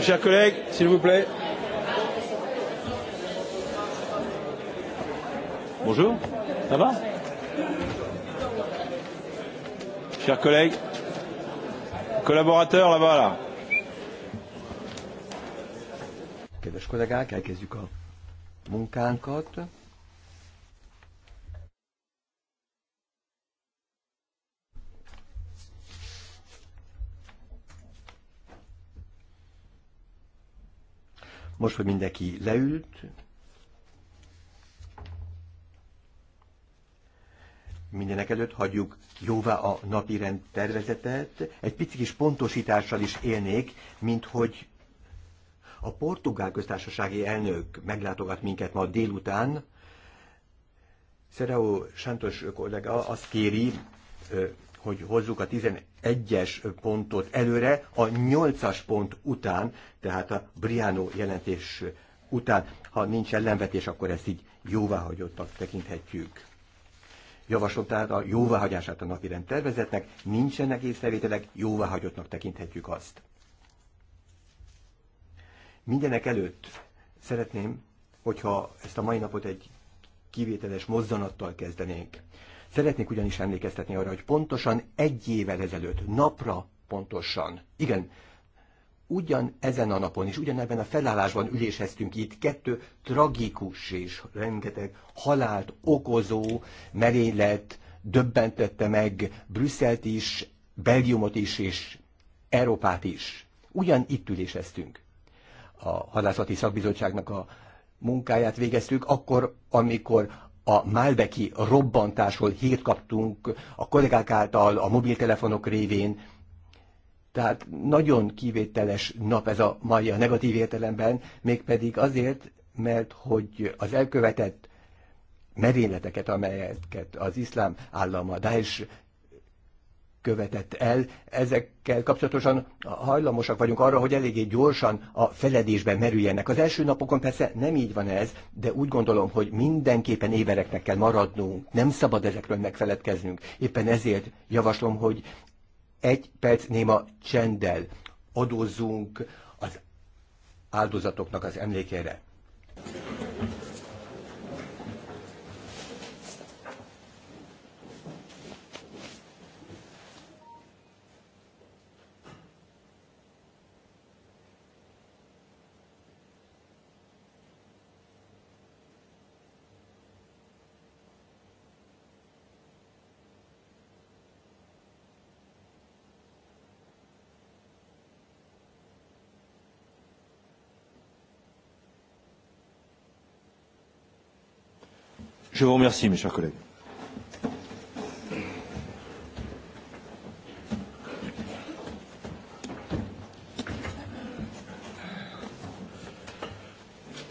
Mes chers collègues, s'il vous plaît. Bonjour, ça va Chers collègues, collaborateurs là-bas là. Kedves kollégák, elkezdjük a munkánkat. Most, hogy mindenki leült, mindenek előtt hagyjuk jóvá a napi rend tervezetet. Egy pici kis pontosítással is élnék, mint hogy a portugál köztársasági elnök meglátogat minket ma délután. Szereó Santos kollega azt kéri, hogy hozzuk a 11 egyes pontot előre, a nyolcas pont után, tehát a Briano jelentés után, ha nincs ellenvetés, akkor ezt így jóváhagyottak tekinthetjük. Javaslom tehát a jóváhagyását a rend tervezetnek, nincsenek észrevételek, jóváhagyottnak tekinthetjük azt. Mindenek előtt szeretném, hogyha ezt a mai napot egy kivételes mozzanattal kezdenénk. Szeretnék ugyanis emlékeztetni arra, hogy pontosan egy évvel ezelőtt, napra pontosan, igen, ugyan ezen a napon és ugyanebben a felállásban ülésheztünk itt kettő tragikus és rengeteg halált okozó merénylet döbbentette meg Brüsszelt is, Belgiumot is és Európát is. Ugyan itt üléseztünk. A halászati szakbizottságnak a munkáját végeztük, akkor, amikor a Málbeki robbantásról hírt kaptunk a kollégák által, a mobiltelefonok révén. Tehát nagyon kivételes nap ez a mai a negatív értelemben, mégpedig azért, mert hogy az elkövetett merényleteket, amelyeket az iszlám állama, Daesh követett el. Ezekkel kapcsolatosan hajlamosak vagyunk arra, hogy eléggé gyorsan a feledésbe merüljenek. Az első napokon persze nem így van ez, de úgy gondolom, hogy mindenképpen ébereknek kell maradnunk, nem szabad ezekről megfeledkeznünk. Éppen ezért javaslom, hogy egy perc néma csenddel adózzunk az áldozatoknak az emlékére. Je vous remercie, mes chers collègues.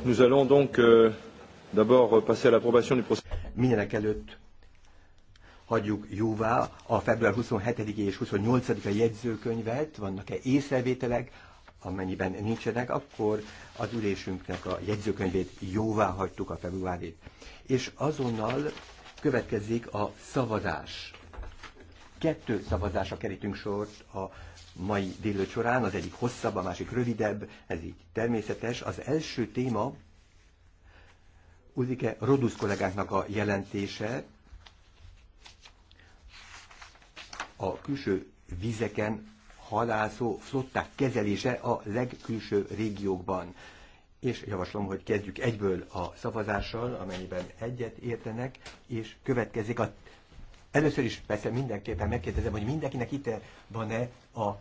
Nous allons donc euh, d'abord passer à l'approbation du procès. Mindenek előtt hagyjuk jóvá a február 27 és 28-a jegyzőkönyvet, vannak-e észrevételek, amennyiben nincsenek, akkor az ülésünknek a jegyzőkönyvét jóvá hagytuk a februárit. És azonnal következik a szavazás. Kettő szavazásra kerítünk sort a mai délő során, az egyik hosszabb, a másik rövidebb, ez így természetes. Az első téma Uzike Rodusz kollégáknak a jelentése a külső vizeken halászó flották kezelése a legkülső régiókban. És javaslom, hogy kezdjük egyből a szavazással, amennyiben egyet értenek, és következik a... Először is persze mindenképpen megkérdezem, hogy mindenkinek itt van-e a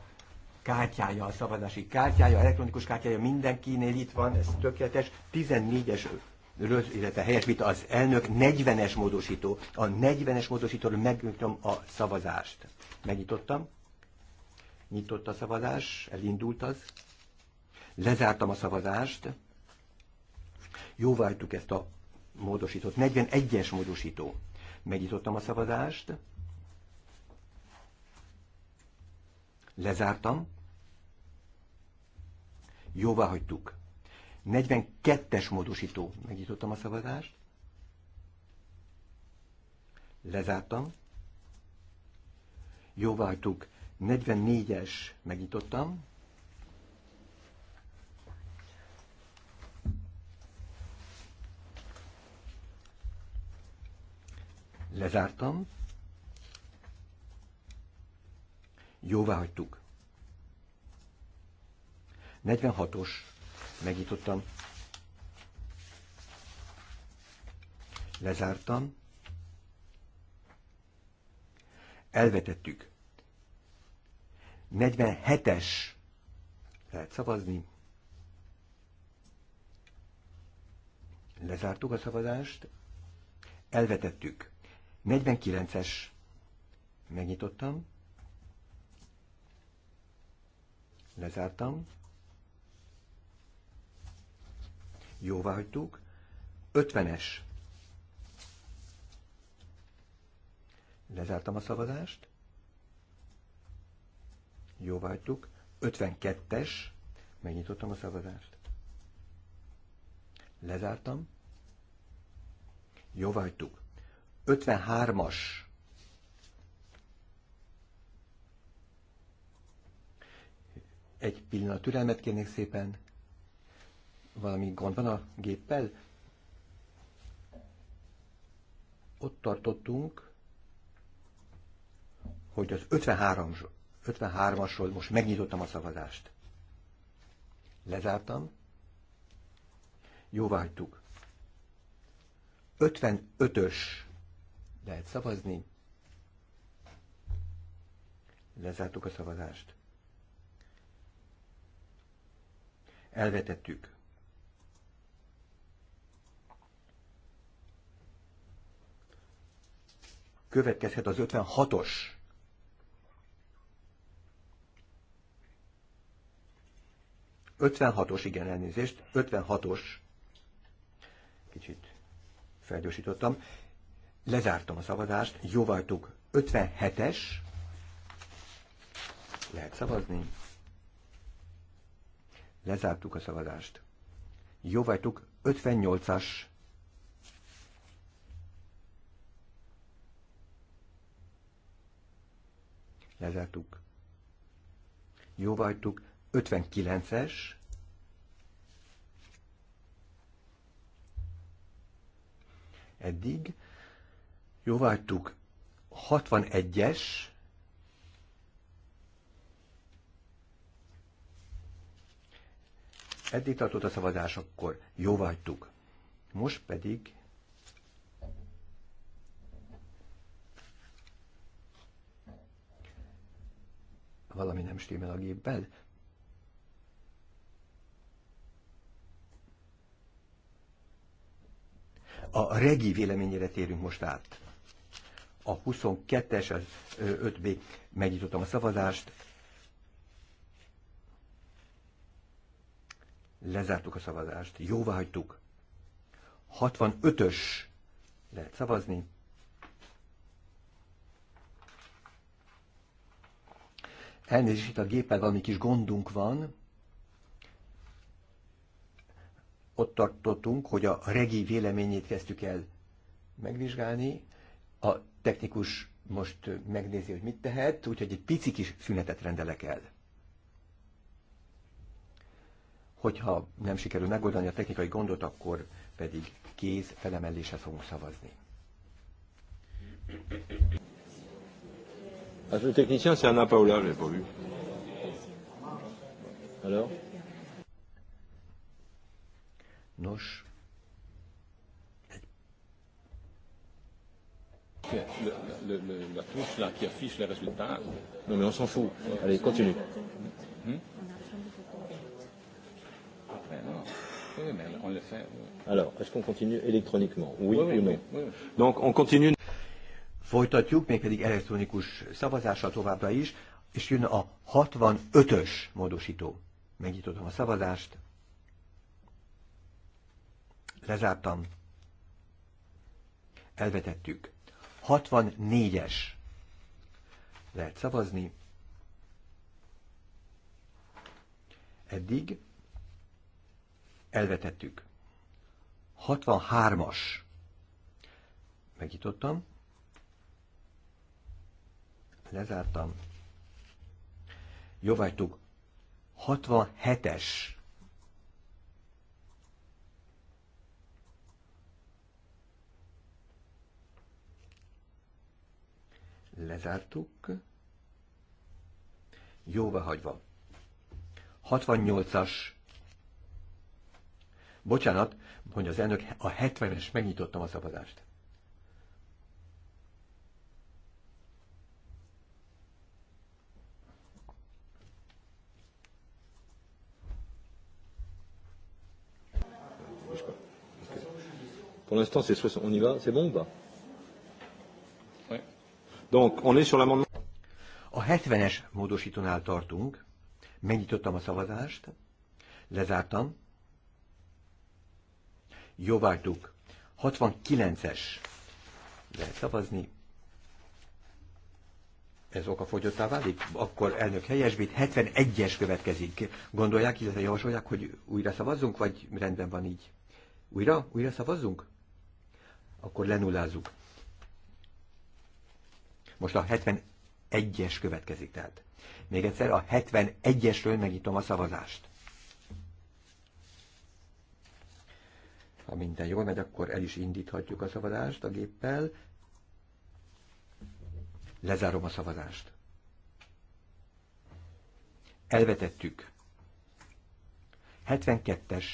kártyája, a szavazási kártyája, elektronikus kártyája mindenkinél itt van, ez tökéletes. 14-es illetve helyesbít az elnök 40-es módosító. A 40-es módosítóról megnyitom a szavazást. Megnyitottam. Nyitott a szavazás, elindult az. Lezártam a szavazást. Jóváltuk ezt a módosítót. 41-es módosító. Megnyitottam a szavazást. Lezártam. Jóvá hagytuk. 42-es módosító. Megnyitottam a szavazást. Lezártam. Jóvá hagytuk. 44-es megnyitottam. Lezártam. Jóvá hagytuk. 46-os megnyitottam. Lezártam. Elvetettük. 47-es. Lehet szavazni. Lezártuk a szavazást. Elvetettük. 49-es. Megnyitottam. Lezártam. Jóvá hagytuk. 50-es. Lezártam a szavazást jóvágytuk. 52-es, megnyitottam a szavazást. Lezártam. Jóvágytuk. 53-as. Egy pillanat türelmet kérnék szépen. Valami gond van a géppel? Ott tartottunk, hogy az 53-as 53-asról most megnyitottam a szavazást. Lezártam. Jóvá hagytuk. 55-ös lehet szavazni. Lezártuk a szavazást. Elvetettük. Következhet az 56-os 56-os, igen, elnézést, 56-os, kicsit felgyorsítottam, lezártam a szavazást, jóvajtuk 57-es, lehet szavazni, lezártuk a szavazást, jóvajtuk 58-as, lezártuk, jóvajtuk 59-es, eddig, jóvágytuk 61-es, eddig tartott a szavazás, akkor jóvágytuk. Most pedig valami nem stimmel a géppel. A regi véleményére térünk most át. A 22-es, az 5B, megnyitottam a szavazást. Lezártuk a szavazást, jóvá hagytuk. 65-ös lehet szavazni. Elnézést, itt a géppel valami kis gondunk van. ott tartottunk, hogy a regi véleményét kezdtük el megvizsgálni, a technikus most megnézi, hogy mit tehet, úgyhogy egy pici kis szünetet rendelek el. Hogyha nem sikerül megoldani a technikai gondot, akkor pedig kéz felemelése fogunk szavazni. Az ah, le technicien, c'est Anna Paola, je l'ai pas vu. Alors Nos, Le, le, le, la touche là qui affiche les résultats. Non mais on s'en fout. Ouais. Allez, continue. Hmm Après, non. Oui, mais on Oui. Euh. Alors, est-ce qu'on continue électroniquement Oui, oui, oui ou non oui, oui. Donc, on continue. Folytatjuk, mégpedig elektronikus szavazással továbbra is, és jön a 65-ös módosító. Megnyitottam a szavazást. Lezártam. Elvetettük. 64-es. Lehet szavazni. Eddig elvetettük. 63-as. Megnyitottam. Lezártam. Jóvágytuk. 67-es Lezártuk. Jóva hagyva. 68-as. Bocsánat, mondja az elnök, a 70-es, megnyitottam a szavazást. Pour l'instant, c'est 60. On y va C'est bon ou pas Donc, on est sur l'amendement. A 70-es módosítónál tartunk. Megnyitottam a szavazást, lezártam. Jó vártuk. 69-es. Lehet szavazni. Ez oka fogyottá válik? Akkor elnök helyesbít. 71-es következik. Gondolják, illetve javasolják, hogy újra szavazzunk, vagy rendben van így? Újra? Újra szavazzunk? Akkor lenullázzuk. Most a 71-es következik tehát. Még egyszer a 71-esről megnyitom a szavazást. Ha minden jól megy, akkor el is indíthatjuk a szavazást a géppel. Lezárom a szavazást. Elvetettük. 72-es.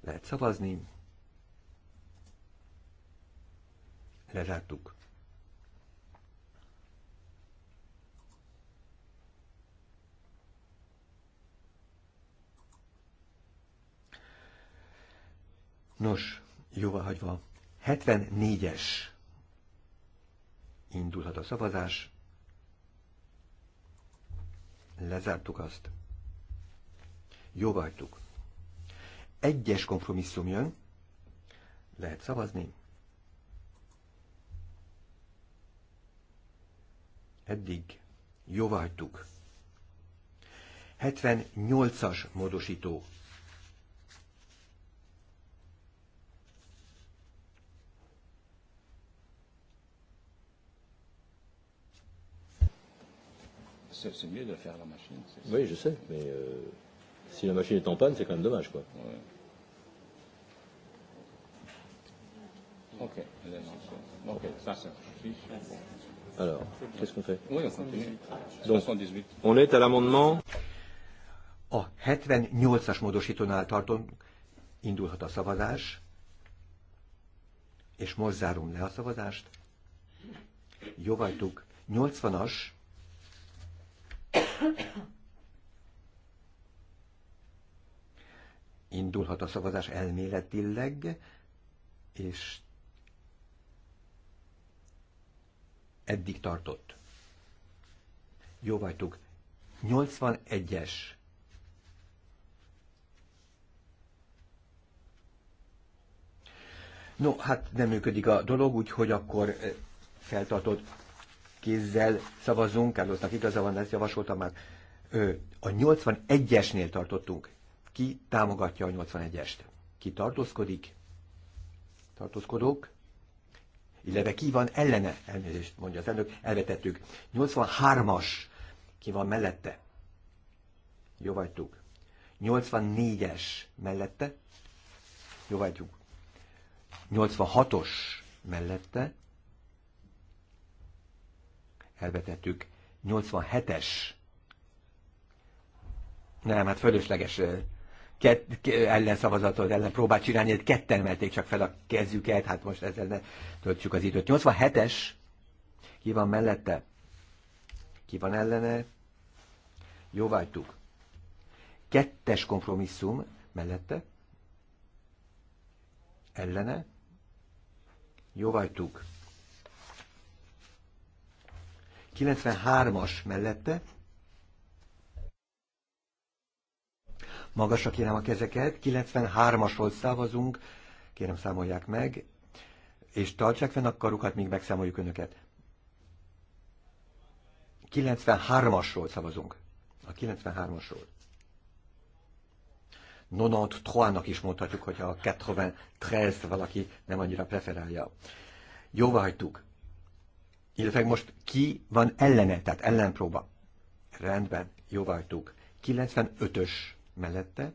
Lehet szavazni. lezártuk. Nos, jóval hagyva, 74-es indulhat a szavazás. Lezártuk azt. Jóval hagytuk. Egyes kompromisszum jön, lehet szavazni. eddig jóváhagytuk. 78-as módosító. C'est mieux de faire la machine. Oui, je sais, mais euh, si la machine est en panne, c'est quand même dommage, quoi. Ouais. Ok, ok, ça, c'est suffit. Bon. Alors, qu'est-ce qu'on fait Oui, on continue. Donc, 78. on est à l'amendement. A 78-as módosítónál tartom, indulhat a szavazás, és most zárom le a szavazást. Jóvajtuk. 80-as. Indulhat a szavazás elméletileg, és eddig tartott. Jó vagytuk. 81-es. No, hát nem működik a dolog, úgyhogy akkor eh, feltartott kézzel szavazunk. Carlosnak igaza van, ezt javasoltam már. A 81-esnél tartottunk. Ki támogatja a 81-est? Ki tartózkodik? Tartózkodók? illetve ki van ellene, elnézést mondja az elnök, elvetettük. 83-as, ki van mellette? vagytuk, 84-es mellette? jó vagytuk, 86-os mellette? Elvetettük. 87-es. Nem, hát fölösleges kett, ellenszavazatot, ellen próbát csinálni, hogy ketten emelték csak fel a kezüket, hát most ezzel ne töltsük az időt. 87-es, ki van mellette? Ki van ellene? Jóvágytuk. Kettes kompromisszum mellette? Ellene? Jóvágytuk. 93-as mellette? Magasra kérem a kezeket. 93-asról szavazunk. Kérem számolják meg. És tartsák fenn a karukat, míg megszámoljuk önöket. 93-asról szavazunk. A 93-asról. Nonant Troának is mondhatjuk, hogy a 93 valaki nem annyira preferálja. Jóvá hagytuk. Illetve most ki van ellene, tehát ellenpróba. Rendben, jóvá hagytuk. 95-ös mellette.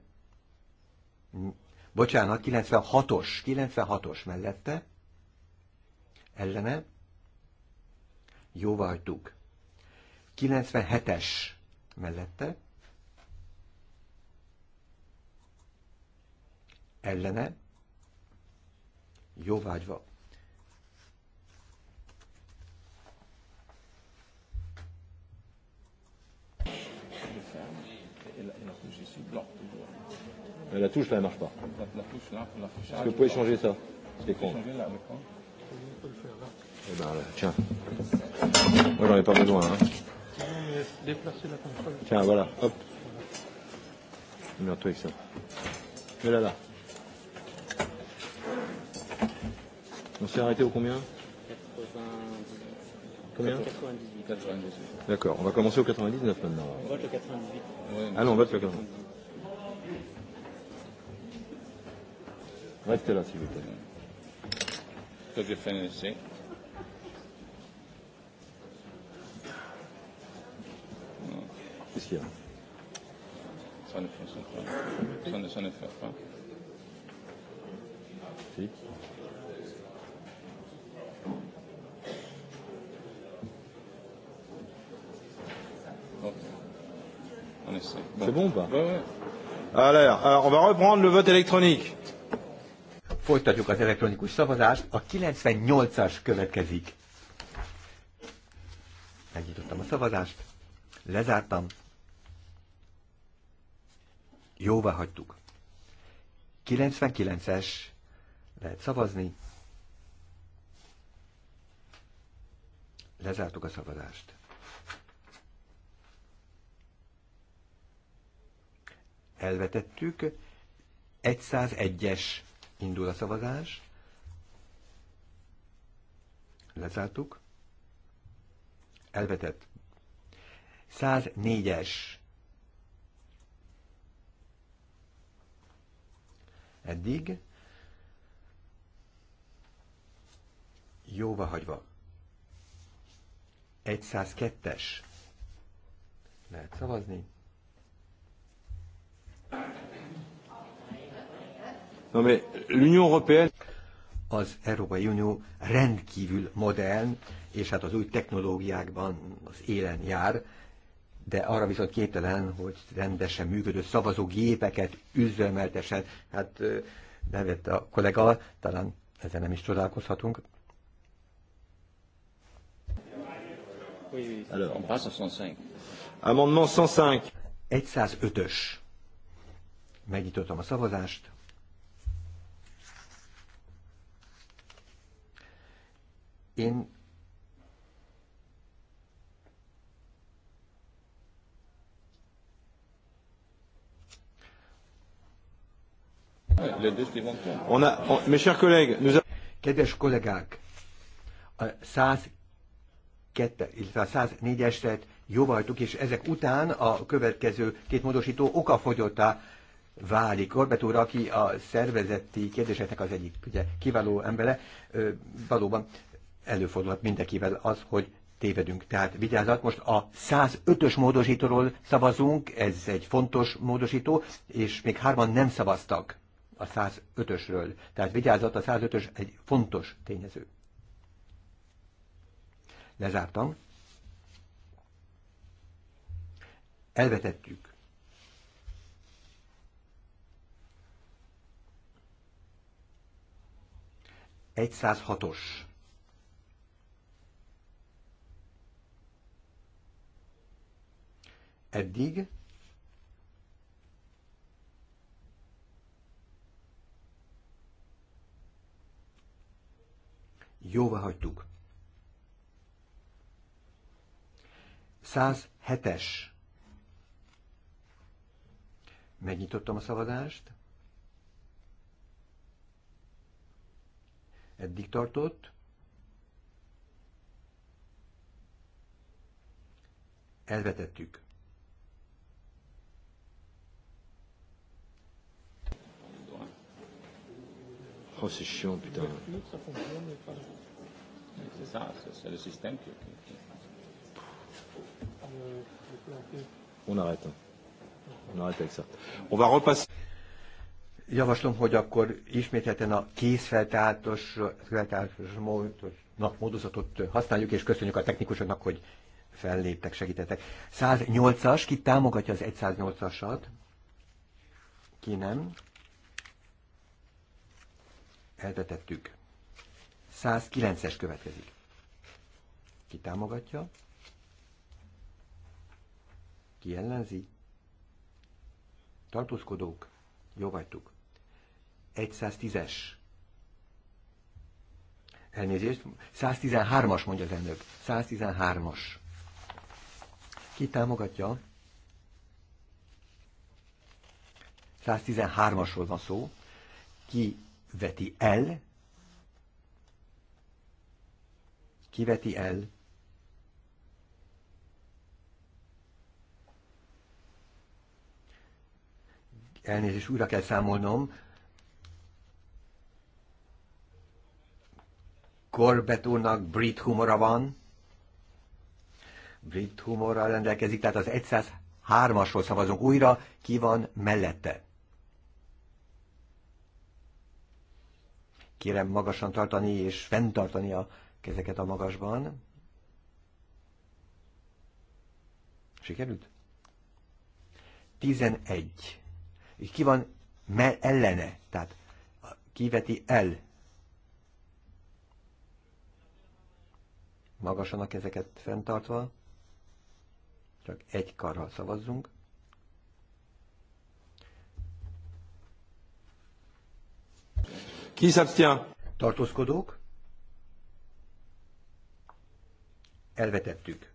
Bocsánat, 96-os, 96-os mellette. Ellene. Jóvá hagytuk. 97-es mellette. Ellene. Jóvágyva. La touche là, elle marche pas. La, touche là, la touche. Est-ce que vous pouvez changer ça C'est con. Eh ben, là, tiens. Moi, j'en ai pas besoin. Hein. Tiens, voilà. Hop. mets toi avec ça. Mais là, là. On s'est arrêté au combien 80... Combien 98. 98. D'accord, on va commencer au 99 maintenant. On vote le 98. ah non, on vote le 98. Restez là, s'il vous plaît. Que je finisse. Qu'est-ce qu'il y a Ça ne fonctionne pas. Ça ne, ça ne fait pas. Si. C'est bon ou pas ouais, ouais. Alors, alors, euh, on va reprendre le vote électronique. Folytatjuk az elektronikus szavazást. A 98-as következik. Megnyitottam a szavazást. Lezártam. Jóvá hagytuk. 99-es. Lehet szavazni. Lezártuk a szavazást. Elvetettük. 101-es Indul a szavazás. Lezártuk. Elvetett. 104-es. Eddig. Jóva hagyva. 102-es. Lehet szavazni. Az Európai Unió rendkívül modern, és hát az új technológiákban az élen jár, de arra viszont képtelen, hogy rendesen működő szavazógépeket üzemeltesen, hát nem vett a kollega, talán ezzel nem is csodálkozhatunk. Alors, 105. 105. 105-ös. Megnyitottam a szavazást. Én On a, on, mes chers collègues, nous avons... Kedves kollégák, a 102 illetve a 104-eset jóvajtuk, és ezek után a következő két módosító okafogyottá válik. Orbet úr, aki a szervezeti kérdéseknek az egyik ugye, kiváló embere, ö, valóban előfordulhat mindenkivel az, hogy tévedünk. Tehát vigyázat, most a 105-ös módosítóról szavazunk, ez egy fontos módosító, és még hárman nem szavaztak a 105-ösről. Tehát vigyázat, a 105-ös egy fontos tényező. Lezártam. Elvetettük. Egy 106-os. eddig. Jóvá hagytuk. 107-es. Megnyitottam a szavazást. Eddig tartott. elvetettük. Oh, c'est chiant, putain. C'est ça, c'est le système qui. On arrête. On arrête avec ça. On va repasser. Javaslom, hogy akkor ismételten a kézfeltáltos, készfeltáltos na, módozatot használjuk, és köszönjük a technikusoknak, hogy felléptek, segítettek. 108-as, ki támogatja az 108-asat? Ki nem? eltetettük. 109-es következik. Ki támogatja? Ki ellenzi? Tartózkodók? Jó vagytuk. 110-es. Elnézést, 113-as mondja az elnök. 113-as. Ki támogatja? 113-asról van szó. Ki veti el, kiveti el, elnézést újra kell számolnom, Corbett úrnak brit humora van, brit humorral rendelkezik, tehát az 103-asról szavazunk újra, ki van mellette. kérem magasan tartani és fenntartani a kezeket a magasban. Sikerült? 11. És ki van mell- ellene? Tehát kiveti el. Magasan a kezeket fenntartva. Csak egy karral szavazzunk. Ki s'abstient? Tartózkodók? Elvetettük.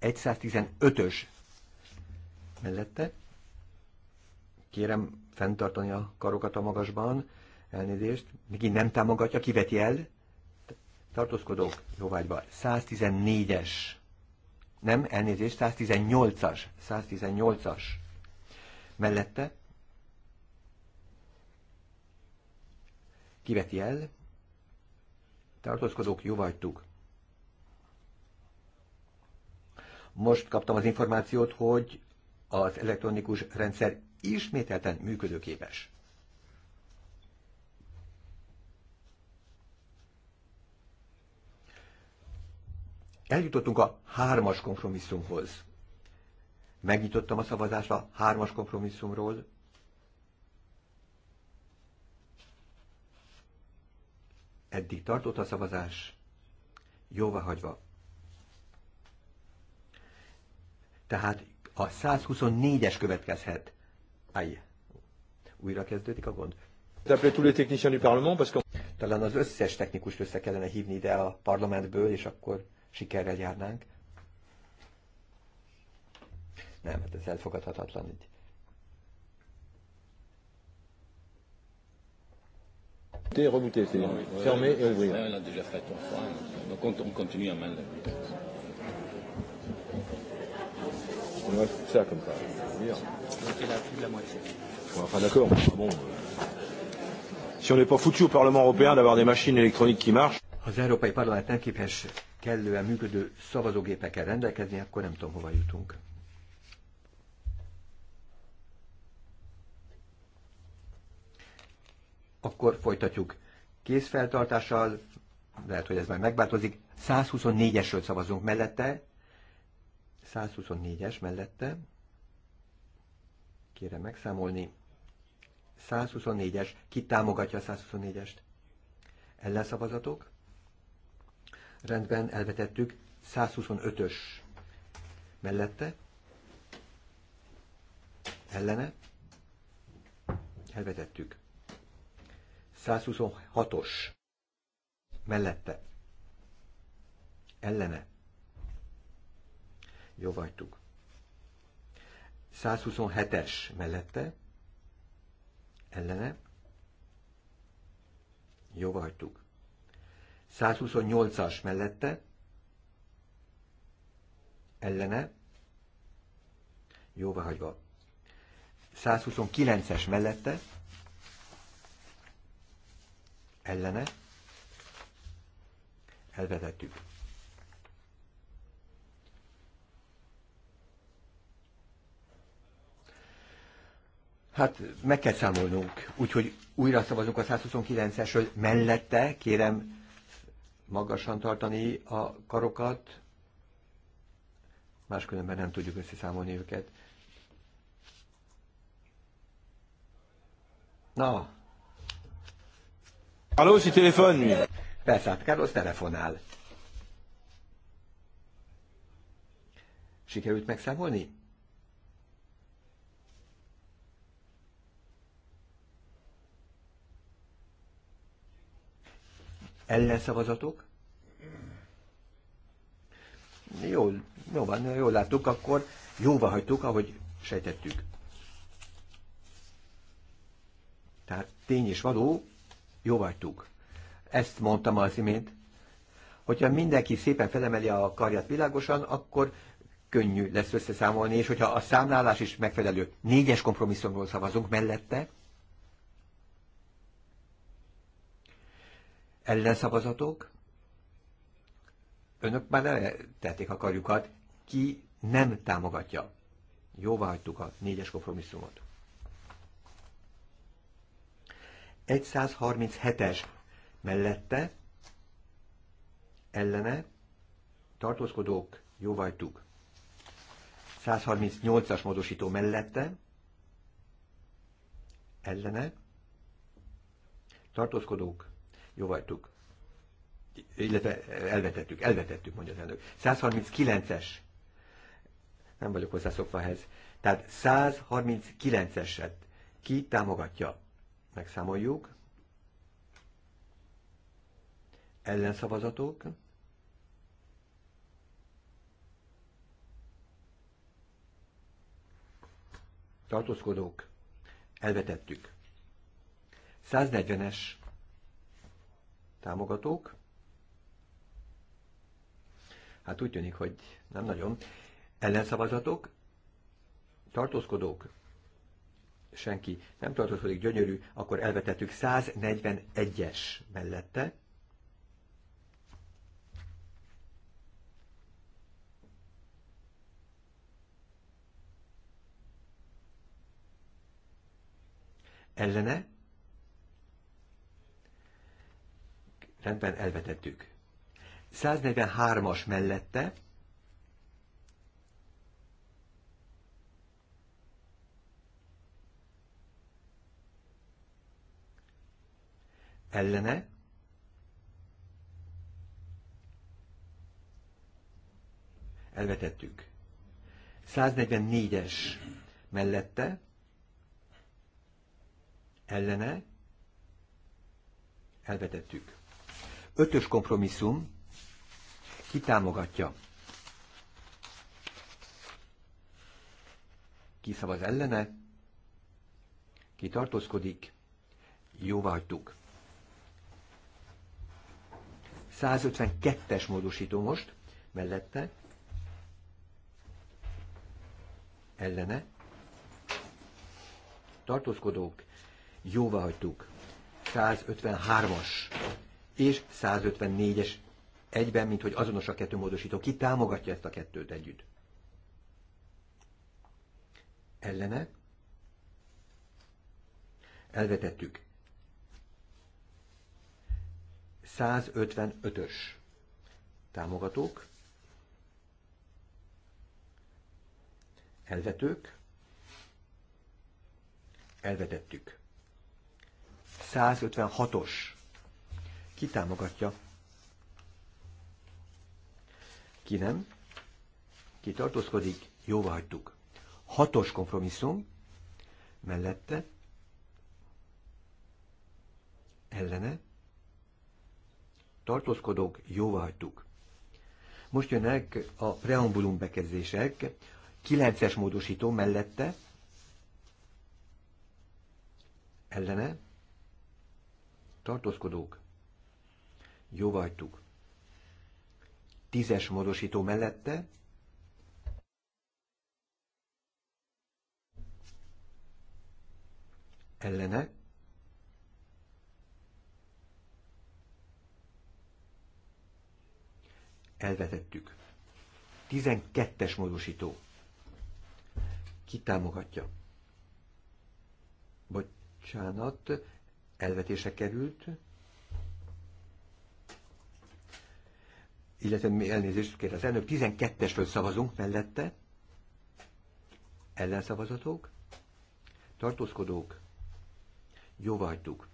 115-ös mellette. Kérem fenntartani a karokat a magasban. Elnézést. így nem támogatja, kiveti el. Tartózkodók, jóvágyba. 114-es. Nem, elnézést, 118-as. 118-as. Mellette kiveti el, tartózkodók vagytuk. Most kaptam az információt, hogy az elektronikus rendszer ismételten működőképes. Eljutottunk a hármas kompromisszumhoz. Megnyitottam a szavazást a hármas kompromisszumról. Eddig tartott a szavazás, jóvá hagyva. Tehát a 124-es következhet. Állj! Újra kezdődik a gond. Talán az összes technikust össze kellene hívni ide a parlamentből, és akkor sikerrel járnánk. Nem, hát ez elfogadhatatlan így. T'es rebouté, c'est oui, oui, fermé et ouvrir. On l'a déjà fait trois fois, donc on, on continue à main levée. On va faire ça comme ça. Donc il a plus de la moitié. Bon, enfin d'accord, bon. Euh, si on n'est pas foutu au Parlement européen d'avoir des machines électroniques qui marchent. Az Európai Parlament nem képes kellően működő szavazógépekkel rendelkezni, akkor nem tudom, hova jutunk. Akkor folytatjuk kézfeltartással, lehet, hogy ez már megváltozik. 124-esről szavazunk mellette. 124-es mellette. Kérem megszámolni. 124-es. Ki támogatja a 124-est? Ellenszavazatok? Rendben, elvetettük. 125-ös mellette. Ellene? Elvetettük. 126-os mellette ellene jó vagytuk. 127-es mellette ellene jó vagytuk. 128-as mellette ellene jóváhagyva. 129-es mellette ellene elvetettük. Hát meg kell számolnunk, úgyhogy újra szavazunk a 129-esről, mellette kérem magasan tartani a karokat, máskülönben nem tudjuk összeszámolni őket. Na, Allô, c'est téléphone, lui. Persze, hát Carlos telefonál. Sikerült megszámolni? Ellenszavazatok? Jó, jó van, jól láttuk, akkor jóvá hagytuk, ahogy sejtettük. Tehát tény és való, jóvágytuk. Ezt mondtam az imént. Hogyha mindenki szépen felemeli a karját világosan, akkor könnyű lesz összeszámolni, és hogyha a számlálás is megfelelő négyes kompromisszumról szavazunk mellette, ellenszavazatok, önök már tették a karjukat, ki nem támogatja. Jóvá hagytuk a négyes kompromisszumot. 137-es mellette ellene tartózkodók jóvajtuk. 138-as módosító mellette ellene tartózkodók jóvajtuk. Illetve elvetettük, elvetettük, mondja az elnök. 139-es. Nem vagyok hozzászokva ehhez. Tehát 139-eset ki támogatja? Megszámoljuk. Ellenszavazatok. Tartózkodók. Elvetettük. 140-es támogatók. Hát úgy tűnik, hogy nem nagyon. Ellenszavazatok, tartózkodók, senki nem tartózkodik, gyönyörű, akkor elvetettük 141-es mellette. Ellene. Rendben, elvetettük. 143-as mellette. ellene, elvetettük. 144-es mellette, ellene, elvetettük. Ötös kompromisszum, kitámogatja, Ki szavaz ellene? Ki tartózkodik? Jóvá hagytuk. 152-es módosító most, mellette, ellene, tartózkodók, jóvá hagytuk, 153-as és 154-es egyben, mint hogy azonos a kettő módosító. Ki támogatja ezt a kettőt együtt? Ellene, elvetettük, 155-ös támogatók, elvetők, elvetettük. 156-os ki támogatja, ki nem, ki tartózkodik, jóvá hagytuk. 6-os kompromisszum mellette, ellene, tartózkodók, jóvá hagytuk. Most jönnek a preambulum bekezdések, 9-es módosító mellette, ellene, tartózkodók, jóvá hagytuk. 10-es módosító mellette, ellenek, elvetettük. 12-es módosító. Ki támogatja? Bocsánat, elvetése került. Illetve mi elnézést kér az elnök, 12-esről szavazunk mellette. Ellenszavazatok, tartózkodók, Jóvajtuk.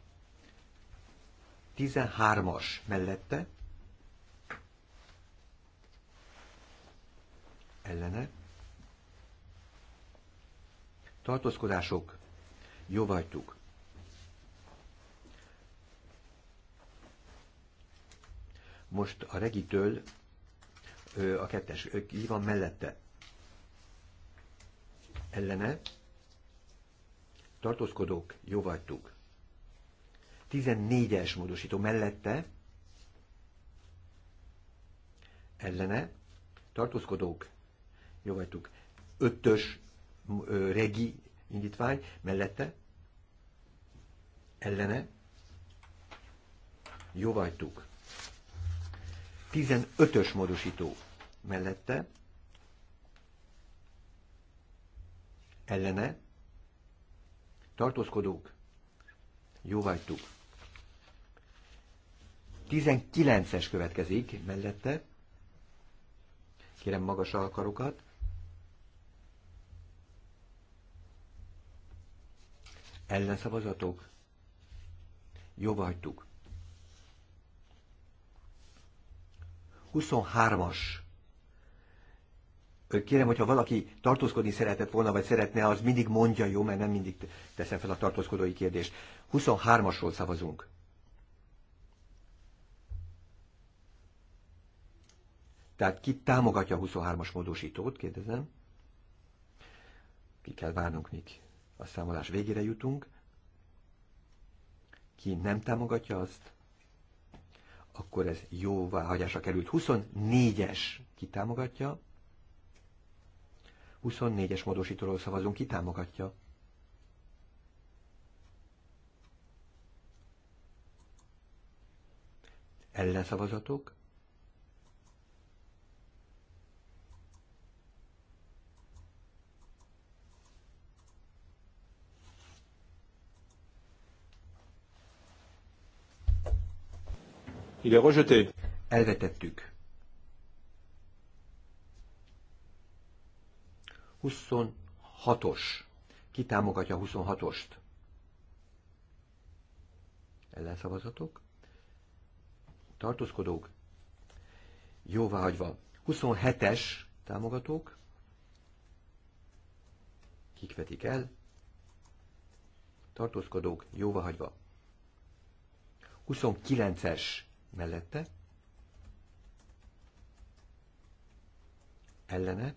13-as mellette, ellene. Tartózkodások, vagytuk. Most a regitől a kettes, ki van mellette? Ellene. Tartózkodók, vagytuk. 14-es módosító mellette ellene tartózkodók vagytuk, Ötös regi indítvány mellette ellene jóhagytuk. 15-ös módosító mellette ellene tartózkodók jóhagytuk. 19-es következik mellette. Kérem magas alkarokat. ellenszavazatok, jóvá hagytuk. 23-as. Kérem, hogyha valaki tartózkodni szeretett volna, vagy szeretne, az mindig mondja, jó, mert nem mindig teszem fel a tartózkodói kérdést. 23-asról szavazunk. Tehát ki támogatja a 23-as módosítót, kérdezem? Ki kell várnunk, mik a számolás végére jutunk. Ki nem támogatja azt, akkor ez jóváhagyásra került. 24-es ki támogatja, 24-es módosítóról szavazunk, ki támogatja. Ellenszavazatok, Il est rejeté. Elvetettük. 26-os. Ki támogatja 26-ost? Ellenszavazatok. Tartózkodók. Jóváhagyva. 27-es támogatók. Kik vetik el? Tartózkodók. Jóváhagyva. 29-es mellette, ellene,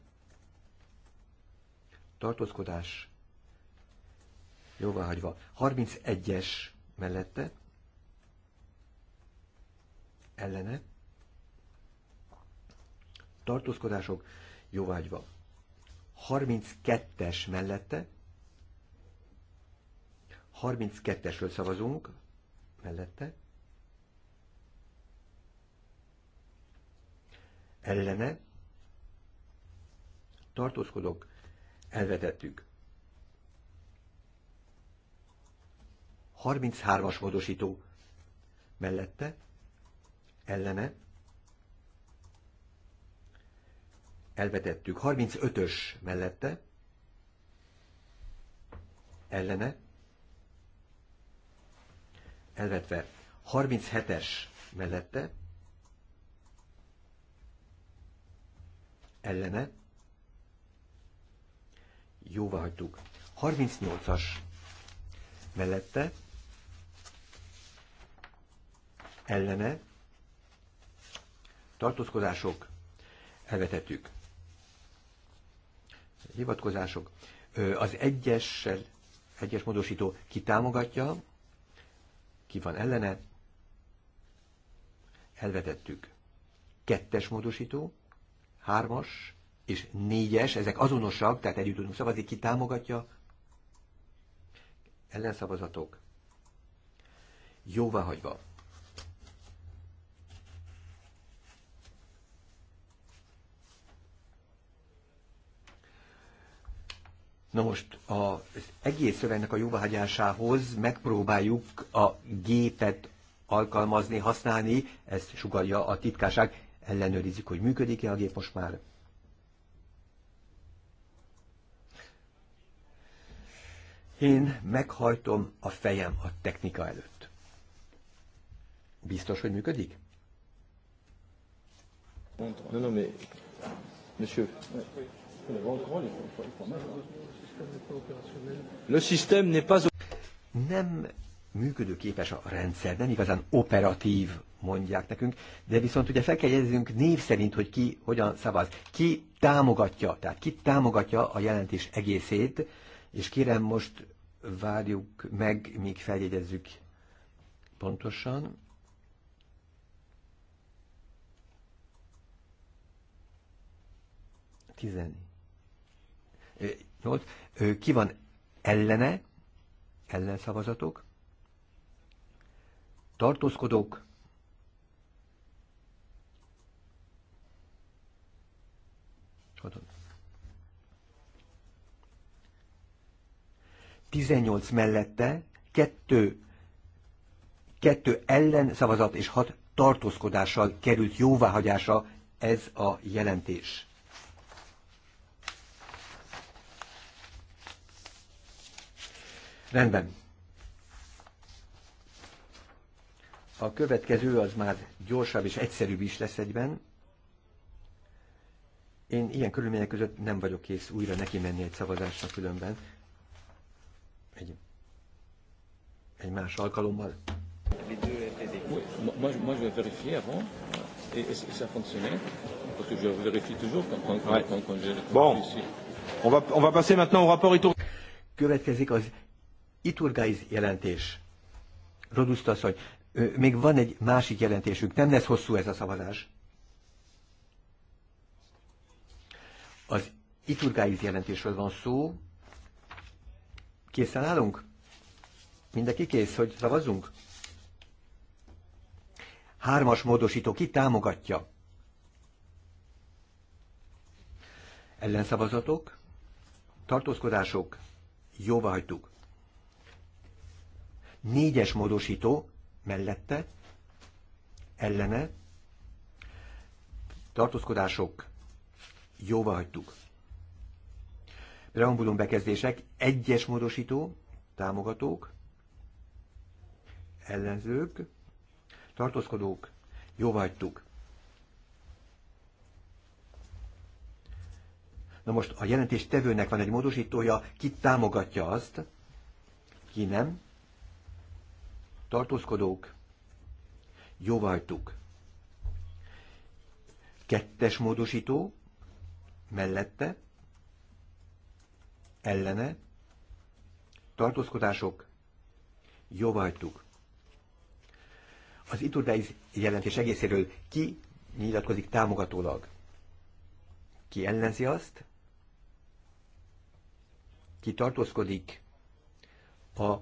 tartózkodás jóval hagyva, 31-es mellette, ellene, tartózkodások jóváhagyva, 32-es mellette, 32-esről szavazunk, mellette, ellene tartózkodok, elvetettük. 33-as módosító mellette, ellene, elvetettük. 35-ös mellette, ellene, elvetve. 37-es mellette, ellene. Jóvá hagytuk. 38-as mellette ellene tartózkodások elvetettük. Hivatkozások. Az egyessel, egyes módosító ki támogatja, ki van ellene, elvetettük. Kettes módosító, hármas és négyes, ezek azonosak, tehát együtt tudunk szavazni, ki támogatja, ellenszavazatok, jóváhagyva. Na most az egész szövegnek a jóváhagyásához megpróbáljuk a gépet alkalmazni, használni, ezt sugalja a titkáság, ellenőrizzük, hogy működik-e a gép most már. Én meghajtom a fejem a technika előtt. Biztos, hogy működik? monsieur, le système n'est pas... Nem működőképes a rendszer, nem igazán operatív, mondják nekünk, de viszont ugye fel kell jegyeznünk név szerint, hogy ki hogyan szavaz, ki támogatja, tehát ki támogatja a jelentés egészét, és kérem most várjuk meg, míg feljegyezzük pontosan. Tizen. Nyolc. Ki van ellene? Ellenszavazatok? tartózkodók, Adott. 18 mellette, 2, 2 ellen szavazat és 6 tartózkodással került jóváhagyása ez a jelentés. Rendben. A következő az már gyorsabb és egyszerűbb is lesz egyben. Én ilyen körülmények között nem vagyok kész újra neki menni egy szavazásra különben. Egy, egy más alkalommal. Következik az Iturgáiz jelentés. Rodusztasz, hogy még van egy másik jelentésünk, nem lesz hosszú ez a szavazás. Az iturgáit jelentésről van szó. Készen állunk? Mindenki kész, hogy szavazzunk? Hármas módosító ki támogatja? Ellenszavazatok, tartózkodások, jóváhagytuk. Négyes módosító mellette, ellene, tartózkodások, jóvá hagytuk. Preambulum bekezdések, egyes módosító, támogatók, ellenzők, tartózkodók, jóvá hagytuk. Na most a jelentés tevőnek van egy módosítója, ki támogatja azt, ki nem, tartózkodók, jóváltuk. Kettes módosító, mellette, ellene, tartózkodások, jóváltuk. Az itudáiz jelentés egészéről ki nyilatkozik támogatólag? Ki ellenzi azt? Ki tartózkodik? A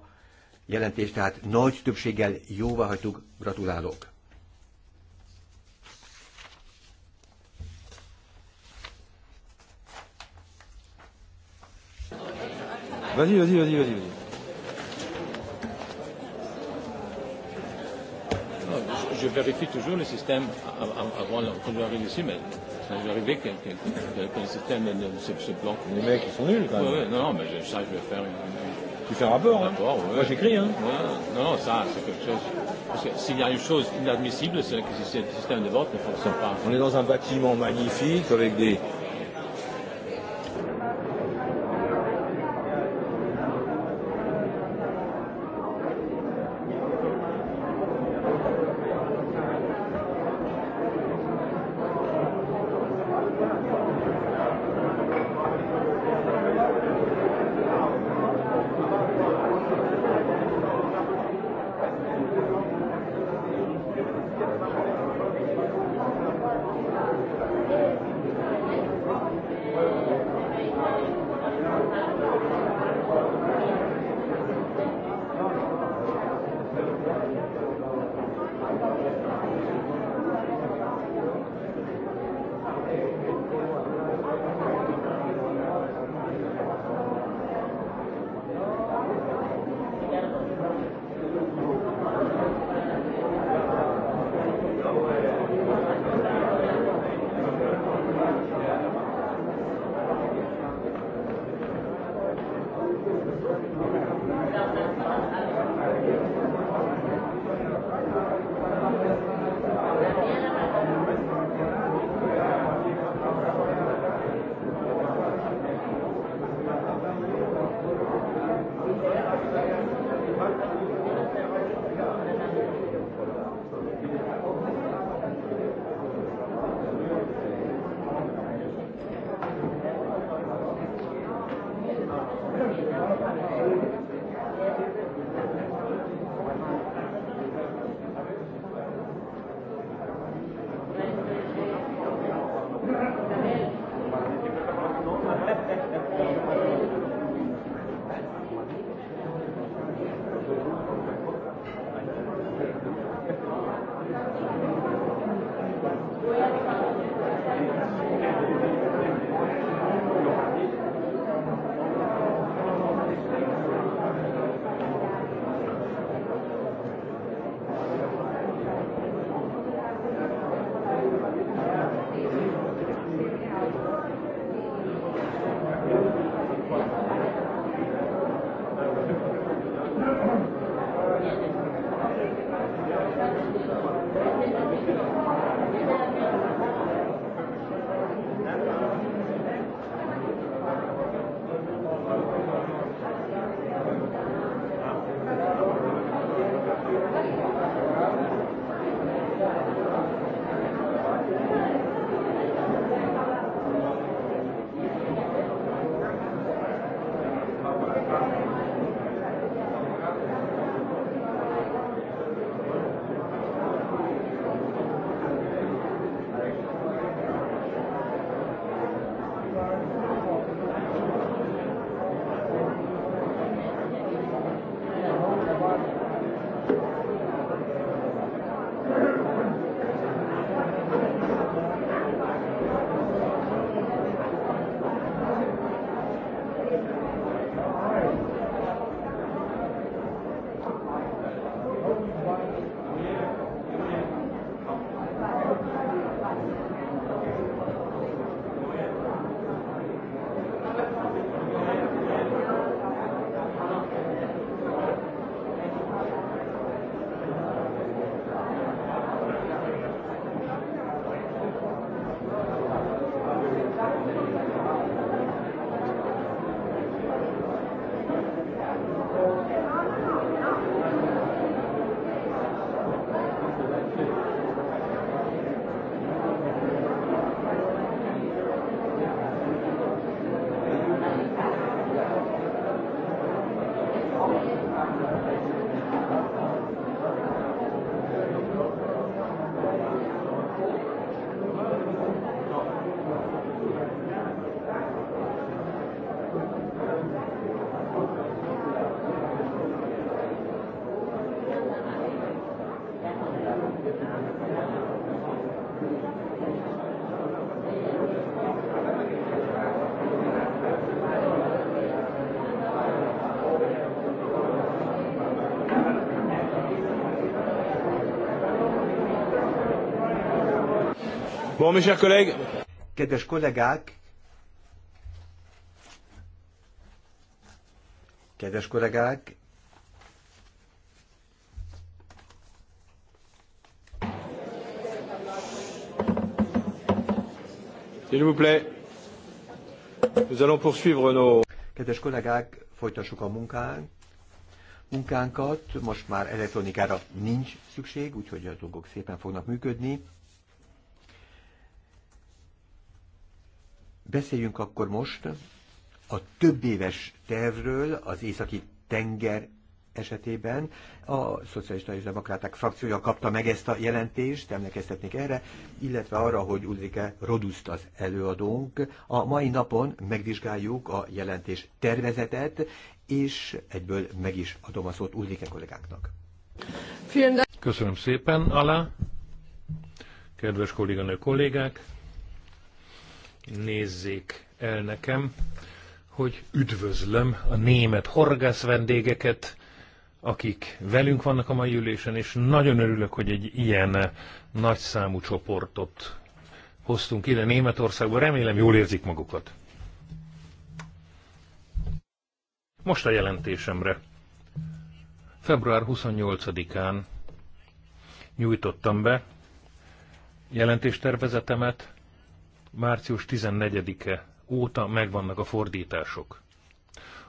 jelentést, tehát nagy többséggel jóvá hagytuk, gratulálok! Vas-y, vas-y, vas-y, vas-y. Vas je vérifie toujours le système avant qu'on arrive ici, mais ça va arriver que, que, que, que le système ne se bloque. Les mecs, ils sont nuls quand même. Ouais, ouais, non, mais je, ça, je vais faire une, une, Tu fais rapport, hein rapport ouais. Moi j'écris, hein ouais. Non, ça, c'est quelque chose. Parce que s'il y a une chose inadmissible, c'est que ce système de vote ne fonctionne pas. On est dans un bâtiment magnifique avec des, Bon, mes chers collègues. Kedves kollégák, kedves kollégák, S'il vous plaît, nous allons poursuivre nos... Kedves kollégák, folytassuk a munkánk. Munkánkat most már elektronikára nincs szükség, úgyhogy a dolgok szépen fognak működni. Beszéljünk akkor most a több éves tervről az északi tenger esetében. A Szocialista és Demokraták frakciója kapta meg ezt a jelentést, emlékeztetnék erre, illetve arra, hogy Ulrike Roduszt az előadónk. A mai napon megvizsgáljuk a jelentés tervezetet, és egyből meg is adom a szót Ulrike kollégáknak. Köszönöm szépen, Alá! Kedves kolléganő kollégák! nézzék el nekem, hogy üdvözlöm a német horgász vendégeket, akik velünk vannak a mai ülésen, és nagyon örülök, hogy egy ilyen nagyszámú csoportot hoztunk ide Németországba. Remélem jól érzik magukat. Most a jelentésemre. Február 28-án nyújtottam be jelentéstervezetemet, március 14-e óta megvannak a fordítások.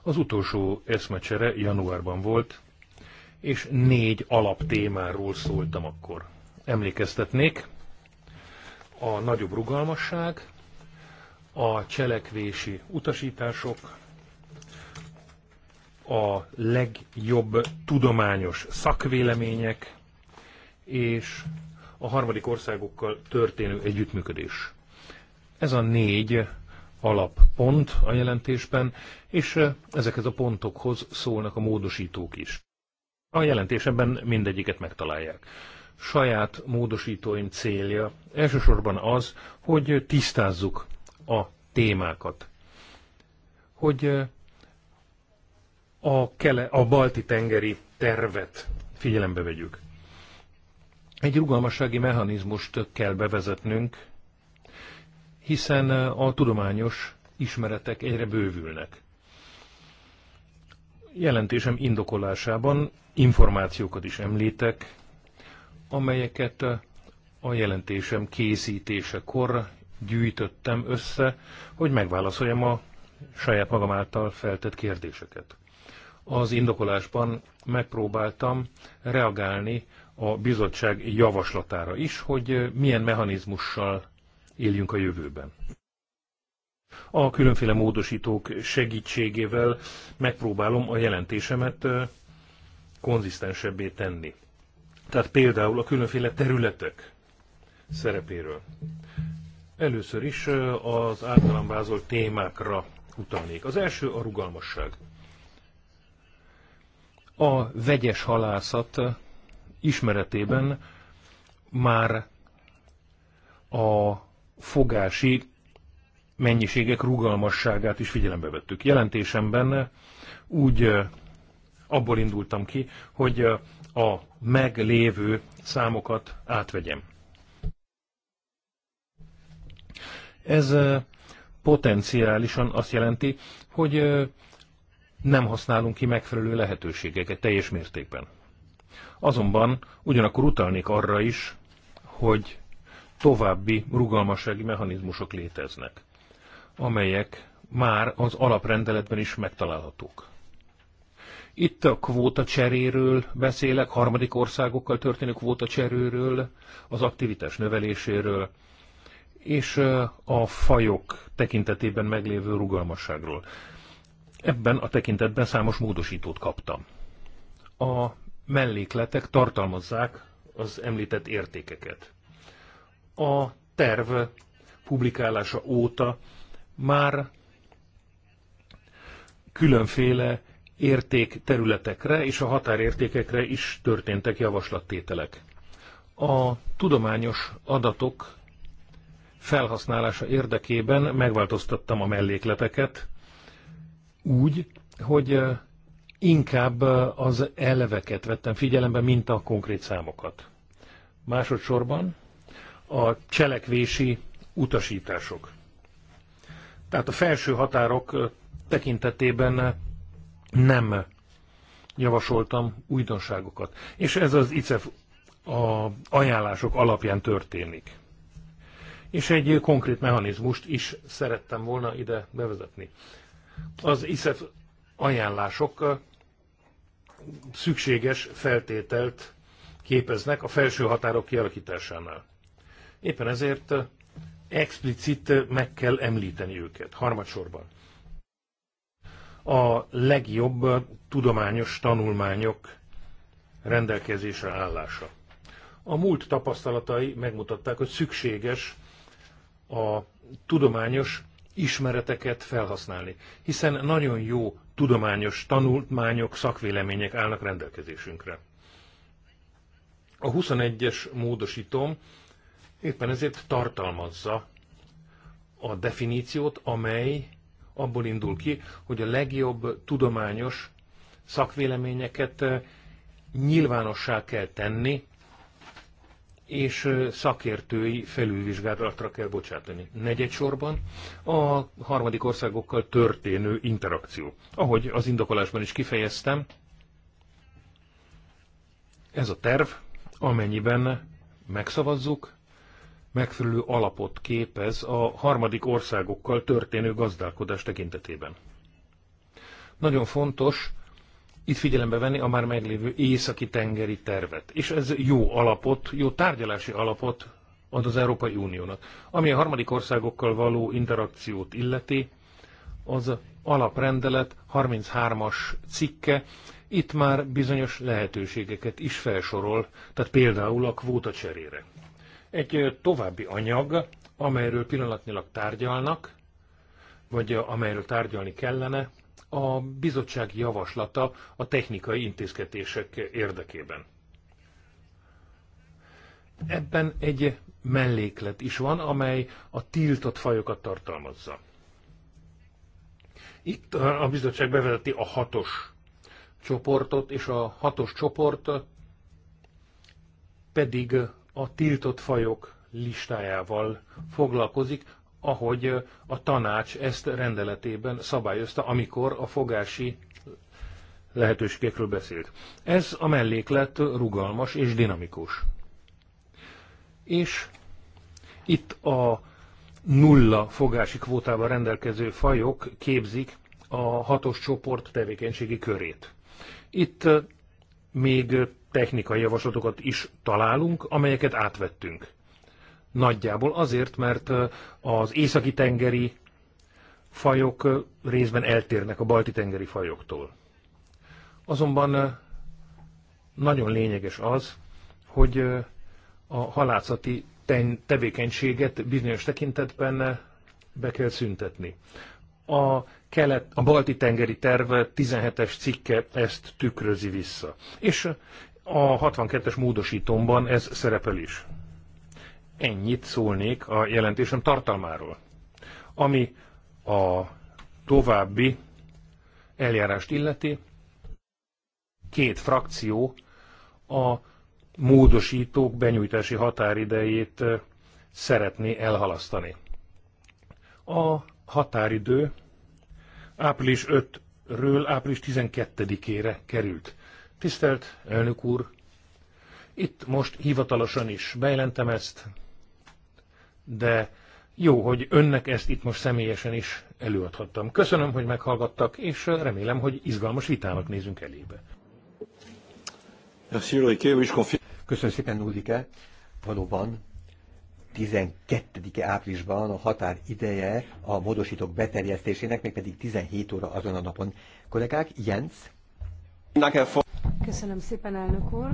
Az utolsó eszmecsere januárban volt, és négy alaptémáról szóltam akkor. Emlékeztetnék, a nagyobb rugalmasság, a cselekvési utasítások, a legjobb tudományos szakvélemények, és a harmadik országokkal történő együttműködés. Ez a négy alappont a jelentésben, és ezekhez a pontokhoz szólnak a módosítók is. A jelentésemben mindegyiket megtalálják. Saját módosítóim célja elsősorban az, hogy tisztázzuk a témákat. Hogy a, kele, a balti tengeri tervet figyelembe vegyük. Egy rugalmassági mechanizmust kell bevezetnünk hiszen eh, a tudományos ismeretek egyre bővülnek. Jelentésem indokolásában információkat is említek, amelyeket eh, a jelentésem készítésekor gyűjtöttem össze, hogy megválaszoljam a saját magam által feltett kérdéseket. Az indokolásban megpróbáltam reagálni a bizottság javaslatára is, hogy eh, milyen mechanizmussal éljünk a jövőben. A különféle módosítók segítségével megpróbálom a jelentésemet konzisztensebbé tenni. Tehát például a különféle területek szerepéről. Először is az általán vázolt témákra utalnék. Az első a rugalmasság. A vegyes halászat ismeretében már a fogási mennyiségek rugalmasságát is figyelembe vettük. Jelentésemben úgy abból indultam ki, hogy a meglévő számokat átvegyem. Ez potenciálisan azt jelenti, hogy nem használunk ki megfelelő lehetőségeket teljes mértékben. Azonban ugyanakkor utalnék arra is, hogy további rugalmassági mechanizmusok léteznek, amelyek már az alaprendeletben is megtalálhatók. Itt a kvóta cseréről beszélek, harmadik országokkal történő kvóta cseréről, az aktivitás növeléséről, és a fajok tekintetében meglévő rugalmasságról. Ebben a tekintetben számos módosítót kaptam. A mellékletek tartalmazzák az említett értékeket a terv publikálása óta már különféle érték területekre és a határértékekre is történtek javaslattételek. A tudományos adatok felhasználása érdekében megváltoztattam a mellékleteket úgy, hogy eh, inkább eh, az elveket vettem figyelembe, mint a konkrét számokat. Másodszorban a cselekvési utasítások. Tehát a felső határok tekintetében nem javasoltam újdonságokat. És ez az ICEF a ajánlások alapján történik. És egy konkrét mechanizmust is szerettem volna ide bevezetni. Az ICEF ajánlások szükséges feltételt képeznek a felső határok kialakításánál. Éppen ezért explicit meg kell említeni őket harmadsorban. A legjobb tudományos tanulmányok rendelkezésre állása. A múlt tapasztalatai megmutatták, hogy szükséges a tudományos ismereteket felhasználni, hiszen nagyon jó tudományos tanulmányok, szakvélemények állnak rendelkezésünkre. A 21-es módosítom Éppen ezért tartalmazza a definíciót, amely abból indul ki, hogy a legjobb tudományos szakvéleményeket eh, nyilvánossá kell tenni, és eh, szakértői felülvizsgálatra kell bocsátani. Negyedsorban a harmadik országokkal történő interakció. Ahogy az indokolásban is kifejeztem, ez a terv, amennyiben megszavazzuk, megfelelő alapot képez a harmadik országokkal történő gazdálkodás tekintetében. Nagyon fontos itt figyelembe venni a már meglévő északi tengeri tervet, és ez jó alapot, jó tárgyalási alapot ad az Európai Uniónak. Ami a harmadik országokkal való interakciót illeti, az alaprendelet 33-as cikke itt már bizonyos lehetőségeket is felsorol, tehát például a kvóta cserére egy további anyag, amelyről pillanatnyilag tárgyalnak, vagy amelyről tárgyalni kellene, a bizottság javaslata a technikai intézkedések érdekében. Ebben egy melléklet is van, amely a tiltott fajokat tartalmazza. Itt a bizottság bevezeti a hatos csoportot, és a hatos csoport pedig a tiltott fajok listájával foglalkozik, ahogy a tanács ezt rendeletében szabályozta, amikor a fogási lehetőségekről beszélt. Ez a melléklet rugalmas és dinamikus. És itt a nulla fogási kvótával rendelkező fajok képzik a hatos csoport tevékenységi körét. Itt még technikai javaslatokat is találunk, amelyeket átvettünk. Nagyjából azért, mert az északi tengeri fajok részben eltérnek a balti tengeri fajoktól. Azonban nagyon lényeges az, hogy a halászati tevékenységet bizonyos tekintetben be kell szüntetni. A, kelet, a balti tengeri terv 17-es cikke ezt tükrözi vissza. És a 62-es módosítomban ez szerepel is. Ennyit szólnék a jelentésem tartalmáról. Ami a további eljárást illeti, két frakció a módosítók benyújtási határidejét szeretné elhalasztani. A határidő április 5-ről április 12-ére került. Tisztelt elnök úr, itt most hivatalosan is bejelentem ezt, de jó, hogy önnek ezt itt most személyesen is előadhattam. Köszönöm, hogy meghallgattak, és remélem, hogy izgalmas vitának nézünk elébe. Köszönöm szépen, Ulrike. Valóban 12. áprilisban a határ ideje a módosítók beterjesztésének, mégpedig 17 óra azon a napon. Kollégák, Jens, Köszönöm szépen, elnök úr,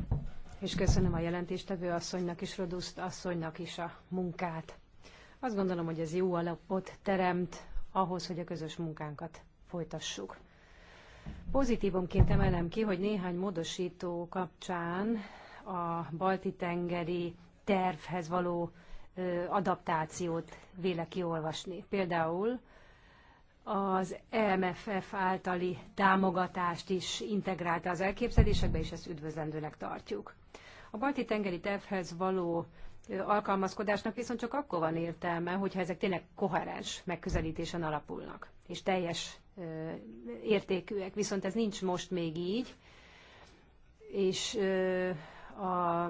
és köszönöm a jelentéstevő asszonynak és rodust asszonynak is a munkát. Azt gondolom, hogy ez jó alapot teremt ahhoz, hogy a közös munkánkat folytassuk. Pozitívumként emelem ki, hogy néhány módosító kapcsán a balti-tengeri tervhez való adaptációt véle kiolvasni. Például az EMFF általi támogatást is integrálta az elképzelésekbe, és ezt üdvözlendőnek tartjuk. A balti tengeri tervhez való alkalmazkodásnak viszont csak akkor van értelme, hogyha ezek tényleg koherens megközelítésen alapulnak, és teljes értékűek. Viszont ez nincs most még így, és a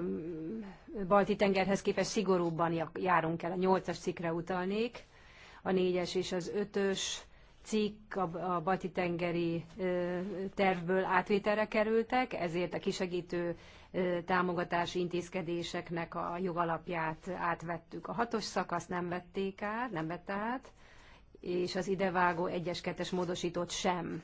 balti tengerhez képest szigorúbban járunk el, a nyolcas cikre utalnék, a négyes és az ötös cikk a, a balti-tengeri tervből átvételre kerültek, ezért a kisegítő támogatási intézkedéseknek a jogalapját átvettük. A hatos szakaszt nem vették át, nem vette át, és az idevágó egyes-kettes módosított sem.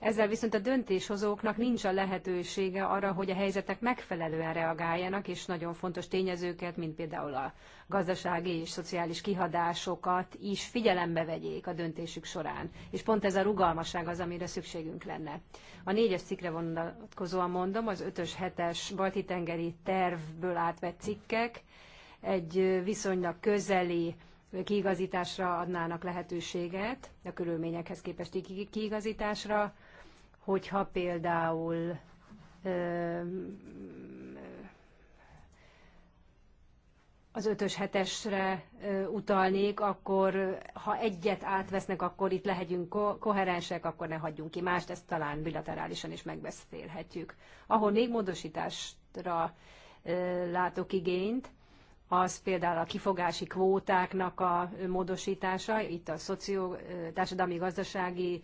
Ezzel viszont a döntéshozóknak nincs a lehetősége arra, hogy a helyzetek megfelelően reagáljanak, és nagyon fontos tényezőket, mint például a gazdasági és szociális kihadásokat is figyelembe vegyék a döntésük során. És pont ez a rugalmasság az, amire szükségünk lenne. A négyes cikkre vonatkozóan mondom, az ötös, hetes balti-tengeri tervből átvett cikkek egy viszonylag közeli kiigazításra adnának lehetőséget, a körülményekhez képest kiigazításra, hogyha például az ötös hetesre utalnék, akkor ha egyet átvesznek, akkor itt lehetünk ko- koherensek, akkor ne hagyjunk ki mást, ezt talán bilaterálisan is megbeszélhetjük. Ahol még módosításra látok igényt, az például a kifogási kvótáknak a módosítása, itt a szoció, társadalmi gazdasági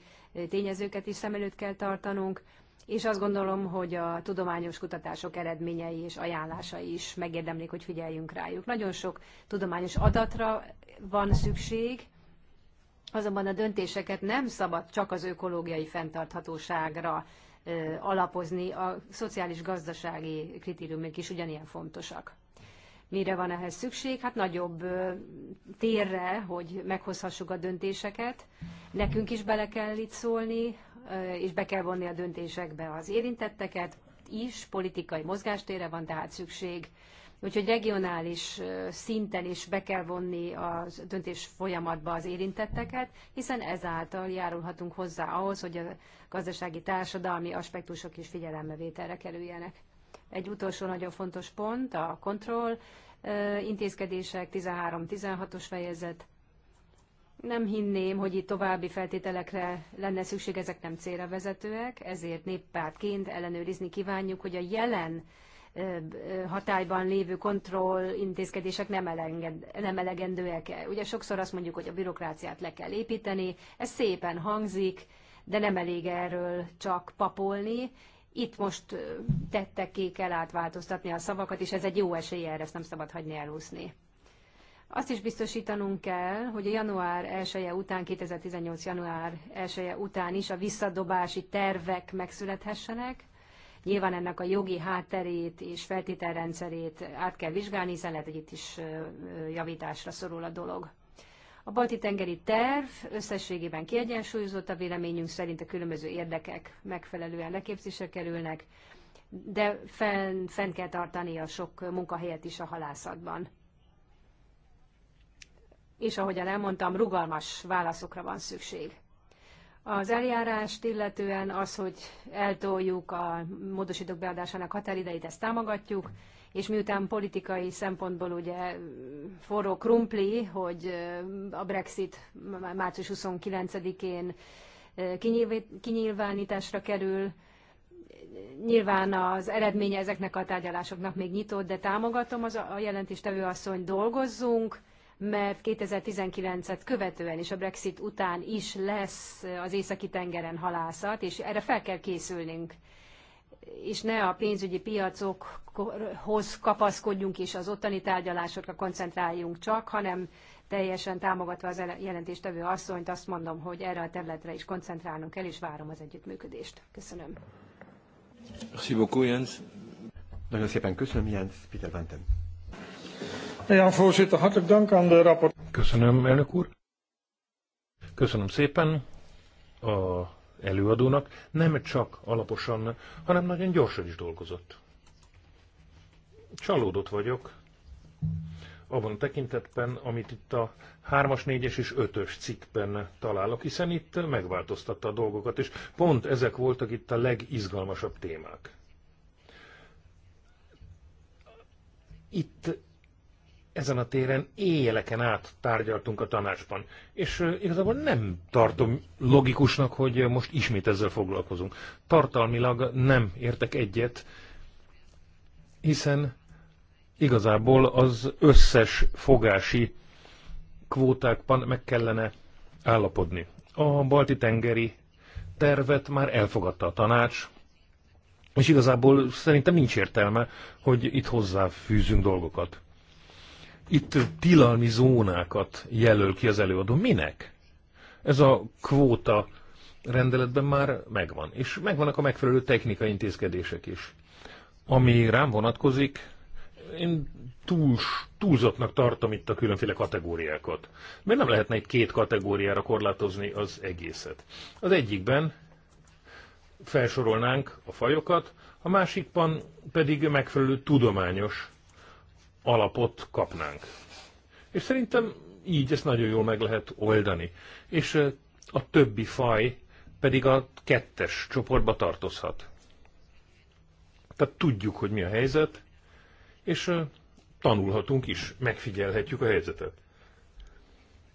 tényezőket is szem előtt kell tartanunk, és azt gondolom, hogy a tudományos kutatások eredményei és ajánlásai is megérdemlik, hogy figyeljünk rájuk. Nagyon sok tudományos adatra van szükség, azonban a döntéseket nem szabad csak az ökológiai fenntarthatóságra alapozni, a szociális-gazdasági kritériumok is ugyanilyen fontosak. Mire van ehhez szükség? Hát nagyobb térre, hogy meghozhassuk a döntéseket. Nekünk is bele kell itt szólni, és be kell vonni a döntésekbe az érintetteket is, politikai mozgástére van tehát szükség. Úgyhogy regionális szinten is be kell vonni a döntés folyamatba az érintetteket, hiszen ezáltal járulhatunk hozzá ahhoz, hogy a gazdasági társadalmi aspektusok is figyelembevételre kerüljenek. Egy utolsó nagyon fontos pont a kontroll intézkedések, 13-16-os fejezet. Nem hinném, hogy itt további feltételekre lenne szükség, ezek nem célra vezetőek, ezért néppártként ellenőrizni kívánjuk, hogy a jelen hatályban lévő kontroll intézkedések nem, elenged, nem elegendőek -e. Ugye sokszor azt mondjuk, hogy a bürokráciát le kell építeni, ez szépen hangzik, de nem elég erről csak papolni, itt most tettek ki, kell átváltoztatni a szavakat, és ez egy jó esély erre, ezt nem szabad hagyni elúszni. Azt is biztosítanunk kell, hogy a január 1 -e után, 2018. január 1 -e után is a visszadobási tervek megszülethessenek. Nyilván ennek a jogi hátterét és feltételrendszerét át kell vizsgálni, hiszen lehet, hogy itt is javításra szorul a dolog. A balti-tengeri terv összességében kiegyensúlyozott a véleményünk szerint a különböző érdekek megfelelően leképzésre kerülnek, de fenn, fenn kell tartani a sok munkahelyet is a halászatban. És ahogyan elmondtam, rugalmas válaszokra van szükség. Az eljárást illetően az, hogy eltoljuk a módosítók beadásának határidejét, ezt támogatjuk, és miután politikai szempontból ugye mm, forró krumpli, hogy mm, a Brexit március 29-én mm, kinyilvánításra kerül, Nyilván az eredménye ezeknek a tárgyalásoknak még nyitott, de támogatom az a jelentéstevő asszony, dolgozzunk, mert 2019-et követően és a Brexit után is lesz az északi tengeren halászat, és erre fel kell készülnünk és ne a pénzügyi piacokhoz kapaszkodjunk és az ottani tárgyalásokra koncentráljunk csak, hanem teljesen támogatva az jelentéstevő asszonyt, azt mondom, hogy erre a területre is koncentrálnunk kell, és várom az együttműködést. Köszönöm. Merci beaucoup, Jens. Nagyon szépen köszönöm, Jens Peter Vanten. Jan voorzitter, hatok dank aan de rapport. Köszönöm, elnök úr. Köszönöm szépen a előadónak, nem csak alaposan, hanem nagyon gyorsan is dolgozott. Csalódott vagyok abban a tekintetben, amit itt a 3-as, 4-es és 5-ös cikkben találok, hiszen itt megváltoztatta a dolgokat, és pont ezek voltak itt a legizgalmasabb témák. Itt ezen a téren éjjeleken át tárgyaltunk a tanácsban. És igazából nem tartom logikusnak, hogy most ismét ezzel foglalkozunk. Tartalmilag nem értek egyet, hiszen igazából az összes fogási kvótákban meg kellene állapodni. A balti tengeri tervet már elfogadta a tanács, és igazából szerintem nincs értelme, hogy itt hozzáfűzünk dolgokat itt tilalmi zónákat jelöl ki az előadó. Minek? Ez a kvóta rendeletben már megvan, és megvannak a megfelelő technikai intézkedések is. Ami rám vonatkozik, én túl, túlzottnak tartom itt a különféle kategóriákat. Mert nem lehetne itt két kategóriára korlátozni az egészet? Az egyikben felsorolnánk a fajokat, a másikban pedig megfelelő tudományos alapot kapnánk. És szerintem így ezt nagyon jól meg lehet oldani. És a többi faj pedig a kettes csoportba tartozhat. Tehát tudjuk, hogy mi a helyzet, és tanulhatunk is, megfigyelhetjük a helyzetet.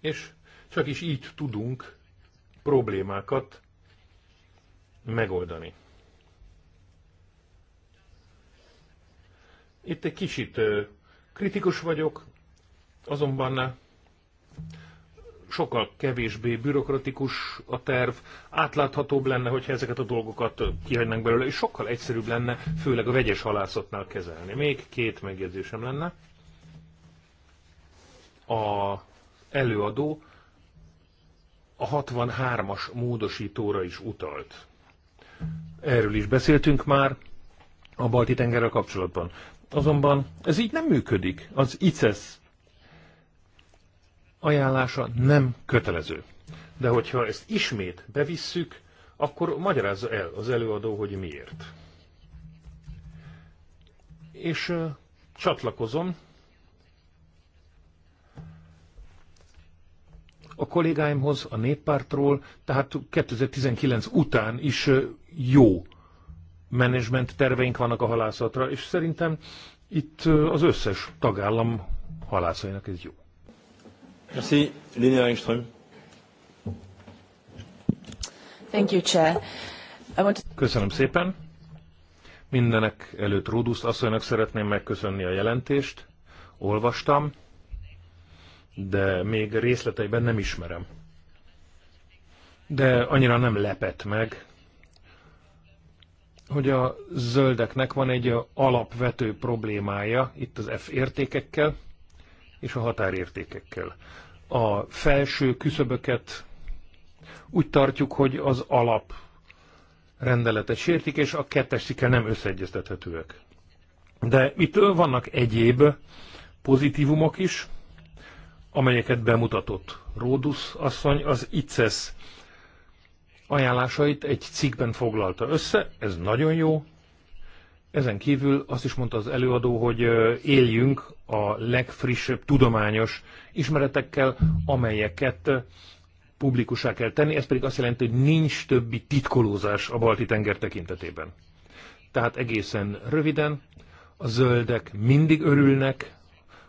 És csak is így tudunk problémákat megoldani. Itt egy kicsit Kritikus vagyok, azonban sokkal kevésbé bürokratikus a terv, átláthatóbb lenne, hogyha ezeket a dolgokat kihagynánk belőle, és sokkal egyszerűbb lenne, főleg a vegyes halászatnál kezelni. Még két megjegyzésem lenne. A előadó a 63-as módosítóra is utalt. Erről is beszéltünk már a balti tengerrel kapcsolatban. Azonban ez így nem működik. Az ICES ajánlása nem kötelező. De hogyha ezt ismét bevisszük, akkor magyarázza el az előadó, hogy miért. És uh, csatlakozom a kollégáimhoz, a néppártról, tehát 2019 után is jó menedzsment terveink vannak a halászatra, és szerintem itt az összes tagállam halászainak ez jó. Merci, Linnea Engström. Thank you, Chair. I want to... Köszönöm szépen. Mindenek előtt Ruduszt asszonynak szeretném megköszönni a jelentést. Olvastam, de még részleteiben nem ismerem. De annyira nem lepett meg, hogy a zöldeknek van egy alapvető problémája itt az F értékekkel és a határértékekkel. A felső küszöböket úgy tartjuk, hogy az alap rendeletet sértik, és a kettes cikkel nem összeegyeztethetőek. De itt vannak egyéb pozitívumok is, amelyeket bemutatott Ródusz asszony, az ICES ajánlásait egy cikkben foglalta össze, ez nagyon jó. Ezen kívül azt is mondta az előadó, hogy éljünk a legfrissebb tudományos ismeretekkel, amelyeket publikussá kell tenni, ez pedig azt jelenti, hogy nincs többi titkolózás a balti tenger tekintetében. Tehát egészen röviden, a zöldek mindig örülnek,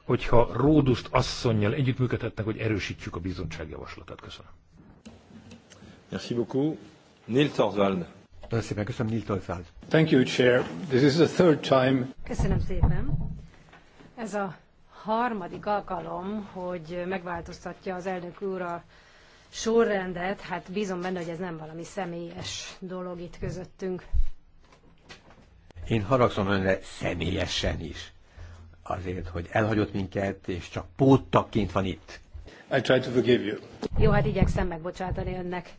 hogyha Ródust asszonynal együttműködhetnek, hogy erősítsük a bizottság javaslatát. Köszönöm. Merci beaucoup. Neil Torvald. szépen köszönöm, Neil Thank you, Chair. This is the third time. Köszönöm szépen. Ez a harmadik alkalom, hogy megváltoztatja az elnök úr a sorrendet. Hát bízom benne, hogy ez nem valami személyes dolog itt közöttünk. Én haragszom önre személyesen is. Azért, hogy elhagyott minket, és csak póttakként van itt. I try to forgive you. Jó, hát igyekszem megbocsátani önnek.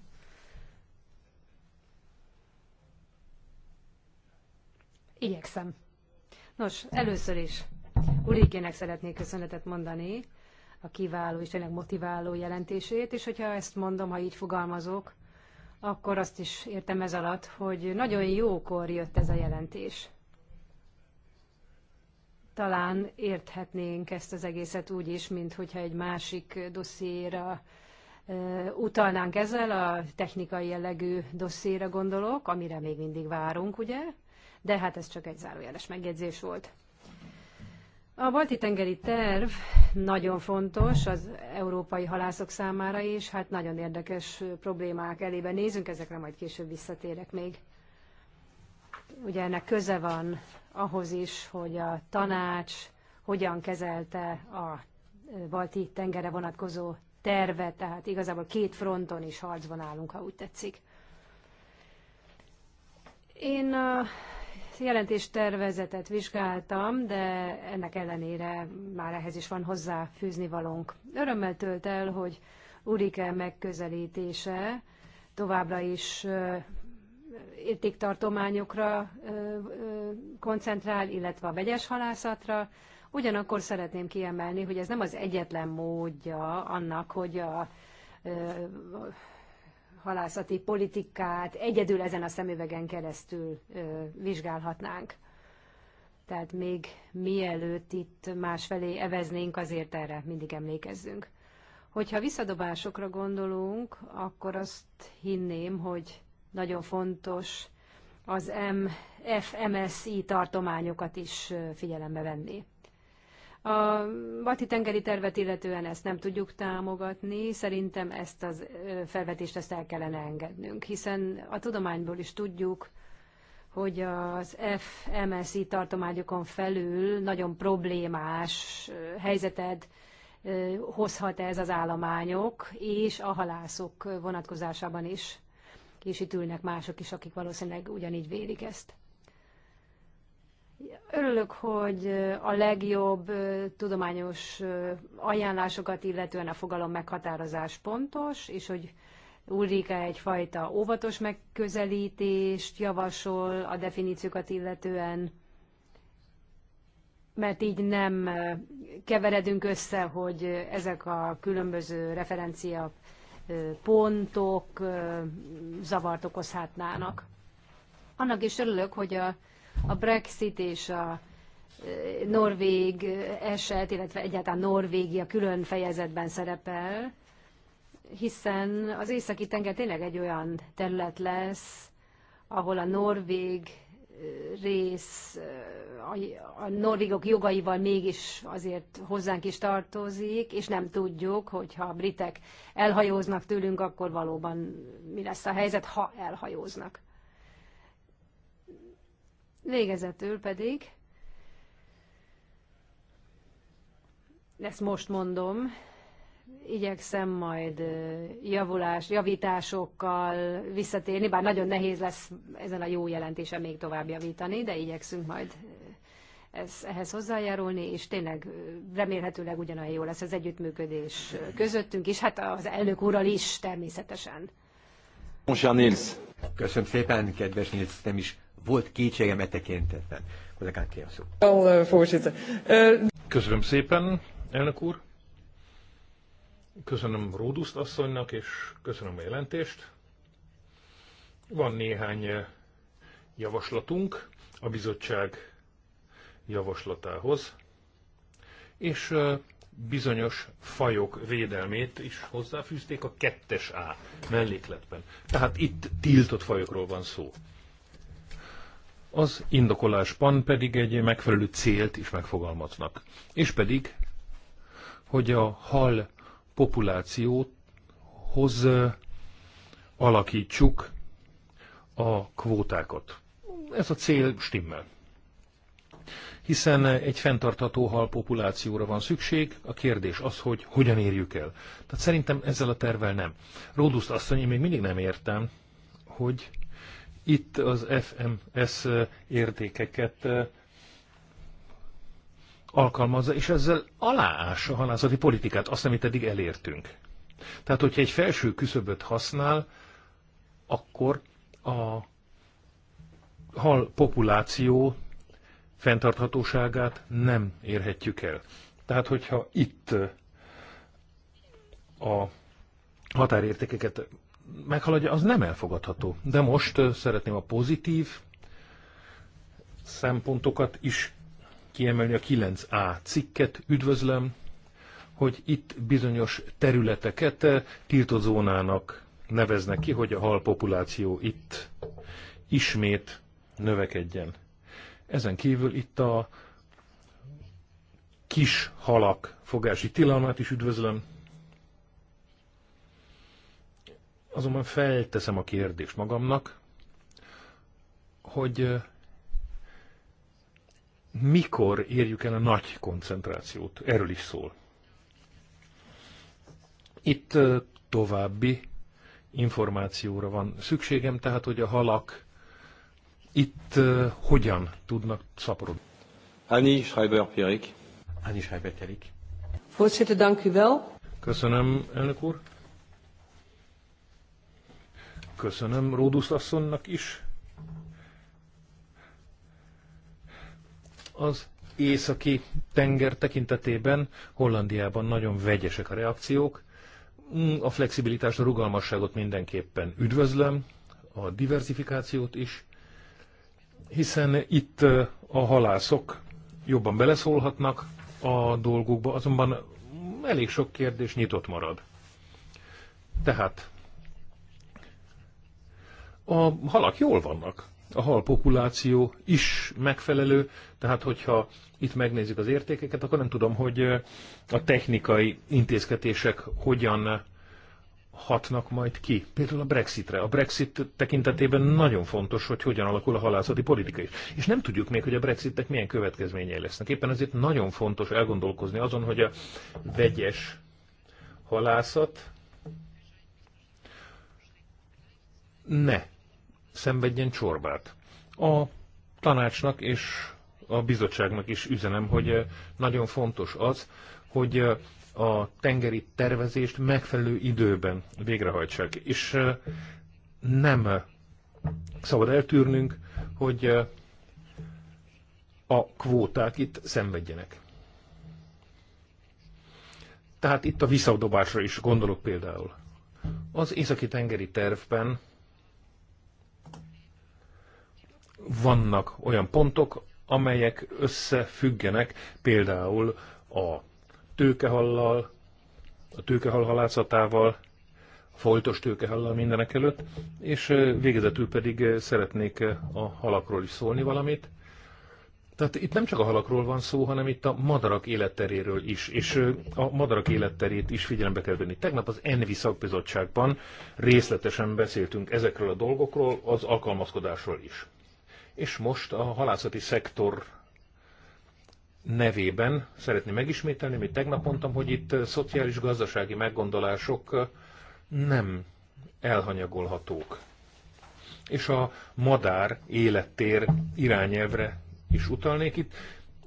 Igyekszem. Nos, először is Ulrikének szeretnék köszönetet mondani a kiváló és tényleg motiváló jelentését, és hogyha ezt mondom, ha így fogalmazok, akkor azt is értem ez alatt, hogy nagyon jókor jött ez a jelentés. Talán érthetnénk ezt az egészet úgy is, mint hogyha egy másik dosszéra utalnánk ezzel, a technikai jellegű dosszéra gondolok, amire még mindig várunk, ugye? de hát ez csak egy zárójeles megjegyzés volt. A balti-tengeri terv nagyon fontos az európai halászok számára is, hát nagyon érdekes problémák elébe nézünk, ezekre majd később visszatérek még. Ugye ennek köze van ahhoz is, hogy a tanács hogyan kezelte a balti tengerre vonatkozó tervet, tehát igazából két fronton is harcban állunk, ha úgy tetszik. Én a jelentéstervezetet vizsgáltam, de ennek ellenére már ehhez is van hozzá fűzni valónk. Örömmel tölt el, hogy Urike megközelítése továbbra is értéktartományokra koncentrál, illetve a vegyes halászatra. Ugyanakkor szeretném kiemelni, hogy ez nem az egyetlen módja annak, hogy a halászati politikát egyedül ezen a szemüvegen keresztül vizsgálhatnánk. Tehát még mielőtt itt másfelé eveznénk, azért erre mindig emlékezzünk. Hogyha visszadobásokra gondolunk, akkor azt hinném, hogy nagyon fontos az FMSI tartományokat is figyelembe venni. A Balti tengeri tervet illetően ezt nem tudjuk támogatni, szerintem ezt az felvetést ezt el kellene engednünk, hiszen a tudományból is tudjuk, hogy az FMSI tartományokon felül nagyon problémás helyzeted hozhat ez az állományok, és a halászok vonatkozásában is, és itt ülnek mások is, akik valószínűleg ugyanígy vélik ezt. Örülök, hogy a legjobb tudományos ajánlásokat, illetően a fogalom meghatározás pontos, és hogy Ulrika egyfajta óvatos megközelítést javasol a definíciókat illetően, mert így nem keveredünk össze, hogy ezek a különböző referencia pontok zavart okozhatnának. Annak is örülök, hogy a a Brexit és a e, norvég eset, illetve egyáltalán Norvégia külön fejezetben szerepel, hiszen az északi tenger tényleg egy olyan terület lesz, ahol a norvég e, rész e, a norvégok jogaival mégis azért hozzánk is tartozik, és nem tudjuk, hogyha a britek elhajóznak tőlünk, akkor valóban mi lesz a helyzet, ha elhajóznak. Végezetül pedig, ezt most mondom, igyekszem majd javulás, javításokkal visszatérni, bár nagyon nehéz lesz ezen a jó jelentésen még tovább javítani, de igyekszünk majd ez, ehhez hozzájárulni, és tényleg remélhetőleg ugyanolyan jó lesz az együttműködés közöttünk is, hát az elnök úrral is természetesen. Köszönöm szépen, kedves Nils, nem is volt kétségem e tekintetben. Kollégán kérem szó. Eh, köszönöm szépen, elnök úr. Köszönöm Róduszt asszonynak, és köszönöm a jelentést. Van néhány eh, javaslatunk a bizottság javaslatához, és eh, bizonyos fajok védelmét is hozzáfűzték a 2-es A mellékletben. Tehát itt tiltott fajokról van szó. Az indokolásban pedig egy megfelelő célt is megfogalmaznak. És pedig, hogy a hal populációhoz alakítsuk a kvótákat. Ez a cél stimmel. Hiszen egy fenntartható hal populációra van szükség, a kérdés az, hogy hogyan érjük el. Tehát szerintem ezzel a tervel nem. Róduszt mondja, én még mindig nem értem, hogy itt az FMS értékeket alkalmazza, és ezzel aláássa a halászati politikát, azt, amit eddig elértünk. Tehát, hogyha egy felső küszöböt használ, akkor a hal populáció fenntarthatóságát nem érhetjük el. Tehát, hogyha itt a határértékeket meghaladja, az nem elfogadható. De most szeretném a pozitív szempontokat is kiemelni a 9A cikket. Üdvözlöm, hogy itt bizonyos területeket tiltozónának neveznek ki, hogy a hal populáció itt ismét növekedjen. Ezen kívül itt a kis halak fogási tilalmát is üdvözlöm. Azonban felteszem a kérdést magamnak, hogy mikor érjük el a nagy koncentrációt. Erről is szól. Itt további információra van szükségem, tehát hogy a halak itt hogyan tudnak szaporodni. Annie Schreiber-Pierik. Annie Schreiber-Pierik. Köszönöm, elnök úr. Köszönöm Ródusz asszonynak is. Az északi tenger tekintetében Hollandiában nagyon vegyesek a reakciók. Mm, a flexibilitást, a rugalmasságot mindenképpen üdvözlöm, a diversifikációt is, hiszen itt a halászok jobban beleszólhatnak a dolgokba, azonban elég sok kérdés nyitott marad. Tehát a halak jól vannak. A hal populáció is megfelelő, tehát hogyha itt megnézzük az értékeket, akkor nem tudom, hogy a technikai intézkedések hogyan hatnak majd ki. Például a Brexitre. A Brexit tekintetében nagyon fontos, hogy hogyan alakul a halászati politika is. És nem tudjuk még, hogy a Brexitnek milyen következményei lesznek. Éppen ezért nagyon fontos elgondolkozni azon, hogy a vegyes halászat ne szenvedjen csorbát. A tanácsnak és a bizottságnak is üzenem, hogy eh, nagyon fontos az, hogy eh, a tengeri tervezést megfelelő időben végrehajtsák. És eh, nem szabad eltűrnünk, hogy a kvóták itt szenvedjenek. Tehát itt a visszadobásra is gondolok például. Az északi tengeri tervben vannak olyan pontok, amelyek összefüggenek például a tőkehallal, a tőkehal halászatával, a folytos tőkehallal mindenek előtt, és végezetül pedig szeretnék a halakról is szólni valamit. Tehát itt nem csak a halakról van szó, hanem itt a madarak életteréről is, és a madarak életterét is figyelembe kell venni. Tegnap az Envi szakbizottságban részletesen beszéltünk ezekről a dolgokról, az alkalmazkodásról is és most a halászati szektor nevében szeretném megismételni, amit tegnap mondtam, hogy itt szociális-gazdasági meggondolások nem elhanyagolhatók. És a madár élettér irányelvre is utalnék itt.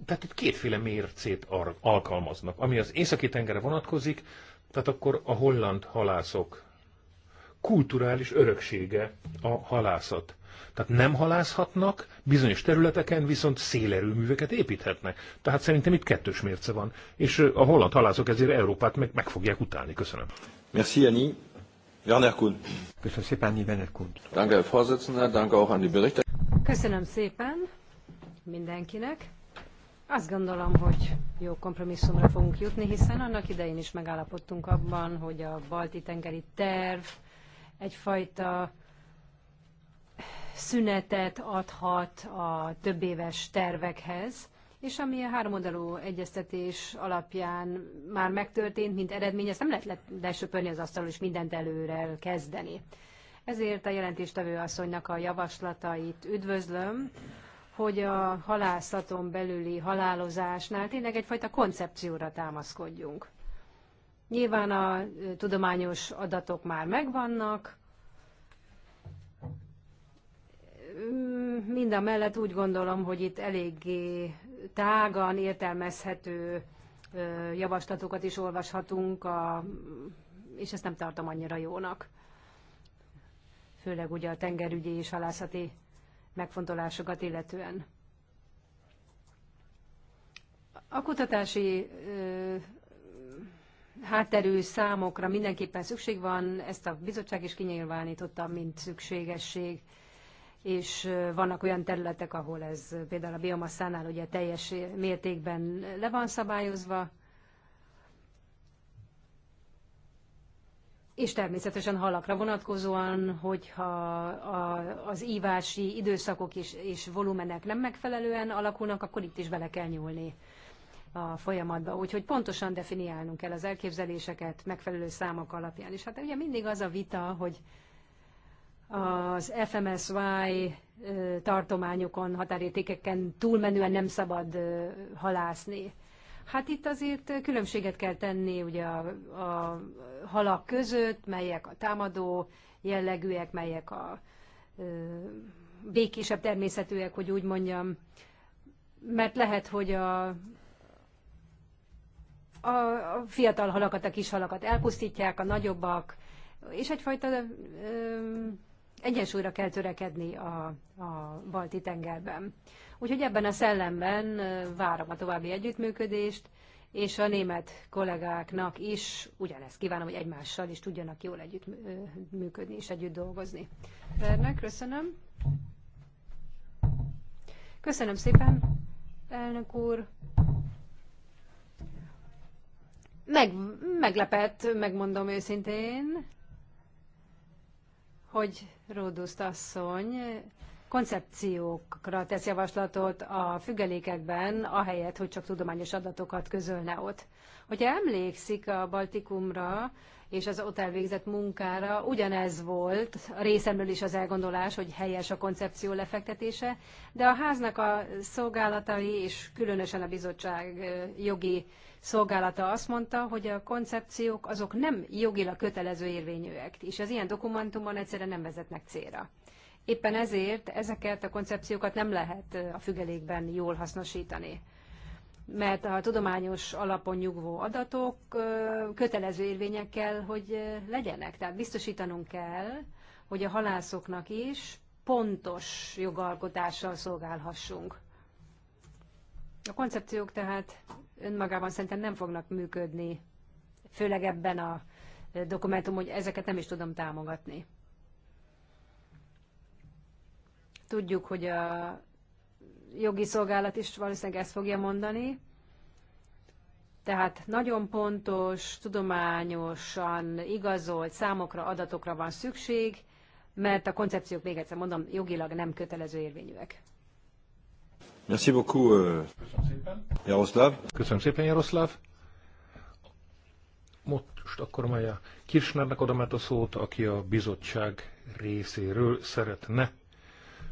Tehát itt kétféle mércét alkalmaznak. Ami az északi tengerre vonatkozik, tehát akkor a holland halászok kulturális öröksége a halászat. Tehát nem halászhatnak, bizonyos területeken viszont szélerőműveket építhetnek. Tehát szerintem itt kettős mérce van. És a holland halászok ezért Európát meg, meg fogják utálni. Köszönöm. Merci, Annie. Werner Kuhn. Köszönöm szépen, Werner Kuhn. Danke, Vorsitzender, danke auch an die Berichte. Köszönöm szépen mindenkinek. Azt gondolom, hogy jó kompromisszumra fogunk jutni, hiszen annak idején is megállapodtunk abban, hogy a balti tengeri terv egyfajta szünetet adhat a többéves tervekhez, és ami a háromoldalú egyeztetés alapján már megtörtént, mint eredmény, ezt nem lehet lesöpörni az asztalról és mindent előre kezdeni. Ezért a jelentéstevő asszonynak a javaslatait üdvözlöm, hogy a halászaton belüli halálozásnál tényleg egyfajta koncepcióra támaszkodjunk. Nyilván a tudományos adatok már megvannak, Mm, mind a mellett úgy gondolom, hogy itt eléggé tágan értelmezhető javaslatokat is olvashatunk, a, és ezt nem tartom annyira jónak. Főleg ugye a tengerügyi és halászati megfontolásokat illetően. A kutatási ö, hátterű számokra mindenképpen szükség van, ezt a bizottság is kinyilvánította, mint szükségesség és vannak olyan területek, ahol ez például a biomaszánál ugye teljes mértékben le van szabályozva, És természetesen halakra vonatkozóan, hogyha a, az ívási időszakok és, és volumenek nem megfelelően alakulnak, akkor itt is bele kell nyúlni a folyamatba. Úgyhogy pontosan definiálnunk kell az elképzeléseket megfelelő számok alapján. És hát ugye mindig az a vita, hogy az FMSY tartományokon, határértékeken túlmenően nem szabad halászni. Hát itt azért különbséget kell tenni ugye a, a halak között, melyek a támadó jellegűek, melyek a ö, békésebb természetűek, hogy úgy mondjam. Mert lehet, hogy a, a fiatal halakat, a kis halakat elpusztítják, a nagyobbak, és egyfajta ö, egyensúlyra kell törekedni a, a balti tengerben. Úgyhogy ebben a szellemben várom a további együttműködést, és a német kollégáknak is ugyanezt kívánom, hogy egymással is tudjanak jól együtt működni és együtt dolgozni. Vernek, köszönöm. Köszönöm szépen, elnök úr. Meg, meglepett, megmondom őszintén, hogy Róduszt asszony koncepciókra tesz javaslatot a függelékekben, ahelyett, hogy csak tudományos adatokat közölne ott. Hogyha emlékszik a Baltikumra és az ott elvégzett munkára, ugyanez volt a részemről is az elgondolás, hogy helyes a koncepció lefektetése, de a háznak a szolgálatai és különösen a bizottság jogi szolgálata azt mondta, hogy a koncepciók azok nem jogilag kötelező érvényűek, és az ilyen dokumentumon egyszerűen nem vezetnek célra. Éppen ezért ezeket a koncepciókat nem lehet a függelékben jól hasznosítani mert a tudományos alapon nyugvó adatok kötelező érvények kell, hogy legyenek. Tehát biztosítanunk kell, hogy a halászoknak is pontos jogalkotással szolgálhassunk. A koncepciók tehát önmagában szerintem nem fognak működni, főleg ebben a dokumentum, hogy ezeket nem is tudom támogatni. Tudjuk, hogy a jogi szolgálat is valószínűleg ezt fogja mondani, tehát nagyon pontos, tudományosan igazolt számokra, adatokra van szükség, mert a koncepciók, még egyszer mondom, jogilag nem kötelező érvényűek. Merci beaucoup, uh, Jaroszláv. Köszönöm szépen, Jaroszláv. Most akkor Maja Kirchnernek adom a szót, aki a bizottság részéről szeretne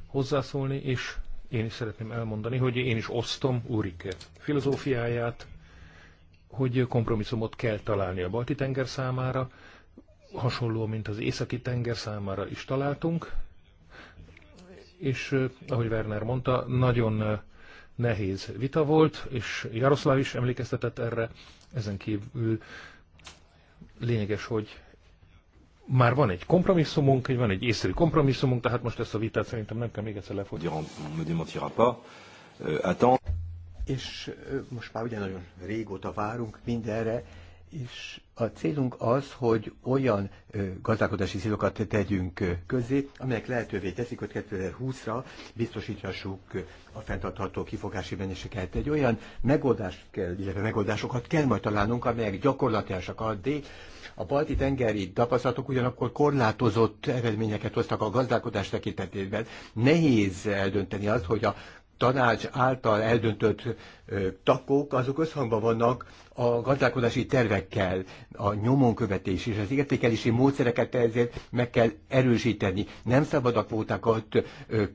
hozzászólni, és én is szeretném elmondani, hogy én is osztom Urike filozófiáját, hogy kompromisszumot kell találni a balti tenger számára, hasonló, mint az északi tenger számára is találtunk, és ahogy Werner mondta, nagyon nehéz vita volt, és Jaroszláv is emlékeztetett erre, ezen kívül lényeges, hogy már van egy kompromisszumunk, van egy észszerű kompromisszumunk, tehát most ezt a vitát szerintem nem kell még egyszer lefolytatni. Euh, és most már ugye nagyon régóta várunk mindenre, és a célunk az, hogy olyan ö, gazdálkodási célokat tegyünk ö, közé, amelyek lehetővé teszik, hogy 2020-ra biztosíthassuk a fenntartható kifogási mennyiséget. Egy olyan megoldást kell, illetve megoldásokat kell majd találnunk, amelyek gyakorlatilag a a balti tengeri tapasztalatok ugyanakkor korlátozott eredményeket hoztak a gazdálkodás tekintetében. Nehéz eldönteni azt, hogy a tanács által eldöntött takók, azok összhangban vannak a gazdálkodási tervekkel, a nyomonkövetés és az értékelési módszereket ezért meg kell erősíteni. Nem szabad a kvótákat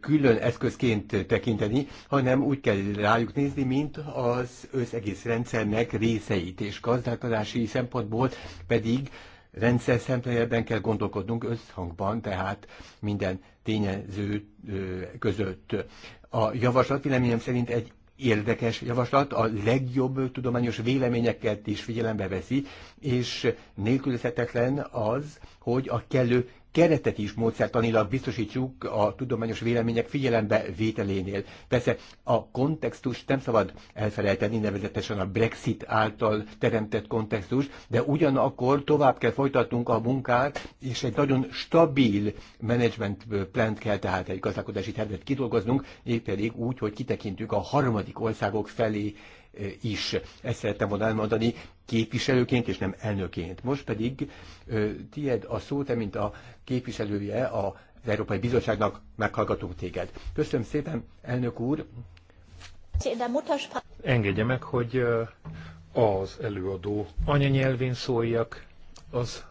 külön eszközként tekinteni, hanem úgy kell rájuk nézni, mint az összegész rendszernek részeit, és gazdálkodási szempontból pedig rendszer szemléletben kell gondolkodnunk összhangban, tehát minden tényező között. A javaslat véleményem szerint egy érdekes javaslat, a legjobb tudományos véleményeket is figyelembe veszi, és nélkülözhetetlen az, hogy a kellő keretet is módszertanilag biztosítsuk a tudományos vélemények figyelembe vételénél. Persze a kontextus nem szabad elfelejteni, nevezetesen a Brexit által teremtett kontextus, de ugyanakkor tovább kell folytatnunk a munkát, és egy nagyon stabil management plant kell, tehát egy gazdálkodási tervet kidolgoznunk, épp pedig úgy, hogy kitekintünk a harmadik országok felé Eh, is. Ezt szerettem volna elmondani képviselőként és nem elnöként. Most pedig tied a szó, te mint a képviselője a az Európai Bizottságnak meghallgatunk téged. Köszönöm szépen, elnök úr! Engedje meg, hogy az előadó anyanyelvén szóljak az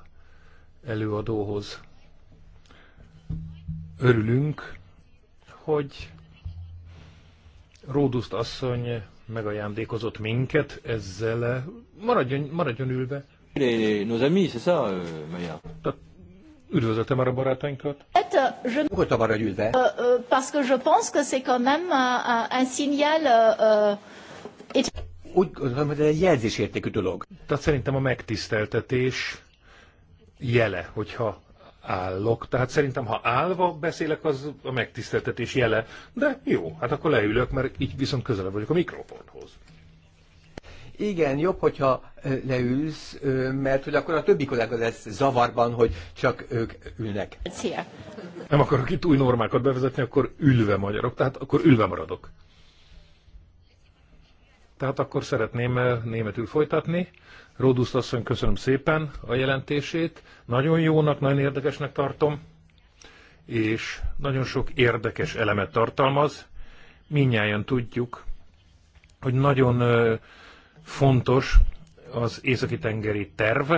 előadóhoz. Örülünk, hogy Róduszt asszony megajándékozott minket ezzel. Eh, maradjon, maradjon ülve. Nos amis, c'est ça, euh, Maya. Üdvözölte már a barátainkat? Euh, Nyugodtan maradj ülve. Euh, parce que je pense que c'est quand même un signal úgy gondolom, hogy ez egy jelzésértékű dolog. Tehát szerintem a megtiszteltetés jele, hogyha állok. Tehát szerintem, ha állva beszélek, az a megtiszteltetés jele. De jó, hát akkor leülök, mert így viszont közelebb vagyok a mikrofonhoz. Igen, jobb, hogyha leülsz, mert hogy akkor a többi kollega lesz zavarban, hogy csak ők ülnek. Szia! Nem akarok itt új normákat bevezetni, akkor ülve magyarok, tehát akkor ülve maradok. Tehát akkor szeretném németül folytatni. Róduszt asszony, köszönöm szépen a jelentését. Nagyon jónak, nagyon érdekesnek tartom, és nagyon sok érdekes elemet tartalmaz. Minnyáján tudjuk, hogy nagyon fontos az északi tengeri terv,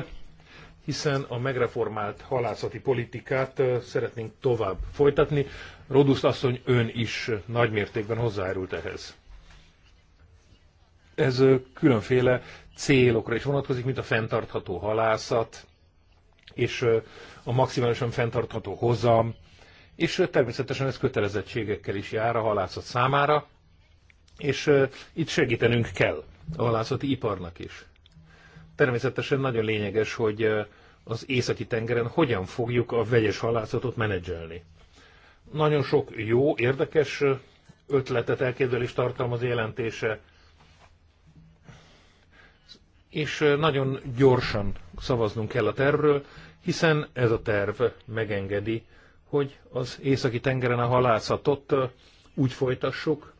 hiszen a megreformált halászati politikát szeretnénk tovább folytatni. Roduszt asszony ön is nagymértékben hozzájárult ehhez. Ez különféle célokra is vonatkozik, mint a fenntartható halászat, és a maximálisan fenntartható hozam, és természetesen ez kötelezettségekkel is jár a halászat számára, és itt segítenünk kell a halászati iparnak is. Természetesen nagyon lényeges, hogy az északi tengeren hogyan fogjuk a vegyes halászatot menedzselni. Nagyon sok jó, érdekes ötletet, elképzelést tartalmaz jelentése, és nagyon gyorsan szavaznunk kell a tervről, hiszen ez a terv megengedi, hogy az északi tengeren a halászatot úgy folytassuk,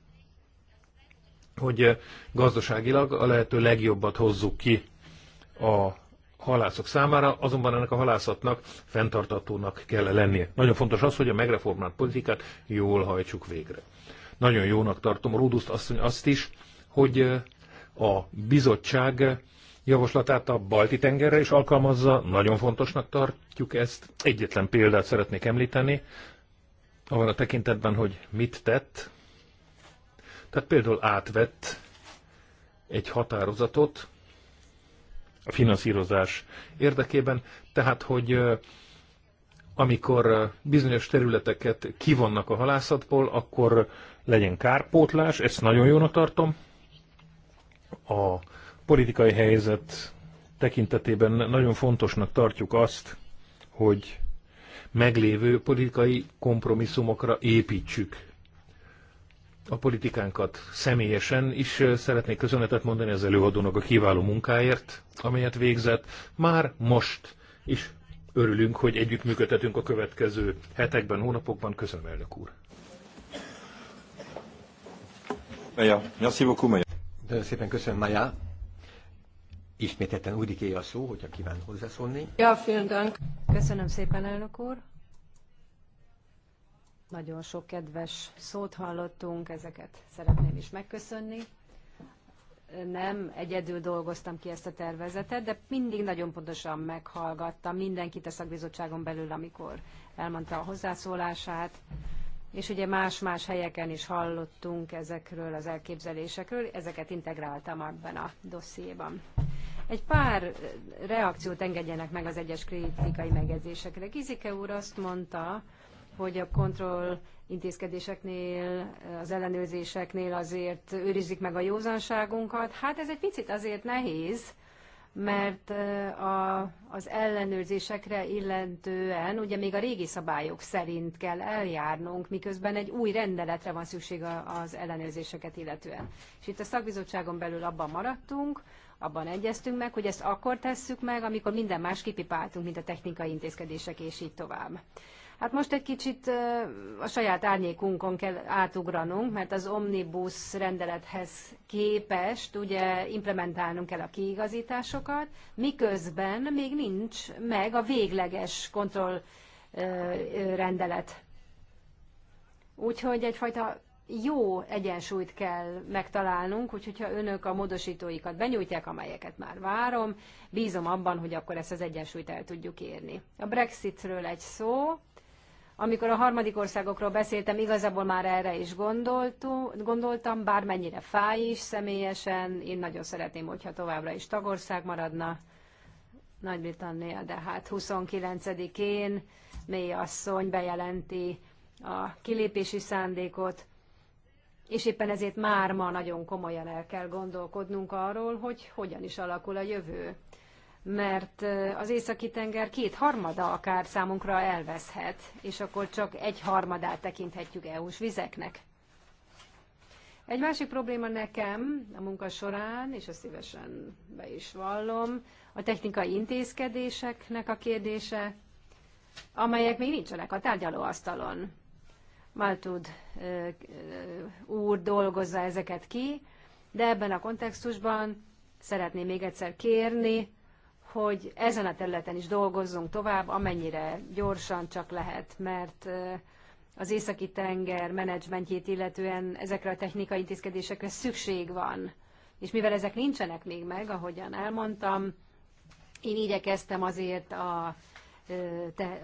hogy gazdaságilag a lehető legjobbat hozzuk ki a halászok számára, azonban ennek a halászatnak fenntartatónak kell lennie. Nagyon fontos az, hogy a megreformált politikát jól hajtsuk végre. Nagyon jónak tartom Róduszt asszony azt is, hogy a bizottság javaslatát a balti tengerre is alkalmazza, nagyon fontosnak tartjuk ezt. Egyetlen példát szeretnék említeni, abban a tekintetben, hogy mit tett. Tehát például átvett egy határozatot a finanszírozás érdekében, tehát hogy amikor bizonyos területeket kivonnak a halászatból, akkor legyen kárpótlás, ezt nagyon jónak tartom. A politikai helyzet tekintetében nagyon fontosnak tartjuk azt, hogy meglévő politikai kompromisszumokra építsük a politikánkat személyesen is szeretnék köszönetet mondani az előadónak a kiváló munkáért, amelyet végzett. Már most is örülünk, hogy együttműködhetünk a következő hetekben, hónapokban. Köszönöm, elnök úr! Maja, merci beaucoup, Maja. De szépen köszönöm, Maja. Ismételten Udiké a szó, hogyha kíván hozzászólni. Ja, vielen Dank. Köszönöm szépen, elnök úr. Nagyon sok kedves szót hallottunk, ezeket szeretném is megköszönni. Nem egyedül dolgoztam ki ezt a tervezetet, de mindig nagyon pontosan meghallgattam mindenkit a szakbizottságon belül, amikor elmondta a hozzászólását és ugye más-más helyeken is hallottunk ezekről az elképzelésekről, ezeket integráltam abban a dossziéban. Egy pár reakciót engedjenek meg az egyes kritikai megjegyzésekre. Gizike úr azt mondta, hogy a kontroll intézkedéseknél, az ellenőrzéseknél azért őrizik meg a józanságunkat. Hát ez egy picit azért nehéz, mert a, az ellenőrzésekre illetően ugye még a régi szabályok szerint kell eljárnunk, miközben egy új rendeletre van szükség az ellenőrzéseket illetően. És itt a szakbizottságon belül abban maradtunk, abban egyeztünk meg, hogy ezt akkor tesszük meg, amikor minden más kipipáltunk, mint a technikai intézkedések, és így tovább. Hát most egy kicsit a saját árnyékunkon kell átugranunk, mert az omnibus rendelethez képest ugye implementálnunk kell a kiigazításokat, miközben még nincs meg a végleges kontroll rendelet. Úgyhogy egyfajta jó egyensúlyt kell megtalálnunk, úgyhogy ha önök a módosítóikat benyújtják, amelyeket már várom, bízom abban, hogy akkor ezt az egyensúlyt el tudjuk érni. A Brexitről egy szó, amikor a harmadik országokról beszéltem, igazából már erre is gondoltam, bármennyire fáj is személyesen, én nagyon szeretném, hogyha továbbra is tagország maradna Nagy-Britannia, de hát 29-én mély asszony bejelenti a kilépési szándékot, és éppen ezért már ma nagyon komolyan el kell gondolkodnunk arról, hogy hogyan is alakul a jövő mert az északi tenger két harmada akár számunkra elveszhet, és akkor csak egy harmadát tekinthetjük EU-s vizeknek. Egy másik probléma nekem a munka során, és ezt szívesen be is vallom, a technikai intézkedéseknek a kérdése, amelyek még nincsenek a tárgyalóasztalon. Maltud úr dolgozza ezeket ki, de ebben a kontextusban szeretném még egyszer kérni, hogy ezen a területen is dolgozzunk tovább, amennyire gyorsan csak lehet, mert az északi tenger menedzsmentjét illetően ezekre a technikai intézkedésekre szükség van. És mivel ezek nincsenek még meg, ahogyan elmondtam, én igyekeztem azért a,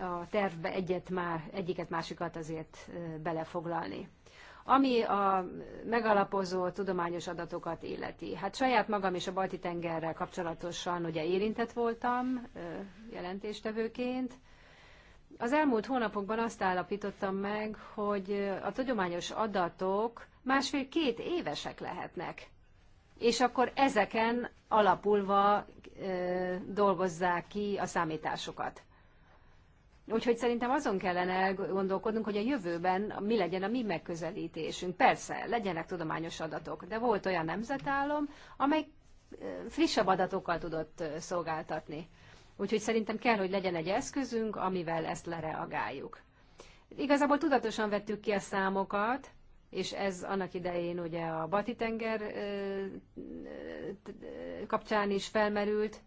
a tervbe egyet már, egyiket másikat azért belefoglalni. Ami a megalapozó tudományos adatokat illeti. Hát saját magam is a balti tengerrel kapcsolatosan ugye érintett voltam jelentéstevőként. Az elmúlt hónapokban azt állapítottam meg, hogy a tudományos adatok másfél-két évesek lehetnek. És akkor ezeken alapulva ö, dolgozzák ki a számításokat. Úgyhogy szerintem azon kellene elgondolkodnunk, hogy a jövőben mi legyen a mi megközelítésünk. Persze, legyenek tudományos adatok, de volt olyan nemzetállom, amely frissebb adatokkal tudott szolgáltatni. Úgyhogy szerintem kell, hogy legyen egy eszközünk, amivel ezt lereagáljuk. Igazából tudatosan vettük ki a számokat, és ez annak idején ugye a Bati-tenger kapcsán is felmerült,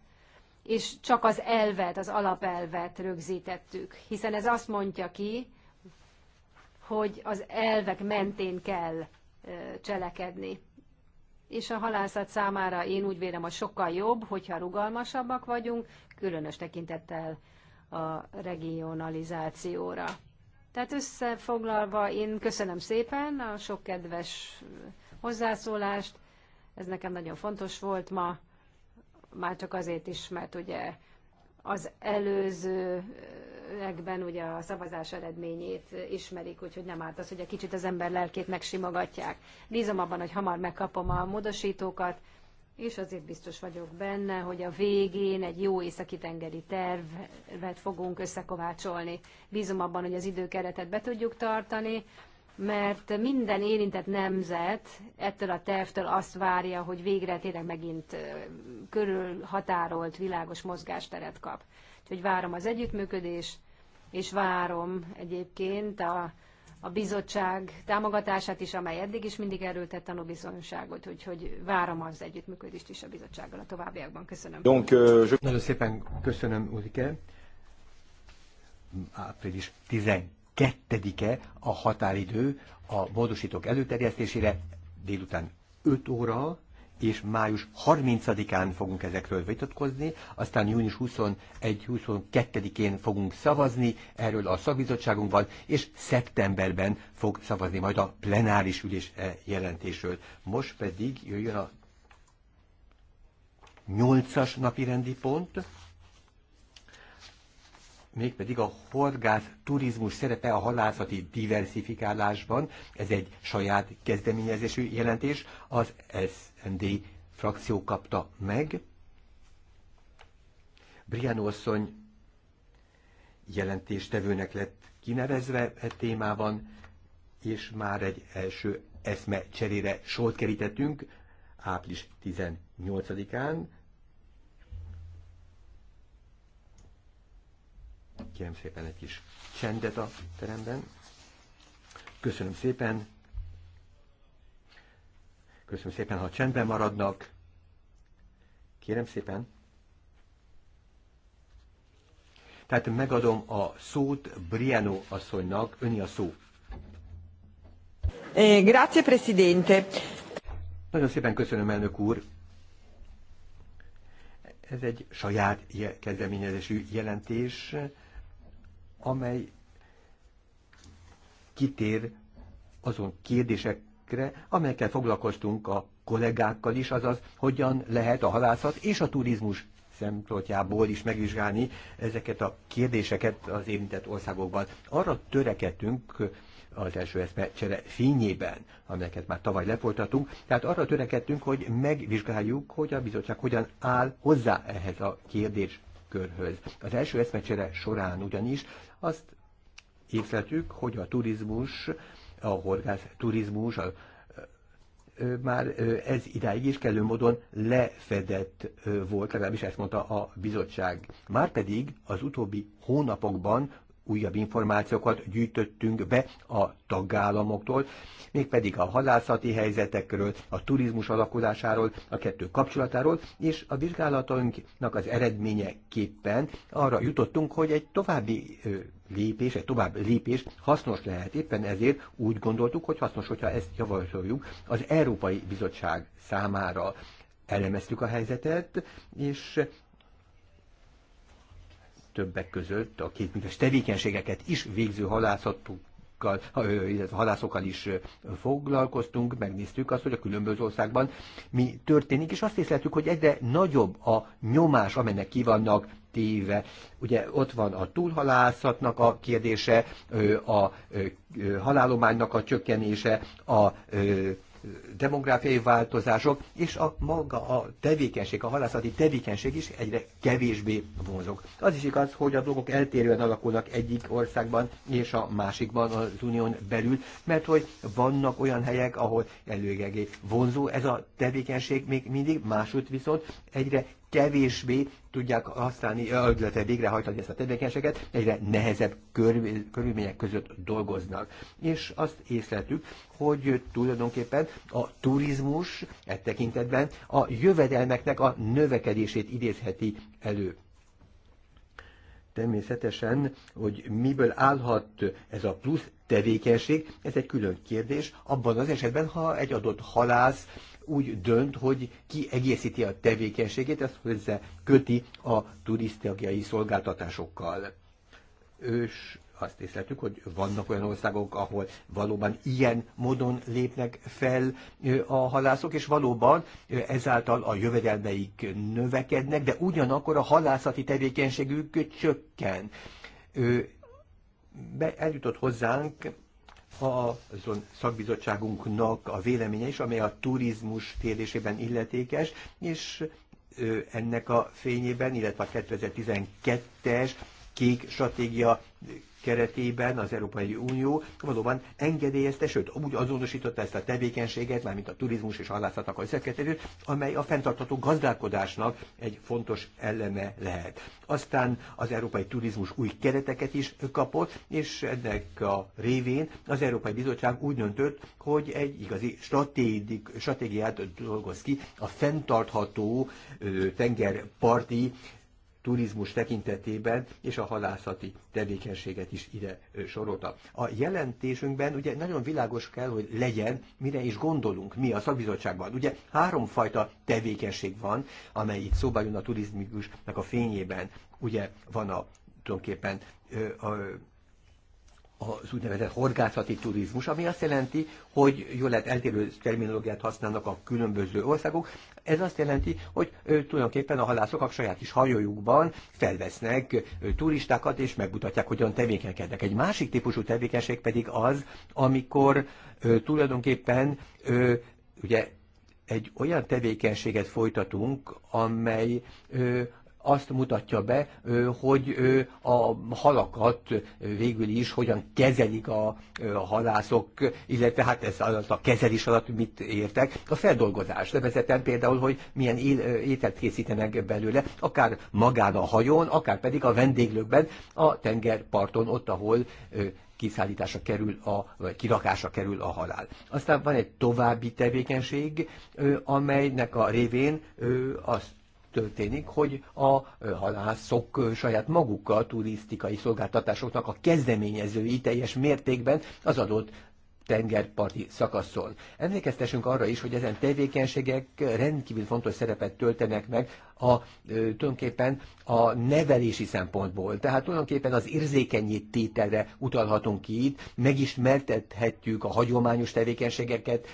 és csak az elvet, az alapelvet rögzítettük, hiszen ez azt mondja ki, hogy az elvek mentén kell cselekedni. És a halászat számára én úgy vélem, hogy sokkal jobb, hogyha rugalmasabbak vagyunk, különös tekintettel a regionalizációra. Tehát összefoglalva, én köszönöm szépen a sok kedves hozzászólást, ez nekem nagyon fontos volt ma, már csak azért is, mert ugye az előző legben ugye a szavazás eredményét ismerik, úgyhogy nem árt az, hogy egy kicsit az ember lelkét megsimogatják. Bízom abban, hogy hamar megkapom a módosítókat, és azért biztos vagyok benne, hogy a végén egy jó északi tengeri tervet fogunk összekovácsolni. Bízom abban, hogy az időkeretet be tudjuk tartani, mert minden érintett nemzet ettől a tervtől azt várja, hogy végre tényleg megint körülhatárolt, világos mozgásteret kap. Úgyhogy várom az együttműködést, és várom egyébként a, a bizottság támogatását is, amely eddig is mindig erőltett tanúbizonyságot, úgyhogy várom az együttműködést is a bizottsággal a továbbiakban. Köszönöm. Donc, euh, je... Nagyon szépen köszönöm, Ulrike. Április 12 12-e a határidő a módosítók előterjesztésére délután 5 óra, és május 30-án fogunk ezekről vitatkozni, aztán június 21-22-én fogunk szavazni erről a szakbizottságunkban, és szeptemberben fog szavazni majd a plenáris ülés eh, jelentésről. Most pedig jöjjön a 8-as napi rendi pont mégpedig a horgász turizmus szerepe a halászati diversifikálásban. Ez egy saját kezdeményezésű jelentés, az SND frakció kapta meg. Brian Orszony jelentéstevőnek lett kinevezve e témában, és már egy első eszme cserére sort kerítettünk április 18-án, kérem szépen egy kis csendet a teremben. Köszönöm szépen. Köszönöm szépen, ha csendben maradnak. Kérem szépen. Tehát megadom a szót Briano asszonynak, öni a szó. Eh, grazie, Presidente. Nagyon szépen köszönöm, elnök úr. Ez egy saját kezdeményezésű jelentés, amely kitér azon kérdésekre, amelyekkel foglalkoztunk a kollégákkal is, azaz hogyan lehet a halászat és a turizmus szempontjából is megvizsgálni ezeket a kérdéseket az érintett országokban. Arra törekedtünk az első eszmecsere fényében, amelyeket már tavaly lefolytatunk, tehát arra törekedtünk, hogy megvizsgáljuk, hogy a bizottság hogyan áll hozzá ehhez a kérdés körhöz. Az első eszmecsere során ugyanis azt észletük, hogy a turizmus, a horgász turizmus, a, már ez idáig is kellő módon lefedett volt, legalábbis ezt mondta a bizottság. Márpedig az utóbbi hónapokban újabb információkat gyűjtöttünk be a tagállamoktól, mégpedig a halászati helyzetekről, a turizmus alakulásáról, a kettő kapcsolatáról, és a vizsgálatainknak az eredményeképpen arra jutottunk, hogy egy további lépés, egy tovább lépés hasznos lehet. Éppen ezért úgy gondoltuk, hogy hasznos, hogyha ezt javasoljuk az Európai Bizottság számára. Elemeztük a helyzetet, és többek között a kétműves tevékenységeket is végző halászatuk illetve halászokkal is foglalkoztunk, megnéztük azt, hogy a különböző országban mi történik, és azt észleltük, hogy egyre nagyobb a nyomás, amennek ki vannak téve. Ugye ott van a túlhalászatnak a kérdése, a halálománynak a csökkenése, a demográfiai változások, és a maga a tevékenység, a halászati tevékenység is egyre kevésbé vonzók. Az is igaz, hogy a dolgok eltérően alakulnak egyik országban és a másikban az unión belül, mert hogy vannak olyan helyek, ahol előgegé vonzó ez a tevékenység még mindig, másút viszont egyre kevésbé tudják használni, illetve végrehajtani ezt a tevékenységet, egyre nehezebb körülmények között dolgoznak. És azt észleltük, hogy tulajdonképpen a turizmus e tekintetben a jövedelmeknek a növekedését idézheti elő természetesen, hogy miből állhat ez a plusz tevékenység, ez egy külön kérdés, abban az esetben, ha egy adott halász úgy dönt, hogy kiegészíti a tevékenységét, ezt hozzá köti a turisztikai szolgáltatásokkal. És azt észletük, hogy vannak olyan országok, ahol valóban ilyen módon lépnek fel a halászok, és valóban ezáltal a jövedelmeik növekednek, de ugyanakkor a halászati tevékenységük csökken. Be eljutott hozzánk azon szakbizottságunknak a véleménye is, amely a turizmus kérdésében illetékes, és ennek a fényében, illetve a 2012-es kék stratégia keretében az Európai Unió valóban engedélyezte, sőt, úgy azonosította ezt a tevékenységet, mármint a turizmus és hallászatnak a összekötetőt, amely a fenntartható gazdálkodásnak egy fontos eleme lehet. Aztán az európai turizmus új kereteket is kapott, és ennek a révén az Európai Bizottság úgy döntött, hogy egy igazi stratégiát dolgoz ki a fenntartható tengerparti turizmus tekintetében és a halászati tevékenységet is ide sorolta. A jelentésünkben ugye nagyon világos kell, hogy legyen, mire is gondolunk mi a szakbizottságban. Ugye háromfajta tevékenység van, amely itt szóba jön a turizmikusnak a fényében. Ugye van a tulajdonképpen a, az úgynevezett horgászati turizmus, ami azt jelenti, hogy jól lehet eltérő terminológiát használnak a különböző országok. Ez azt jelenti, hogy ő, tulajdonképpen a halászok a saját is hajójukban felvesznek ő, turistákat, és megmutatják, hogyan tevékenykednek. Egy másik típusú tevékenység pedig az, amikor ő, tulajdonképpen ő, ugye egy olyan tevékenységet folytatunk, amely ő, azt mutatja be, hogy a halakat végül is hogyan kezelik a halászok, illetve hát ez alatt a kezelés alatt mit értek. A feldolgozás, levezetem például, hogy milyen ételt készítenek belőle, akár magán a hajón, akár pedig a vendéglőkben, a tengerparton, ott, ahol kiszállítása kerül, a, vagy kirakása kerül a halál. Aztán van egy további tevékenység, amelynek a révén azt történik, hogy a halászok saját maguk a turisztikai szolgáltatásoknak a kezdeményezői teljes mértékben az adott tengerparti szakaszon. Emlékeztessünk arra is, hogy ezen tevékenységek rendkívül fontos szerepet töltenek meg a, tulajdonképpen a nevelési szempontból. Tehát tulajdonképpen az érzékenyít tételre utalhatunk ki itt, megismertethetjük a hagyományos tevékenységeket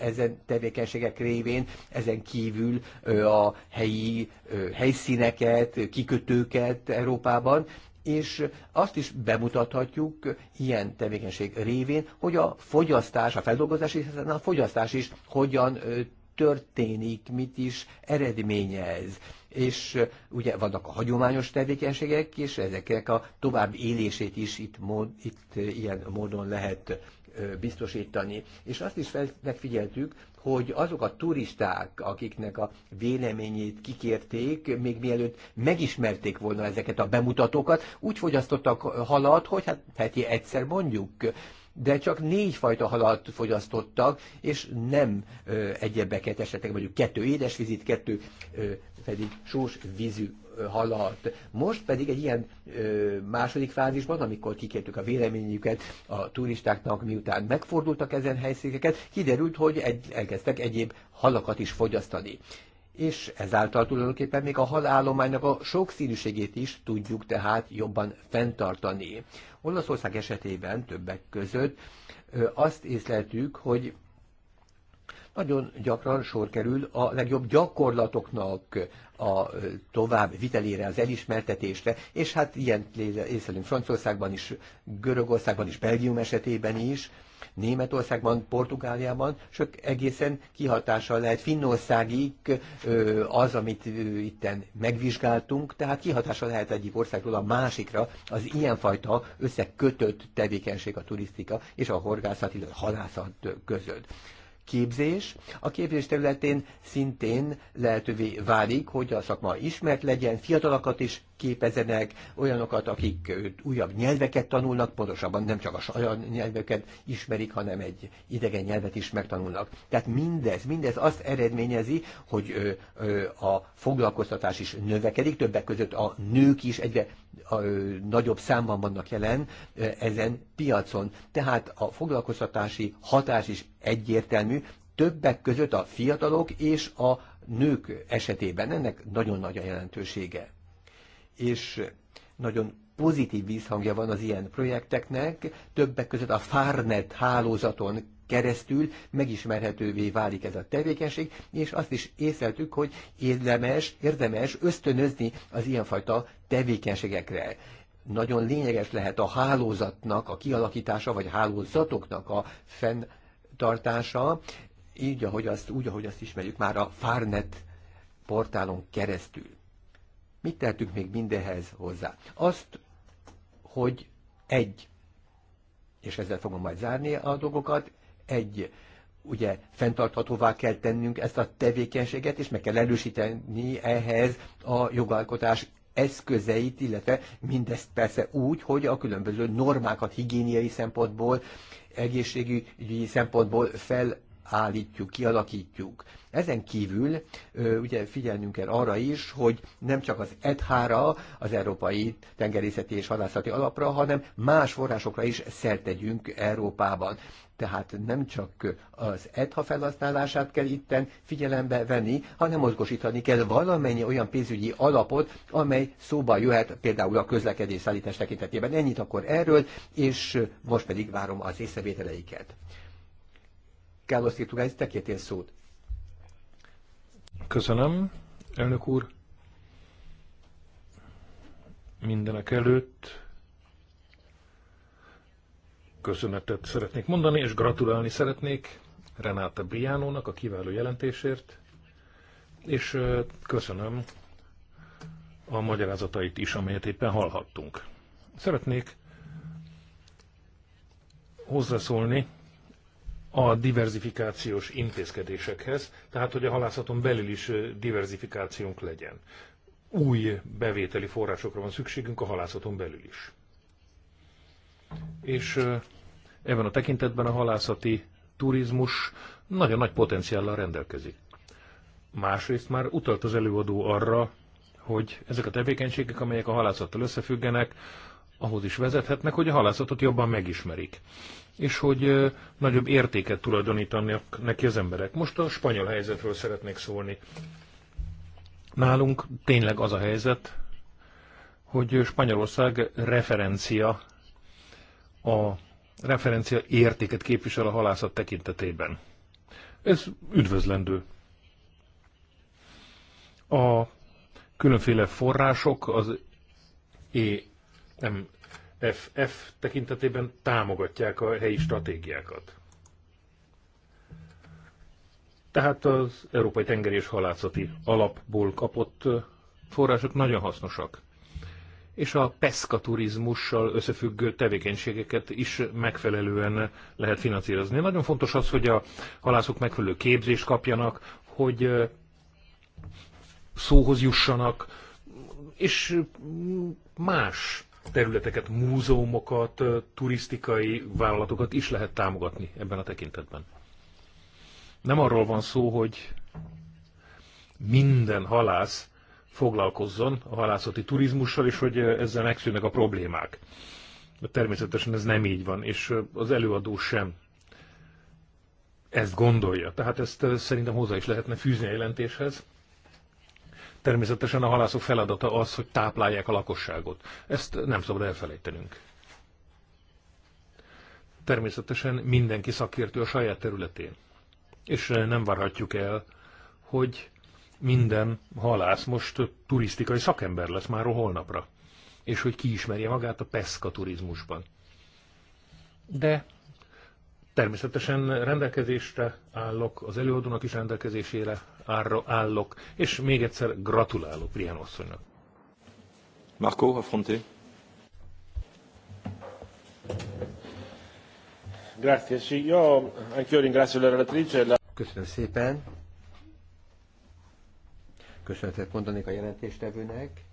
ezen tevékenységek révén, ezen kívül a helyi helyszíneket, kikötőket Európában, és azt is bemutathatjuk ilyen tevékenység révén, hogy a fogyasztás, a feldolgozás, hiszen a fogyasztás is hogyan történik, mit is eredményez. És ugye vannak a hagyományos tevékenységek, és ezeknek a tovább élését is itt, mód, itt ilyen módon lehet biztosítani. És azt is megfigyeltük, hogy azok a turisták, akiknek a véleményét kikérték, még mielőtt megismerték volna ezeket a bemutatókat, úgy fogyasztottak halat, hogy hát heti egyszer mondjuk de csak négy fajta halat fogyasztottak, és nem ö, egyebeket esetleg, mondjuk kettő édesvizit, kettő ö, pedig sós vízű haladt. Most pedig egy ilyen második fázisban, amikor kikértük a véleményüket a turistáknak, miután megfordultak ezen helyszíneket, kiderült, hogy egy, elkezdtek egyéb halakat is fogyasztani és ezáltal tulajdonképpen még a halállománynak a sokszínűségét is tudjuk tehát jobban fenntartani. Olaszország esetében többek között azt észleltük, hogy nagyon gyakran sor kerül a legjobb gyakorlatoknak a tovább vitelére, az elismertetésre, és hát ilyen észlelünk Franciaországban is, Görögországban is, Belgium esetében is, Németországban, Portugáliában, sőt egészen kihatással lehet Finnországig az, amit itten megvizsgáltunk, tehát kihatással lehet egyik országról a másikra az ilyenfajta összekötött tevékenység a turisztika és a horgászat, illetve a halászat között képzés. A képzés területén szintén lehetővé válik, hogy a szakma ismert legyen, fiatalokat is képezenek, olyanokat, akik újabb nyelveket tanulnak, pontosabban nem csak a saját nyelveket ismerik, hanem egy idegen nyelvet is megtanulnak. Tehát mindez, mindez azt eredményezi, hogy a foglalkoztatás is növekedik, többek között a nők is egyre nagyobb számban vannak jelen ezen piacon. Tehát a foglalkoztatási hatás is egyértelmű, többek között a fiatalok és a nők esetében ennek nagyon nagy a jelentősége. És nagyon pozitív vízhangja van az ilyen projekteknek, többek között a Farnet hálózaton keresztül megismerhetővé válik ez a tevékenység, és azt is észleltük, hogy érdemes, érdemes ösztönözni az ilyenfajta tevékenységekre. Nagyon lényeges lehet a hálózatnak a kialakítása, vagy a hálózatoknak a fenn tartása, így, ahogy azt, úgy, ahogy azt ismerjük már a Farnet portálon keresztül. Mit tettünk még mindehhez hozzá? Azt, hogy egy, és ezzel fogom majd zárni a dolgokat, egy, ugye fenntarthatóvá kell tennünk ezt a tevékenységet, és meg kell elősíteni ehhez a jogalkotás eszközeit, illetve mindezt persze úgy, hogy a különböző normákat higiéniai szempontból egészségügyi szempontból fel állítjuk, kialakítjuk. Ezen kívül ugye figyelnünk kell arra is, hogy nem csak az ETH-ra, az Európai Tengerészeti és Halászati Alapra, hanem más forrásokra is szertegyünk Európában. Tehát nem csak az ETHA felhasználását kell itten figyelembe venni, hanem mozgosítani kell valamennyi olyan pénzügyi alapot, amely szóba jöhet például a közlekedés szállítás tekintetében. Ennyit akkor erről, és most pedig várom az észrevételeiket. Carlos Iturgáiz, te szót. Köszönöm, elnök úr. Mindenek előtt köszönetet szeretnék mondani, és gratulálni szeretnék Renáta Briánónak a kiváló jelentésért, és köszönöm a magyarázatait is, amelyet éppen hallhattunk. Szeretnék hozzászólni a diverzifikációs intézkedésekhez, tehát hogy a halászaton belül is diverzifikációnk legyen. Új bevételi forrásokra van szükségünk a halászaton belül is. És ebben a tekintetben a halászati turizmus nagyon nagy potenciállal rendelkezik. Másrészt már utalt az előadó arra, hogy ezek a tevékenységek, amelyek a halászattal összefüggenek, ahhoz is vezethetnek, hogy a halászatot jobban megismerik és hogy nagyobb értéket tulajdonítanak neki az emberek. Most a spanyol helyzetről szeretnék szólni. Nálunk tényleg az a helyzet, hogy Spanyolország referencia a referencia értéket képvisel a halászat tekintetében. Ez üdvözlendő. A különféle források, az MFF tekintetében támogatják a helyi stratégiákat. Tehát az Európai Tengeri és Halászati Alapból kapott források nagyon hasznosak. És a peszkaturizmussal összefüggő tevékenységeket is megfelelően lehet finanszírozni. Nagyon fontos az, hogy a halászok megfelelő képzést kapjanak, hogy szóhoz jussanak, és más területeket, múzeumokat, turisztikai vállalatokat is lehet támogatni ebben a tekintetben. Nem arról van szó, hogy minden halász foglalkozzon a halászati turizmussal, és hogy ezzel megszűnnek a problémák. természetesen ez nem így van, és az előadó sem ezt gondolja. Tehát ezt szerintem hozzá is lehetne fűzni a jelentéshez. Természetesen a halászok feladata az, hogy táplálják a lakosságot. Ezt nem szabad elfelejtenünk. Természetesen mindenki szakértő a saját területén. És nem várhatjuk el, hogy minden halász most turisztikai szakember lesz már holnapra. És hogy kiismerje magát a peszka turizmusban. De természetesen rendelkezésre állok, az előadónak is rendelkezésére árra állok, és még egyszer gratulálok Rihan asszonynak. Marco, affronté. Grazie, sì, io anch'io ringrazio la relatrice. E la... Köszönöm szépen. Köszönetet mondanék a jelentéstevőnek.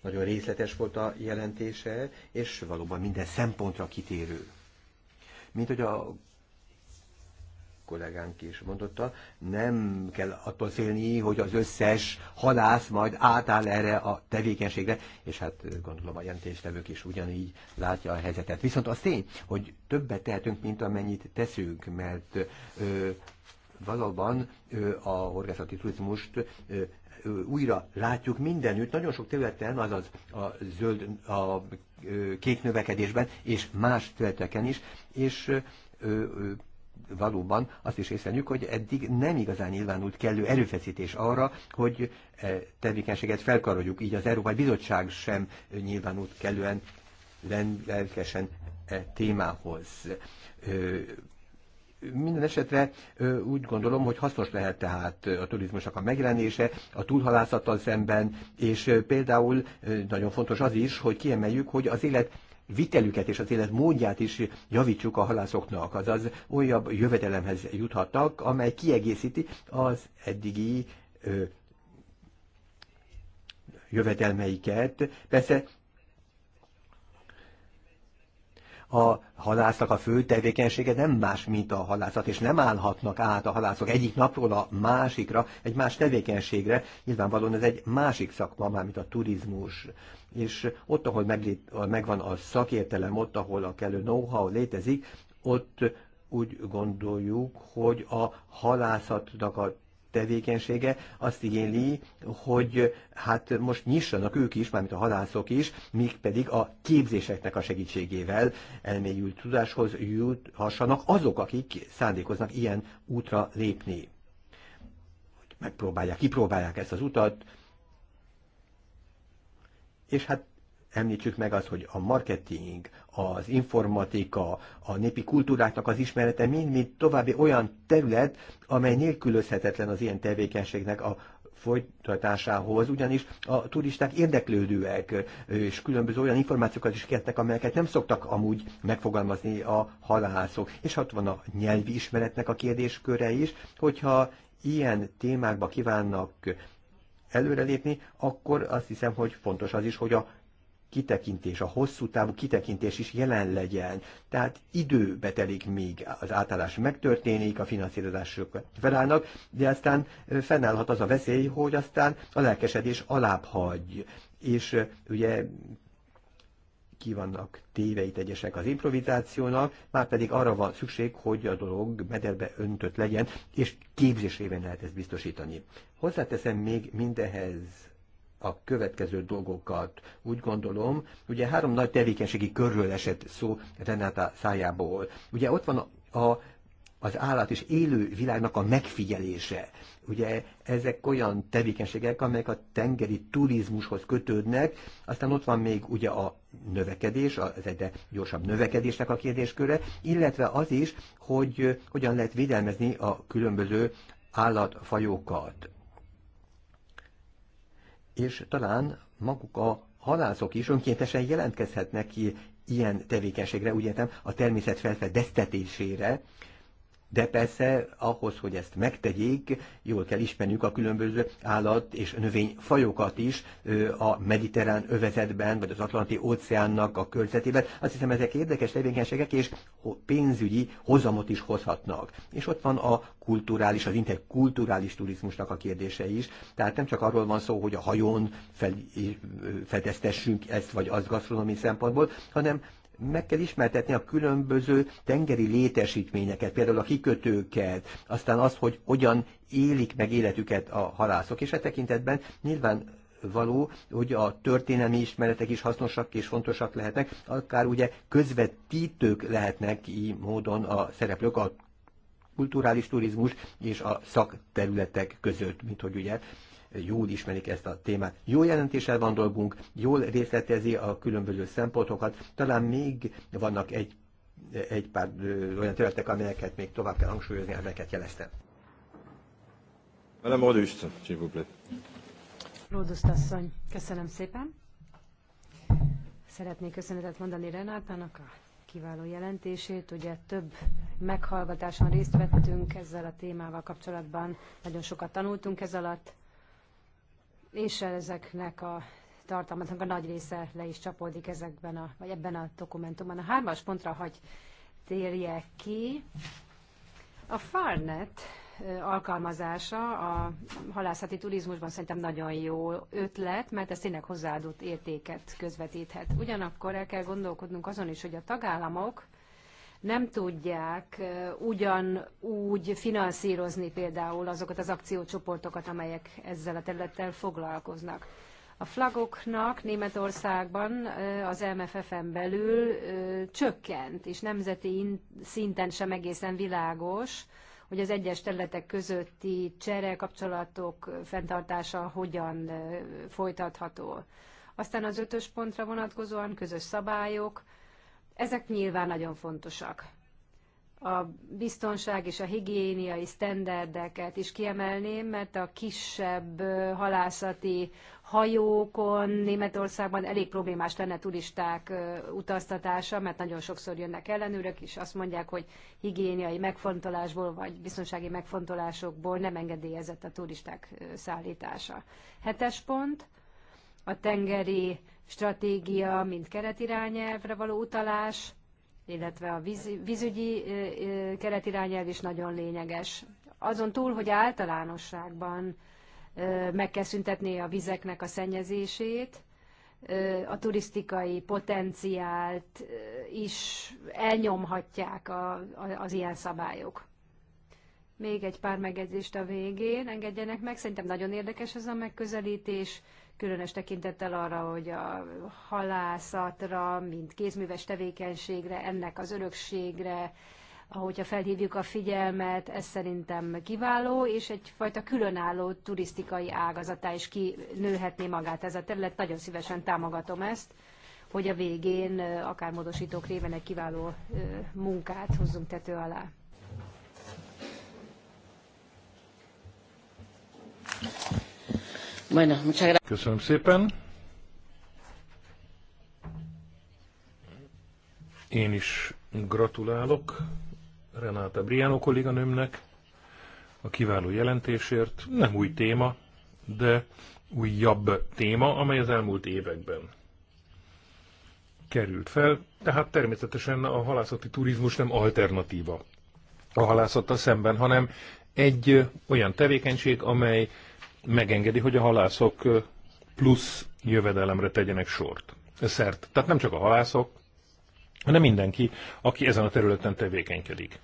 Nagyon részletes volt a jelentése, és valóban minden szempontra kitérő. Mint hogy a kollégánk is mondotta, nem kell attól félni, hogy az összes halász majd átáll erre a tevékenységre, és hát gondolom a jelentéstevők is ugyanígy látja a helyzetet. Viszont az tény, hogy többet tehetünk, mint amennyit teszünk, mert ö, valóban ö, a horgászati turizmust ö, újra látjuk mindenütt, nagyon sok területen, azaz a zöld, a kék növekedésben, és más területeken is, és valóban azt is észleljük, hogy eddig nem igazán nyilvánult kellő erőfeszítés arra, hogy e, tevékenységet felkaroljuk, így az Európai Bizottság sem nyilvánult kellően lelkesen e témához. Minden esetre úgy gondolom, hogy hasznos lehet tehát a turizmusnak a megjelenése, a túlhalászattal szemben, és például nagyon fontos az is, hogy kiemeljük, hogy az élet vitelüket és az élet módját is javítsuk a halászoknak, azaz olyabb jövedelemhez juthattak, amely kiegészíti az eddigi ö, jövedelmeiket. Persze a halásznak a fő tevékenysége nem más, mint a halászat, és nem állhatnak át a halászok egyik napról a másikra, egy más tevékenységre. Nyilvánvalóan ez egy másik szakma, mármint a turizmus és ott, ahol meglét, megvan a szakértelem, ott, ahol a kellő know-how létezik, ott úgy gondoljuk, hogy a halászatnak a tevékenysége azt igényli, hogy hát most nyissanak ők is, mármint a halászok is, míg pedig a képzéseknek a segítségével elmélyült tudáshoz juthassanak azok, akik szándékoznak ilyen útra lépni. megpróbálják, kipróbálják ezt az utat, és hát említsük meg azt, hogy a marketing, az informatika, a népi kultúráknak az ismerete mind-mind további olyan terület, amely nélkülözhetetlen az ilyen tevékenységnek a folytatásához, ugyanis a turisták érdeklődőek, és különböző olyan információkat is kértek, amelyeket nem szoktak amúgy megfogalmazni a halászok. És ott van a nyelvi ismeretnek a kérdésköre is, hogyha ilyen témákba kívánnak előrelépni, akkor azt hiszem, hogy fontos az is, hogy a kitekintés, a hosszú távú kitekintés is jelen legyen. Tehát időbe telik, míg az átállás megtörténik, a finanszírozások felállnak, de aztán fennállhat az a veszély, hogy aztán a lelkesedés alább hagy. És ugye ki vannak téve itt egyesek az improvizációnak, már pedig arra van szükség, hogy a dolog mederbe öntött legyen, és képzésében lehet ezt biztosítani. Hozzáteszem még mindehez a következő dolgokat. Úgy gondolom, ugye három nagy tevékenységi körről esett szó Renáta szájából. Ugye ott van a, a az állat és élő világnak a megfigyelése. Ugye ezek olyan tevékenységek, amelyek a tengeri turizmushoz kötődnek, aztán ott van még ugye a növekedés, az egyre gyorsabb növekedésnek a kérdésköre, illetve az is, hogy hogyan lehet védelmezni a különböző állatfajokat. És talán maguk a halászok is önkéntesen jelentkezhetnek ki ilyen tevékenységre, úgy értem, a természet felfedeztetésére, de persze ahhoz, hogy ezt megtegyék, jól kell ismerniük a különböző állat és növényfajokat is a mediterrán övezetben, vagy az Atlanti óceánnak a körzetében. Azt hiszem, ezek érdekes tevékenységek, és pénzügyi hozamot is hozhatnak. És ott van a kulturális, az interkulturális turizmusnak a kérdése is. Tehát nem csak arról van szó, hogy a hajón fel, fedeztessünk ezt vagy azt gasztronómiai szempontból, hanem meg kell ismertetni a különböző tengeri létesítményeket, például a kikötőket, aztán azt, hogy hogyan élik meg életüket a halászok, és e tekintetben nyilván való, hogy a történelmi ismeretek is hasznosak és fontosak lehetnek, akár ugye közvetítők lehetnek így módon a szereplők a kulturális turizmus és a szakterületek között, mint hogy ugye jól ismerik ezt a témát. Jó jelentéssel van dolgunk, jól részletezi a különböző szempontokat, talán még vannak egy, egy pár olyan területek, amelyeket még tovább kell hangsúlyozni, amelyeket jeleztem. Velem Rodust, s'il vous asszony, köszönöm szépen. Szeretnék köszönetet mondani Renátának a kiváló jelentését. Ugye több meghallgatáson részt vettünk ezzel a témával kapcsolatban, nagyon sokat tanultunk ez alatt, és ezeknek a tartalmaknak a nagy része le is csapódik ezekben a, vagy ebben a dokumentumban. A hármas pontra hagy térje ki. A Farnet alkalmazása a halászati turizmusban szerintem nagyon jó ötlet, mert ez tényleg hozzáadott értéket közvetíthet. Ugyanakkor el kell gondolkodnunk azon is, hogy a tagállamok nem tudják ugyanúgy finanszírozni például azokat az akciócsoportokat, amelyek ezzel a területtel foglalkoznak. A flagoknak Németországban az MFF-en belül csökkent, és nemzeti szinten sem egészen világos, hogy az egyes területek közötti csere kapcsolatok fenntartása hogyan folytatható. Aztán az ötös pontra vonatkozóan közös szabályok, ezek nyilván nagyon fontosak. A biztonság és a higiéniai sztenderdeket is kiemelném, mert a kisebb halászati hajókon Németországban elég problémás lenne turisták utaztatása, mert nagyon sokszor jönnek ellenőrök, és azt mondják, hogy higiéniai megfontolásból vagy biztonsági megfontolásokból nem engedélyezett a turisták szállítása. Hetes pont, a tengeri stratégia, mint keretirányelvre való utalás, illetve a víz, vízügyi keretirányelv is nagyon lényeges. Azon túl, hogy általánosságban meg kell szüntetni a vizeknek a szennyezését, a turisztikai potenciált is elnyomhatják a, a, az ilyen szabályok. Még egy pár megjegyzést a végén engedjenek meg, szerintem nagyon érdekes ez a megközelítés, különös tekintettel arra, hogy a halászatra, mint kézműves tevékenységre, ennek az örökségre, ahogyha felhívjuk a figyelmet, ez szerintem kiváló, és egyfajta különálló turisztikai ágazatá is kinőhetné magát ez a terület. Nagyon szívesen támogatom ezt, hogy a végén, akár módosítók réven egy kiváló munkát hozzunk tető alá. Bueno, muchas gracias. Köszönöm szépen. Én is gratulálok Renáta Briano kolléganőmnek a kiváló jelentésért. Nem új téma, de újabb téma, amely az elmúlt években került fel. Tehát természetesen a halászati turizmus nem alternatíva a halászattal szemben, hanem egy olyan tevékenység, amely megengedi, hogy a halászok plusz jövedelemre tegyenek sort. Szert. Tehát nem csak a halászok, hanem mindenki, aki ezen a területen tevékenykedik.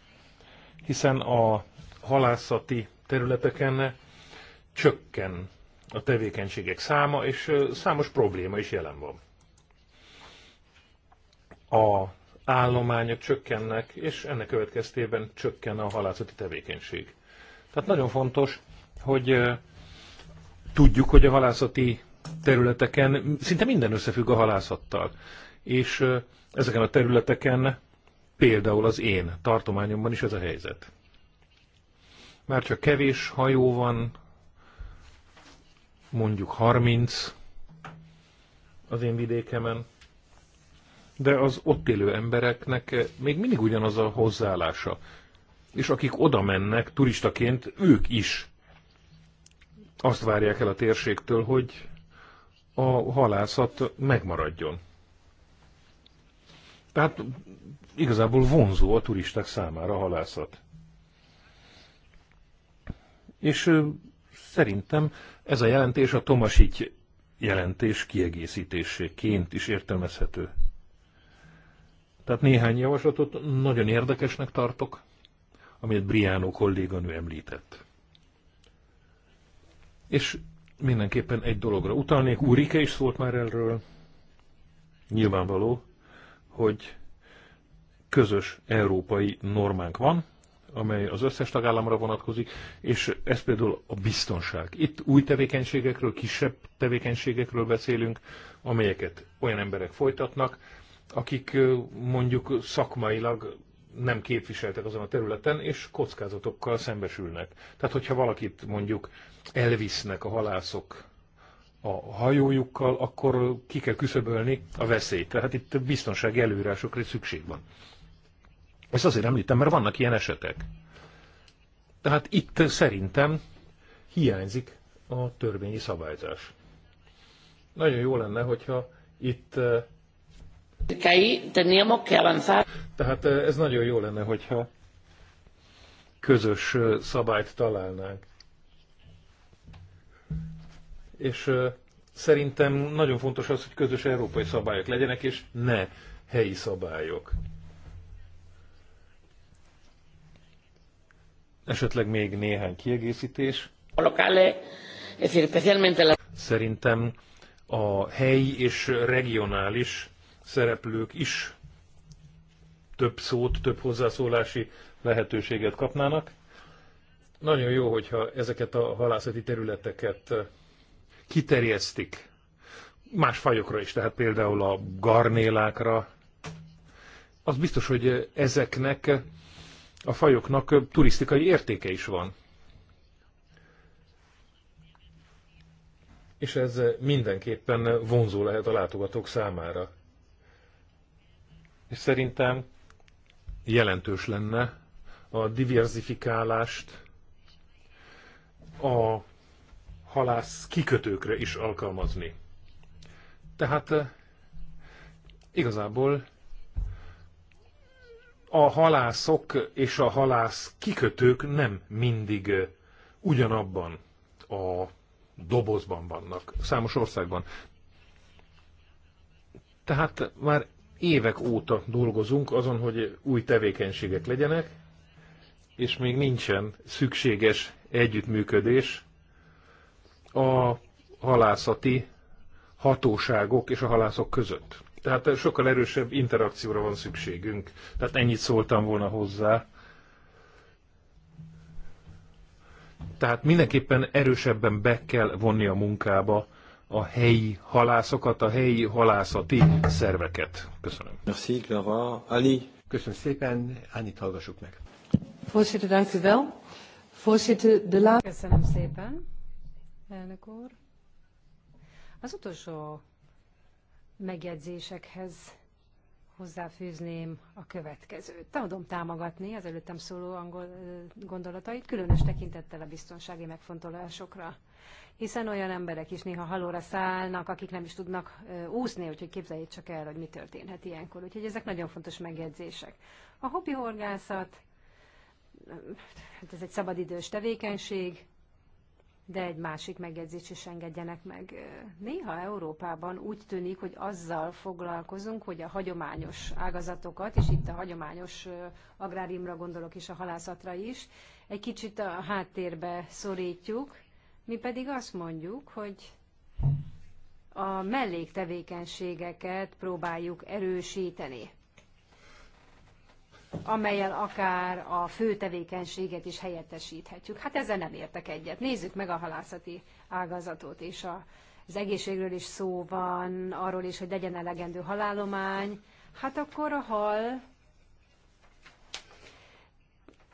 Hiszen a halászati területeken csökken a tevékenységek száma, és számos probléma is jelen van. A állományok csökkennek, és ennek következtében csökken a halászati tevékenység. Tehát nagyon fontos, hogy Tudjuk, hogy a halászati területeken szinte minden összefügg a halászattal. És ezeken a területeken például az én tartományomban is ez a helyzet. Már csak kevés hajó van, mondjuk 30 az én vidékemen, de az ott élő embereknek még mindig ugyanaz a hozzáállása. És akik oda mennek turistaként, ők is azt várják el a térségtől, hogy a halászat megmaradjon. Tehát igazából vonzó a turisták számára a halászat. És szerintem ez a jelentés a Tomasit jelentés kiegészítéséként is értelmezhető. Tehát néhány javaslatot nagyon érdekesnek tartok, amit Briánó kolléganő említett. És mindenképpen egy dologra utalnék. Úrike is szólt már erről. Nyilvánvaló, hogy közös európai normánk van, amely az összes tagállamra vonatkozik, és ez például a biztonság. Itt új tevékenységekről, kisebb tevékenységekről beszélünk, amelyeket olyan emberek folytatnak, akik mondjuk szakmailag nem képviseltek azon a területen, és kockázatokkal szembesülnek. Tehát, hogyha valakit mondjuk elvisznek a halászok a hajójukkal, akkor ki kell küszöbölni a veszélyt. Tehát itt biztonsági előírásokra is szükség van. Ezt azért említem, mert vannak ilyen esetek. Tehát itt szerintem hiányzik a törvényi szabályzás. Nagyon jó lenne, hogyha itt... Eh, tehát eh, ez nagyon jó lenne, hogyha közös eh, szabályt találnánk. És szerintem nagyon fontos az, hogy közös európai szabályok legyenek, és ne helyi szabályok. Esetleg még néhány kiegészítés. Szerintem a helyi és regionális szereplők is több szót, több hozzászólási lehetőséget kapnának. Nagyon jó, hogyha ezeket a halászati területeket kiterjesztik más fajokra is, tehát például a garnélákra. Az biztos, hogy ezeknek a fajoknak turisztikai értéke is van. És ez mindenképpen vonzó lehet a látogatók számára. És szerintem jelentős lenne a diversifikálást a halász kikötőkre is alkalmazni. Tehát eh, igazából a halászok és a halász kikötők nem mindig eh, ugyanabban a dobozban vannak, számos országban. Tehát már évek óta dolgozunk azon, hogy új tevékenységek legyenek, és még nincsen szükséges együttműködés a halászati hatóságok és a halászok között. Tehát sokkal erősebb interakcióra van szükségünk. Tehát ennyit szóltam volna hozzá. Tehát mindenképpen erősebben be kell vonni a munkába a helyi halászokat, a helyi halászati szerveket. Köszönöm. Merci, Clara. Ali. Köszönöm szépen, Anit hallgassuk meg. de la... Köszönöm szépen elnök úr. Az utolsó megjegyzésekhez hozzáfűzném a következőt. Tudom támogatni az előttem szóló angol gondolatait, különös tekintettel a biztonsági megfontolásokra. Hiszen olyan emberek is néha halóra szállnak, akik nem is tudnak úszni, úgyhogy képzeljék csak el, hogy mi történhet ilyenkor. Úgyhogy ezek nagyon fontos megjegyzések. A hobbi horgászat, hát ez egy szabadidős tevékenység, de egy másik megjegyzés is engedjenek meg. Néha Európában úgy tűnik, hogy azzal foglalkozunk, hogy a hagyományos ágazatokat, és itt a hagyományos agrárimra gondolok és a halászatra is, egy kicsit a háttérbe szorítjuk, mi pedig azt mondjuk, hogy a melléktevékenységeket próbáljuk erősíteni amelyen akár a fő tevékenységet is helyettesíthetjük. Hát ezzel nem értek egyet. Nézzük meg a halászati ágazatot, és a, az egészségről is szó van, arról is, hogy legyen elegendő halálomány. Hát akkor a hal,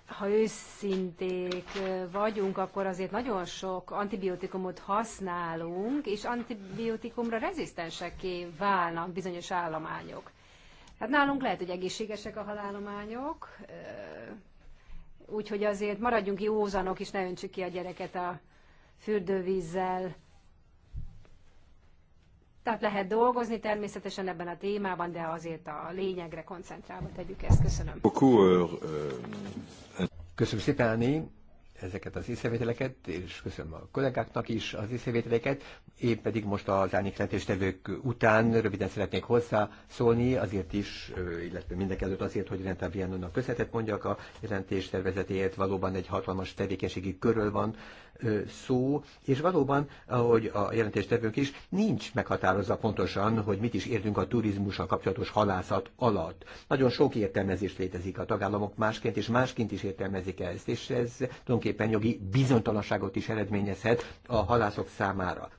ha őszinték vagyunk, akkor azért nagyon sok antibiotikumot használunk, és antibiotikumra rezisztenseké válnak bizonyos állományok. Hát nálunk lehet, hogy egészségesek a halálományok, úgyhogy azért maradjunk józanok, és ne öntsük ki a gyereket a fürdővízzel. Tehát lehet dolgozni természetesen ebben a témában, de azért a lényegre koncentrálva tegyük ezt. Köszönöm. Euh, euh, Köszönöm szépen, ezeket az észrevételeket, és köszönöm a kollégáknak is az észrevételeket. Én pedig most az árnyékrendéstevők után röviden szeretnék hozzászólni, azért is, illetve mindenkelőtt azért, hogy Renta Vianónak köszönetet mondjak a jelentés tervezetéért. Valóban egy hatalmas tevékenységi körül van szó, és valóban, ahogy a jelentéstevők is, nincs meghatározva pontosan, hogy mit is értünk a turizmussal kapcsolatos halászat alatt. Nagyon sok értelmezés létezik a tagállamok másként, és másként is értelmezik ezt, és ez tulajdonképpen jogi bizonytalanságot is eredményezhet a halászok számára.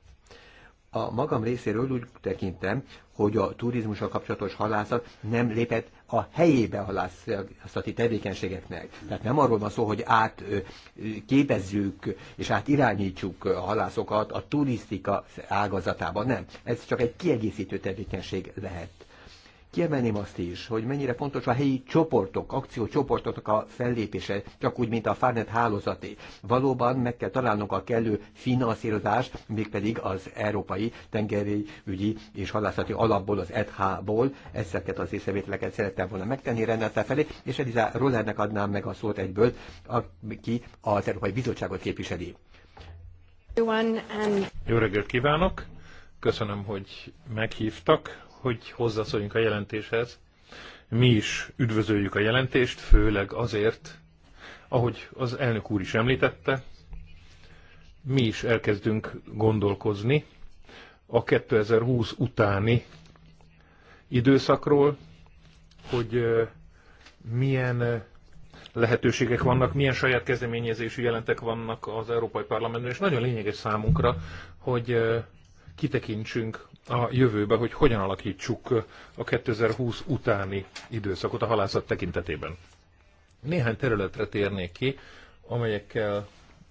A magam részéről úgy tekintem, hogy a turizmussal kapcsolatos halászat nem lépett a helyébe halászati tevékenységeknek. Tehát nem arról van szó, hogy átképezzük és átirányítjuk a halászokat a turisztika ágazatában, nem. Ez csak egy kiegészítő tevékenység lehet kiemelném azt is, hogy mennyire fontos a helyi csoportok, akciócsoportoknak a fellépése, csak úgy, mint a Farnet hálózaté. Valóban meg kell találnunk a kellő finanszírozás, mégpedig az Európai Tengeri Ügyi és Halászati Alapból, az ETH-ból. Ezeket az észrevételeket szerettem volna megtenni rendelte felé, és Eliza Rollernek adnám meg a szót egyből, aki az Európai Bizottságot képviseli. Jó reggelt kívánok! Köszönöm, hogy meghívtak, hogy hozzászóljunk a jelentéshez. Mi is üdvözöljük a jelentést, főleg azért, ahogy az elnök úr is említette, mi is elkezdünk gondolkozni a 2020 utáni időszakról, hogy milyen lehetőségek vannak, milyen saját kezdeményezésű jelentek vannak az Európai Parlamentben, és nagyon lényeges számunkra, hogy kitekintsünk a jövőbe, hogy hogyan alakítsuk a 2020 utáni időszakot a halászat tekintetében. Néhány területre térnék ki, amelyekkel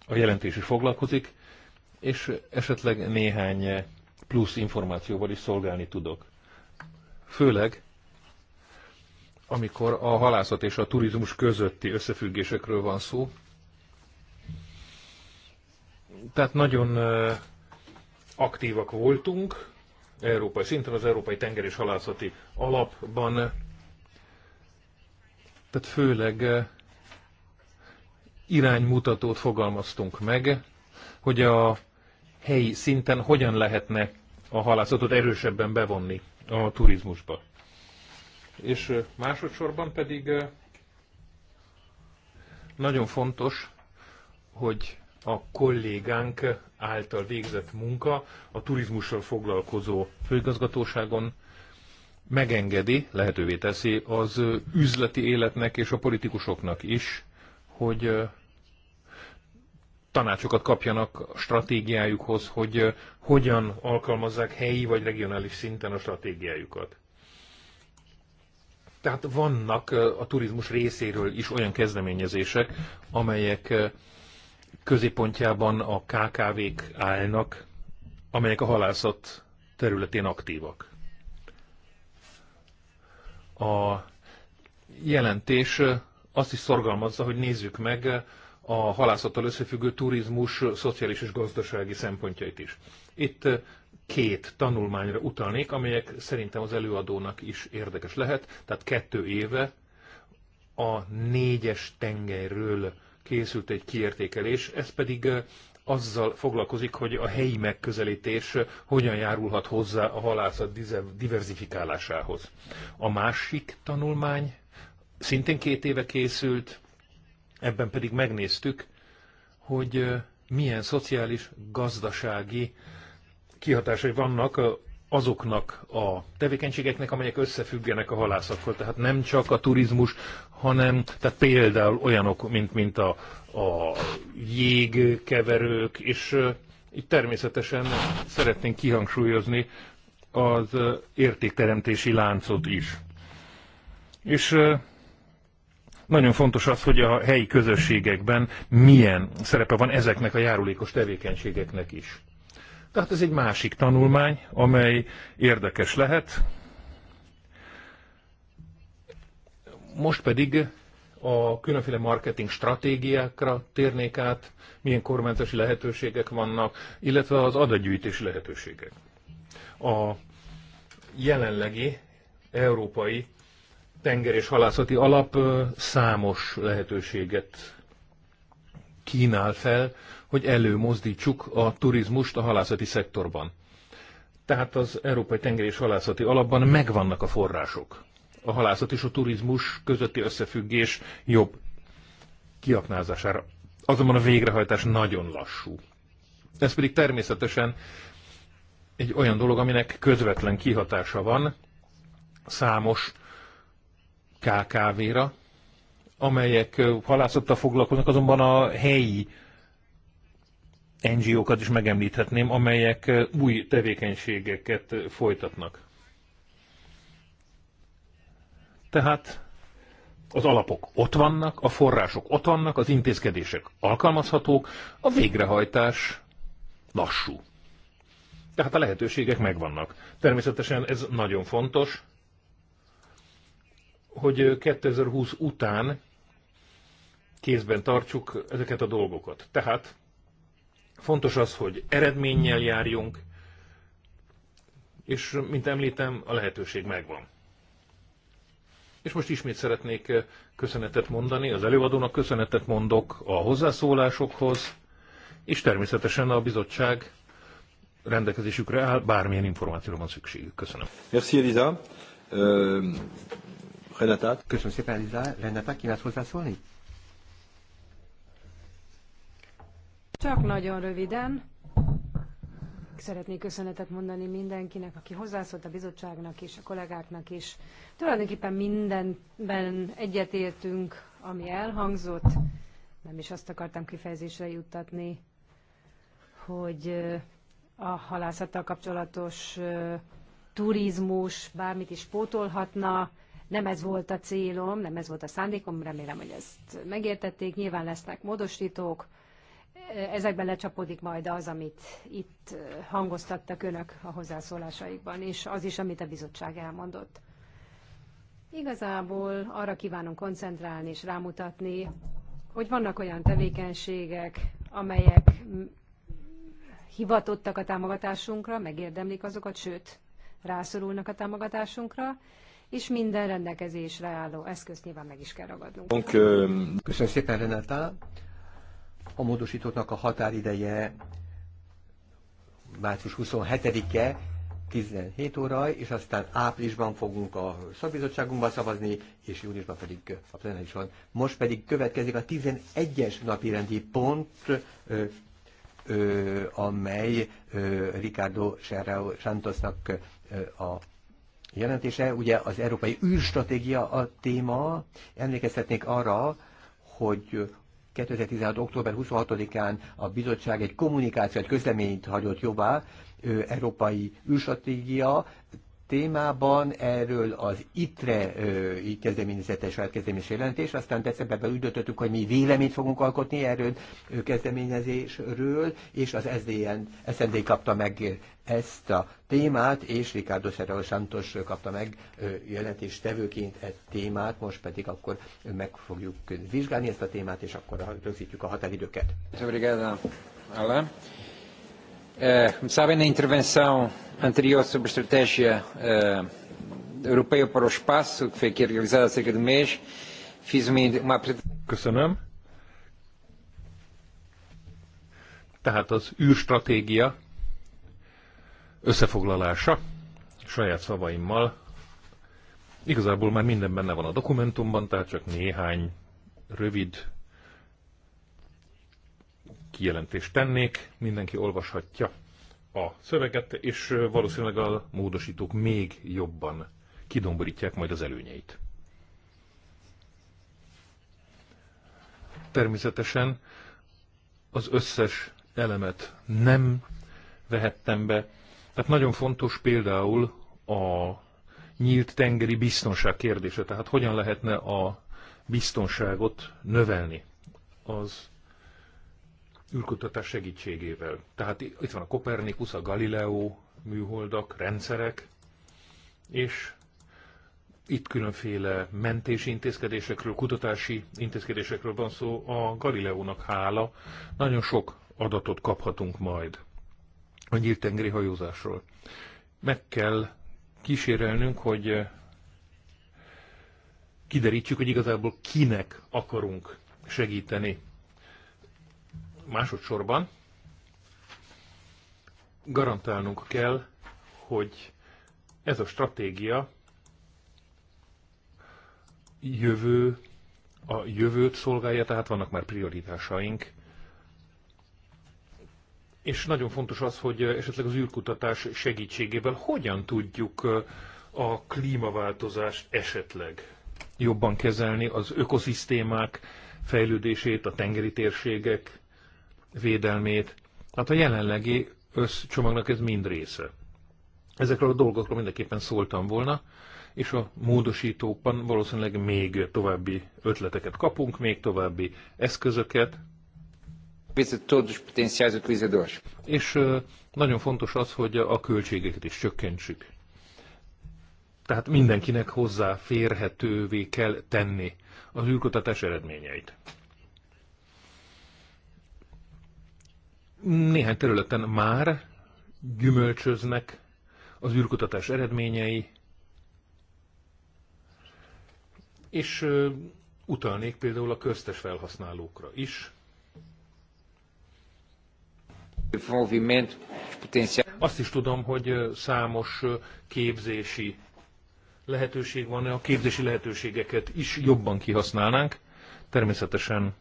a jelentés is foglalkozik, és esetleg néhány plusz információval is szolgálni tudok. Főleg, amikor a halászat és a turizmus közötti összefüggésekről van szó. Tehát nagyon aktívak voltunk, európai szinten az Európai Tenger és Halászati Alapban, tehát főleg eh, iránymutatót fogalmaztunk meg, hogy a helyi szinten hogyan lehetne a halászatot erősebben bevonni a turizmusba. És eh, másodszorban pedig eh, nagyon fontos, hogy a kollégánk által végzett munka a turizmussal foglalkozó főigazgatóságon megengedi, lehetővé teszi az üzleti életnek és a politikusoknak is, hogy tanácsokat kapjanak a stratégiájukhoz, hogy hogyan alkalmazzák helyi vagy regionális szinten a stratégiájukat. Tehát vannak a turizmus részéről is olyan kezdeményezések, amelyek középpontjában a KKV-k állnak, amelyek a halászat területén aktívak. A jelentés azt is szorgalmazza, hogy nézzük meg a halászattal összefüggő turizmus szociális és gazdasági szempontjait is. Itt két tanulmányra utalnék, amelyek szerintem az előadónak is érdekes lehet. Tehát kettő éve a négyes tengelyről készült egy kiértékelés, ez pedig azzal foglalkozik, hogy a helyi megközelítés hogyan járulhat hozzá a halászat diverzifikálásához. A másik tanulmány szintén két éve készült, ebben pedig megnéztük, hogy milyen szociális, gazdasági kihatásai vannak azoknak a tevékenységeknek, amelyek összefüggenek a halászakkal. Tehát nem csak a turizmus, hanem tehát például olyanok, mint, mint a, a jégkeverők, és itt természetesen szeretnénk kihangsúlyozni az értékteremtési láncot is. És nagyon fontos az, hogy a helyi közösségekben milyen szerepe van ezeknek a járulékos tevékenységeknek is. Tehát ez egy másik tanulmány, amely érdekes lehet. Most pedig a különféle marketing stratégiákra térnék át, milyen kormányzási lehetőségek vannak, illetve az adatgyűjtési lehetőségek. A jelenlegi európai tenger és halászati alap számos lehetőséget kínál fel hogy előmozdítsuk a turizmust a halászati szektorban. Tehát az Európai Tenger és Halászati Alapban megvannak a források. A halászat és a turizmus közötti összefüggés jobb kiaknázására. Azonban a végrehajtás nagyon lassú. Ez pedig természetesen egy olyan dolog, aminek közvetlen kihatása van számos KKV-ra, amelyek halászattal foglalkoznak, azonban a helyi NGO-kat is megemlíthetném, amelyek eh, új tevékenységeket eh, folytatnak. Tehát az alapok ott vannak, a források ott vannak, az intézkedések alkalmazhatók, a végrehajtás lassú. Tehát a lehetőségek megvannak. Természetesen ez nagyon fontos, hogy 2020 eh, után kézben tartsuk ezeket a dolgokat. Tehát Fontos az, hogy eredménnyel járjunk, és mint említem, a lehetőség megvan. És most ismét szeretnék eh, köszönetet mondani, az előadónak köszönetet mondok a hozzászólásokhoz, és természetesen a bizottság rendelkezésükre áll, bármilyen információra van szükségük. Köszönöm. Merci, Eliza. Uh, Renata. Köszönöm szépen, Eliza. Renata, kívánsz hozzászólni? Csak nagyon röviden. Szeretnék köszönetet mondani mindenkinek, aki hozzászólt a bizottságnak és a kollégáknak is. Tulajdonképpen mindenben egyetértünk, ami elhangzott. Nem is azt akartam kifejezésre juttatni, hogy a halászattal kapcsolatos turizmus bármit is pótolhatna. Nem ez volt a célom, nem ez volt a szándékom, remélem, hogy ezt megértették. Nyilván lesznek módosítók, ezekben lecsapodik majd az, amit itt hangoztattak önök a hozzászólásaikban, és az is, amit a bizottság elmondott. Igazából arra kívánom koncentrálni és rámutatni, hogy vannak olyan tevékenységek, amelyek hivatottak a támogatásunkra, megérdemlik azokat, sőt, rászorulnak a támogatásunkra, és minden rendelkezésre álló eszközt nyilván meg is kell ragadnunk. Köszönöm szépen, Renata. A módosítottnak a határideje március 27-e, 17 óra, és aztán áprilisban fogunk a szakbizottságunkban szavazni, és júniusban pedig a van. Most pedig következik a 11-es rendi pont, ö, ö, amely ö, Ricardo Serrao Santosnak ö, a jelentése, ugye az európai űrstratégia a téma. Emlékeztetnék arra, hogy 2016. október 26-án a bizottság egy kommunikációt, közleményt hagyott jobbá, Európai űrstratégia témában, erről az ITRE így kezdeményezett hát jelentés, aztán decemberben úgy döntöttük, hogy mi véleményt fogunk alkotni erről kezdeményezésről, és az SZDN, SZND kapta meg ezt a témát, és Ricardo Serrao Santos kapta meg jelentéstevőként a e témát, most pedig akkor meg fogjuk vizsgálni ezt a témát, és akkor rögzítjük a határidőket. Köszönöm, como sabem, na intervenção anterior sobre a estratégia uh, europeia para o espaço, que foi aqui realizada há cerca de um mês, fiz uma, uma Köszönöm. Tehát az űrstratégia összefoglalása saját szavaimmal. Igazából már minden benne van a dokumentumban, tehát csak néhány rövid kijelentést tennék, mindenki olvashatja a szöveget, és valószínűleg a módosítók még jobban kidomborítják majd az előnyeit. Természetesen az összes elemet nem vehettem be. Tehát nagyon fontos például a nyílt tengeri biztonság kérdése, tehát hogyan lehetne a biztonságot növelni az űrkutatás segítségével. Tehát itt van a Kopernikus, a Galileo műholdak, rendszerek, és itt különféle mentési intézkedésekről, kutatási intézkedésekről van szó. A Galileónak hála nagyon sok adatot kaphatunk majd a nyílt hajózásról. Meg kell kísérelnünk, hogy eh, kiderítsük, hogy igazából kinek akarunk segíteni Másodszorban garantálnunk kell, hogy ez a stratégia jövő, a jövőt szolgálja, tehát vannak már prioritásaink, és nagyon fontos az, hogy esetleg az űrkutatás segítségével hogyan tudjuk a klímaváltozást esetleg jobban kezelni, az ökoszisztémák fejlődését, a tengeri térségek védelmét. Hát a jelenlegi összcsomagnak ez mind része. Ezekről a dolgokról mindenképpen szóltam volna, és a módosítókban valószínűleg még további ötleteket kapunk, még további eszközöket. És nagyon fontos az, hogy a költségeket is csökkentsük. Tehát mindenkinek hozzáférhetővé kell tenni az űrkutatás eredményeit. Néhány területen már gyümölcsöznek az űrkutatás eredményei, és utalnék például a köztes felhasználókra is. Azt is tudom, hogy számos képzési lehetőség van, a képzési lehetőségeket is jobban kihasználnánk. Természetesen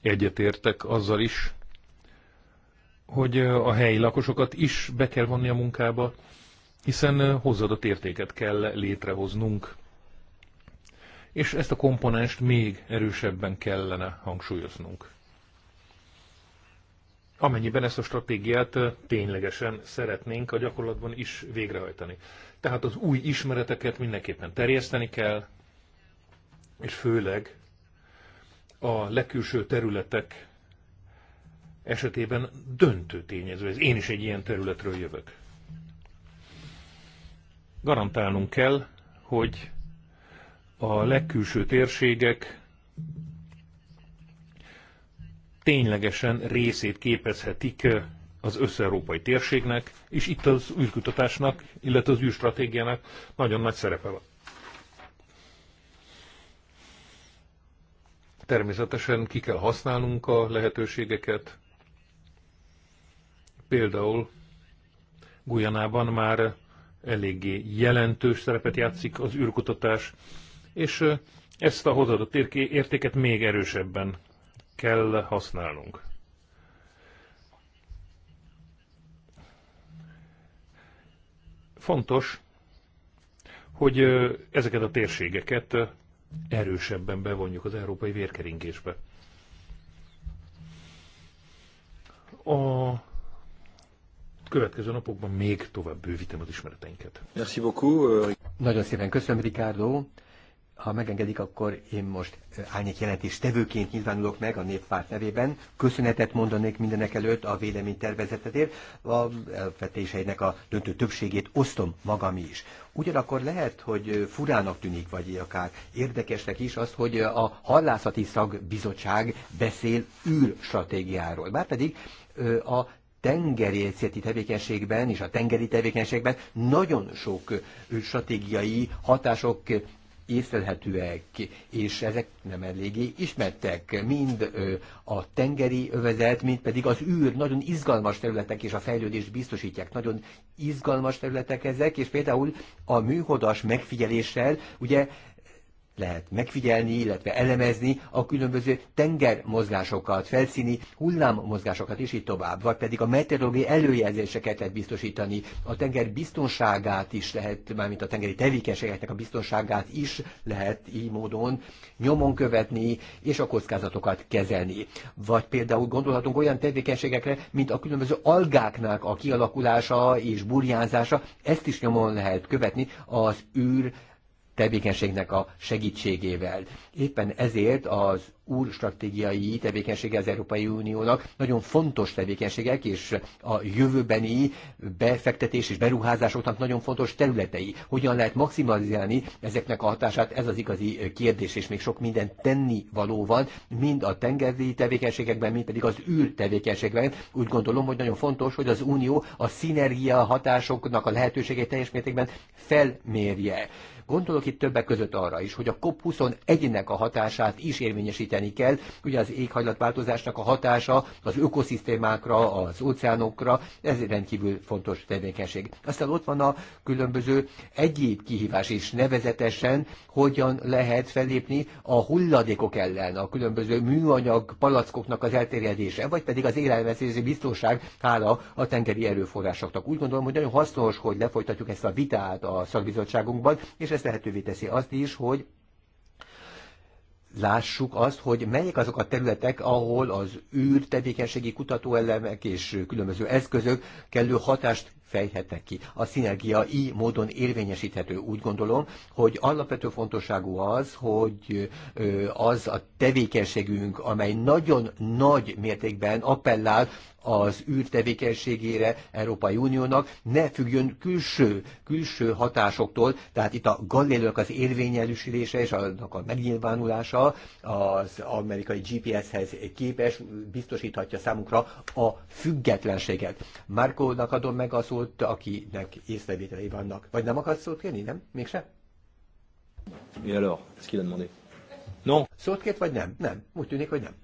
egyetértek azzal is, hogy a helyi lakosokat is be kell vonni a munkába, hiszen hozzáadott értéket kell létrehoznunk. És ezt a komponenst még erősebben kellene hangsúlyoznunk. Amennyiben ezt a stratégiát ténylegesen szeretnénk a gyakorlatban is végrehajtani. Tehát az új ismereteket mindenképpen terjeszteni kell, és főleg a legkülső területek esetében döntő tényező. Ez én is egy ilyen területről jövök. Garantálnunk kell, hogy a legkülső térségek ténylegesen részét képezhetik az összeurópai térségnek, és itt az űrkutatásnak, illetve az űrstratégiának nagyon nagy szerepe van. Természetesen ki kell használnunk a lehetőségeket, Például Gujanában már eléggé jelentős szerepet játszik az űrkutatás, és ezt a hozadott értéket még erősebben kell használnunk. Fontos, hogy ezeket a térségeket erősebben bevonjuk az európai vérkeringésbe. A következő napokban még tovább bővítem az ismereteinket. Merci beaucoup. Euh, Nagyon szépen köszönöm, Ricardo. Ha megengedik, akkor én most euh, álnyék jelentés tevőként nyilvánulok meg a néppárt nevében. Köszönetet mondanék mindenek előtt a tervezetetért, A felvetéseinek a döntő többségét osztom magam is. Ugyanakkor lehet, hogy euh, furának tűnik, vagy akár érdekesnek is az, hogy a Hallászati szagbizottság beszél űrstratégiáról. Márpedig a tengerészeti tevékenységben és a tengeri tevékenységben nagyon sok stratégiai hatások észlelhetőek, és ezek nem eléggé ismertek, mind a tengeri övezet, mind pedig az űr, nagyon izgalmas területek és a fejlődést biztosítják, nagyon izgalmas területek ezek, és például a műholdas megfigyeléssel ugye lehet megfigyelni, illetve elemezni a különböző tengermozgásokat, felszíni hullámmozgásokat is így tovább, vagy pedig a meteorológiai előjelzéseket lehet biztosítani, a tenger biztonságát is lehet, mármint a tengeri tevékenységeknek a biztonságát is lehet így módon nyomon követni, és a kockázatokat kezelni. Vagy például gondolhatunk olyan tevékenységekre, mint a különböző algáknak a kialakulása és burjánzása, ezt is nyomon lehet követni az űr tevékenységnek a segítségével. Éppen ezért az úr stratégiai tevékenysége az Európai Uniónak nagyon fontos tevékenységek, és a jövőbeni befektetés és beruházásoknak nagyon fontos területei. Hogyan lehet maximalizálni ezeknek a hatását, ez az igazi kérdés, és még sok minden tenni való van, mind a tengeri tevékenységekben, mind pedig az űr tevékenységben. Úgy gondolom, hogy nagyon fontos, hogy az Unió a szinergia hatásoknak a lehetőségeit teljes mértékben felmérje. Gondolok itt többek között arra is, hogy a COP21-nek a hatását is érvényesíteni kell, ugye az éghajlatváltozásnak a hatása az ökoszisztémákra, az óceánokra, ez rendkívül fontos tevékenység. Aztán ott van a különböző egyéb kihívás is, nevezetesen hogyan lehet fellépni a hulladékok ellen, a különböző műanyag palackoknak az elterjedése, vagy pedig az élelmezési biztonság hála a tengeri erőforrásoknak. Úgy gondolom, hogy nagyon hasznos, hogy lefolytatjuk ezt a vitát a szakbizottságunkban, és ez lehetővé teszi azt is, hogy lássuk azt, hogy melyek azok a területek, ahol az tevékenységi kutatóelemek és különböző eszközök kellő hatást fejhetnek ki. A szinergia így módon érvényesíthető. Úgy gondolom, hogy alapvető fontosságú az, hogy az a tevékenységünk, amely nagyon nagy mértékben appellál az űrtevékenységére Európai Uniónak ne függjön külső, külső hatásoktól, tehát itt a Galileo-nak az érvényelősülése és annak a megnyilvánulása az amerikai GPS-hez képes biztosíthatja számunkra a függetlenséget. Márkónak adom meg a szót, akinek észrevételei vannak. Vagy nem akarsz szót kérni, nem? Mégse? Et alors, qu'il a demandé Non. Szót kért, vagy nem? Nem. Úgy tűnik, hogy nem.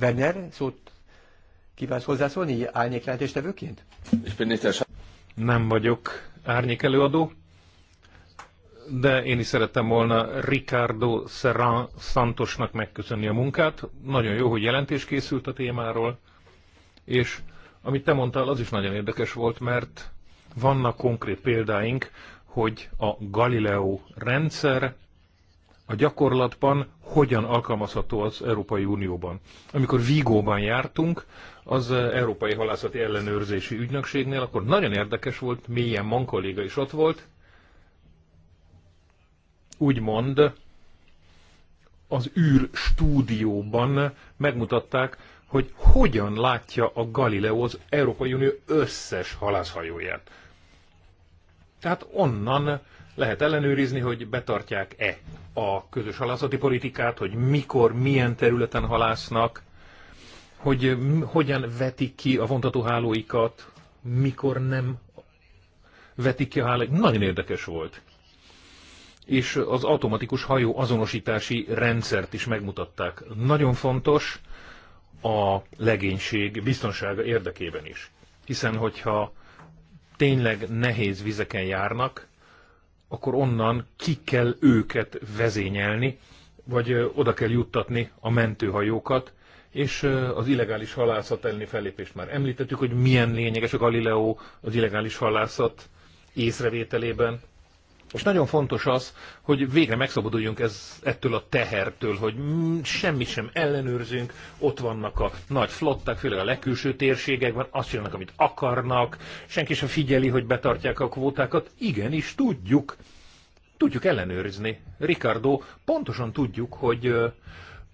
Werner, szót Kívánsz hozzászólni árnyék jelentéstevőként? Nem vagyok árnyék előadó, de én is szerettem volna Ricardo Serran Santosnak megköszönni a munkát. Nagyon jó, hogy jelentés készült a témáról, és amit te mondtál, az is nagyon érdekes volt, mert vannak konkrét példáink, hogy a Galileo rendszer a gyakorlatban hogyan alkalmazható az Európai Unióban. Amikor Vigóban jártunk, az eh, Európai Halászati Ellenőrzési Ügynökségnél, akkor nagyon érdekes volt, milyen man kolléga is ott volt, úgymond az űr stúdióban megmutatták, hogy hogyan látja a Galileo az Európai Unió összes halászhajóját. Tehát onnan lehet ellenőrizni, hogy betartják-e a közös halászati politikát, hogy mikor, milyen területen halásznak, hogy hogyan vetik ki a vontatóhálóikat, mikor nem vetik ki a hálóikat. Nagyon érdekes volt. És az automatikus hajó azonosítási rendszert is megmutatták. Nagyon fontos a legénység biztonsága érdekében is. Hiszen, hogyha tényleg nehéz vizeken járnak, akkor onnan ki kell őket vezényelni, vagy oda kell juttatni a mentőhajókat, és az illegális halászat elleni fellépést már említettük, hogy milyen lényeges a Galileo az illegális halászat észrevételében. És nagyon fontos az, hogy végre megszabaduljunk ez, ettől a tehertől, hogy semmi sem ellenőrzünk, ott vannak a nagy flották, főleg a legkülső térségekben, azt csinálnak, amit akarnak, senki sem figyeli, hogy betartják a kvótákat. Igenis, tudjuk, tudjuk ellenőrizni. Ricardo, pontosan tudjuk, hogy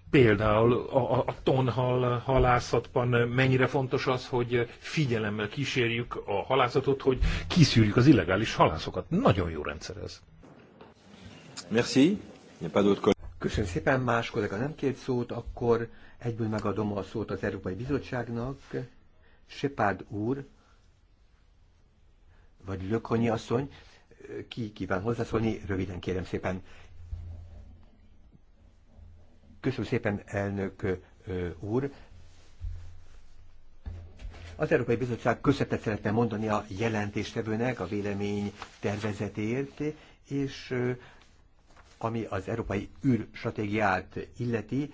Például a, a tonhal halászatban mennyire fontos az, hogy figyelemmel kísérjük a halászatot, hogy kiszűrjük az illegális halászokat. Nagyon jó rendszer ez. Merci. Köszönöm szépen, más kollega nem két szót, akkor egyből megadom a szót az Európai Bizottságnak. Sepád úr, vagy Lökonyi asszony, ki kíván hozzászólni, röviden kérem szépen. Köszönöm szépen, elnök úr. Az Európai Bizottság köszönetet szeretne mondani a jelentéstevőnek a vélemény tervezetért, és ami az európai űrstratégiát illeti,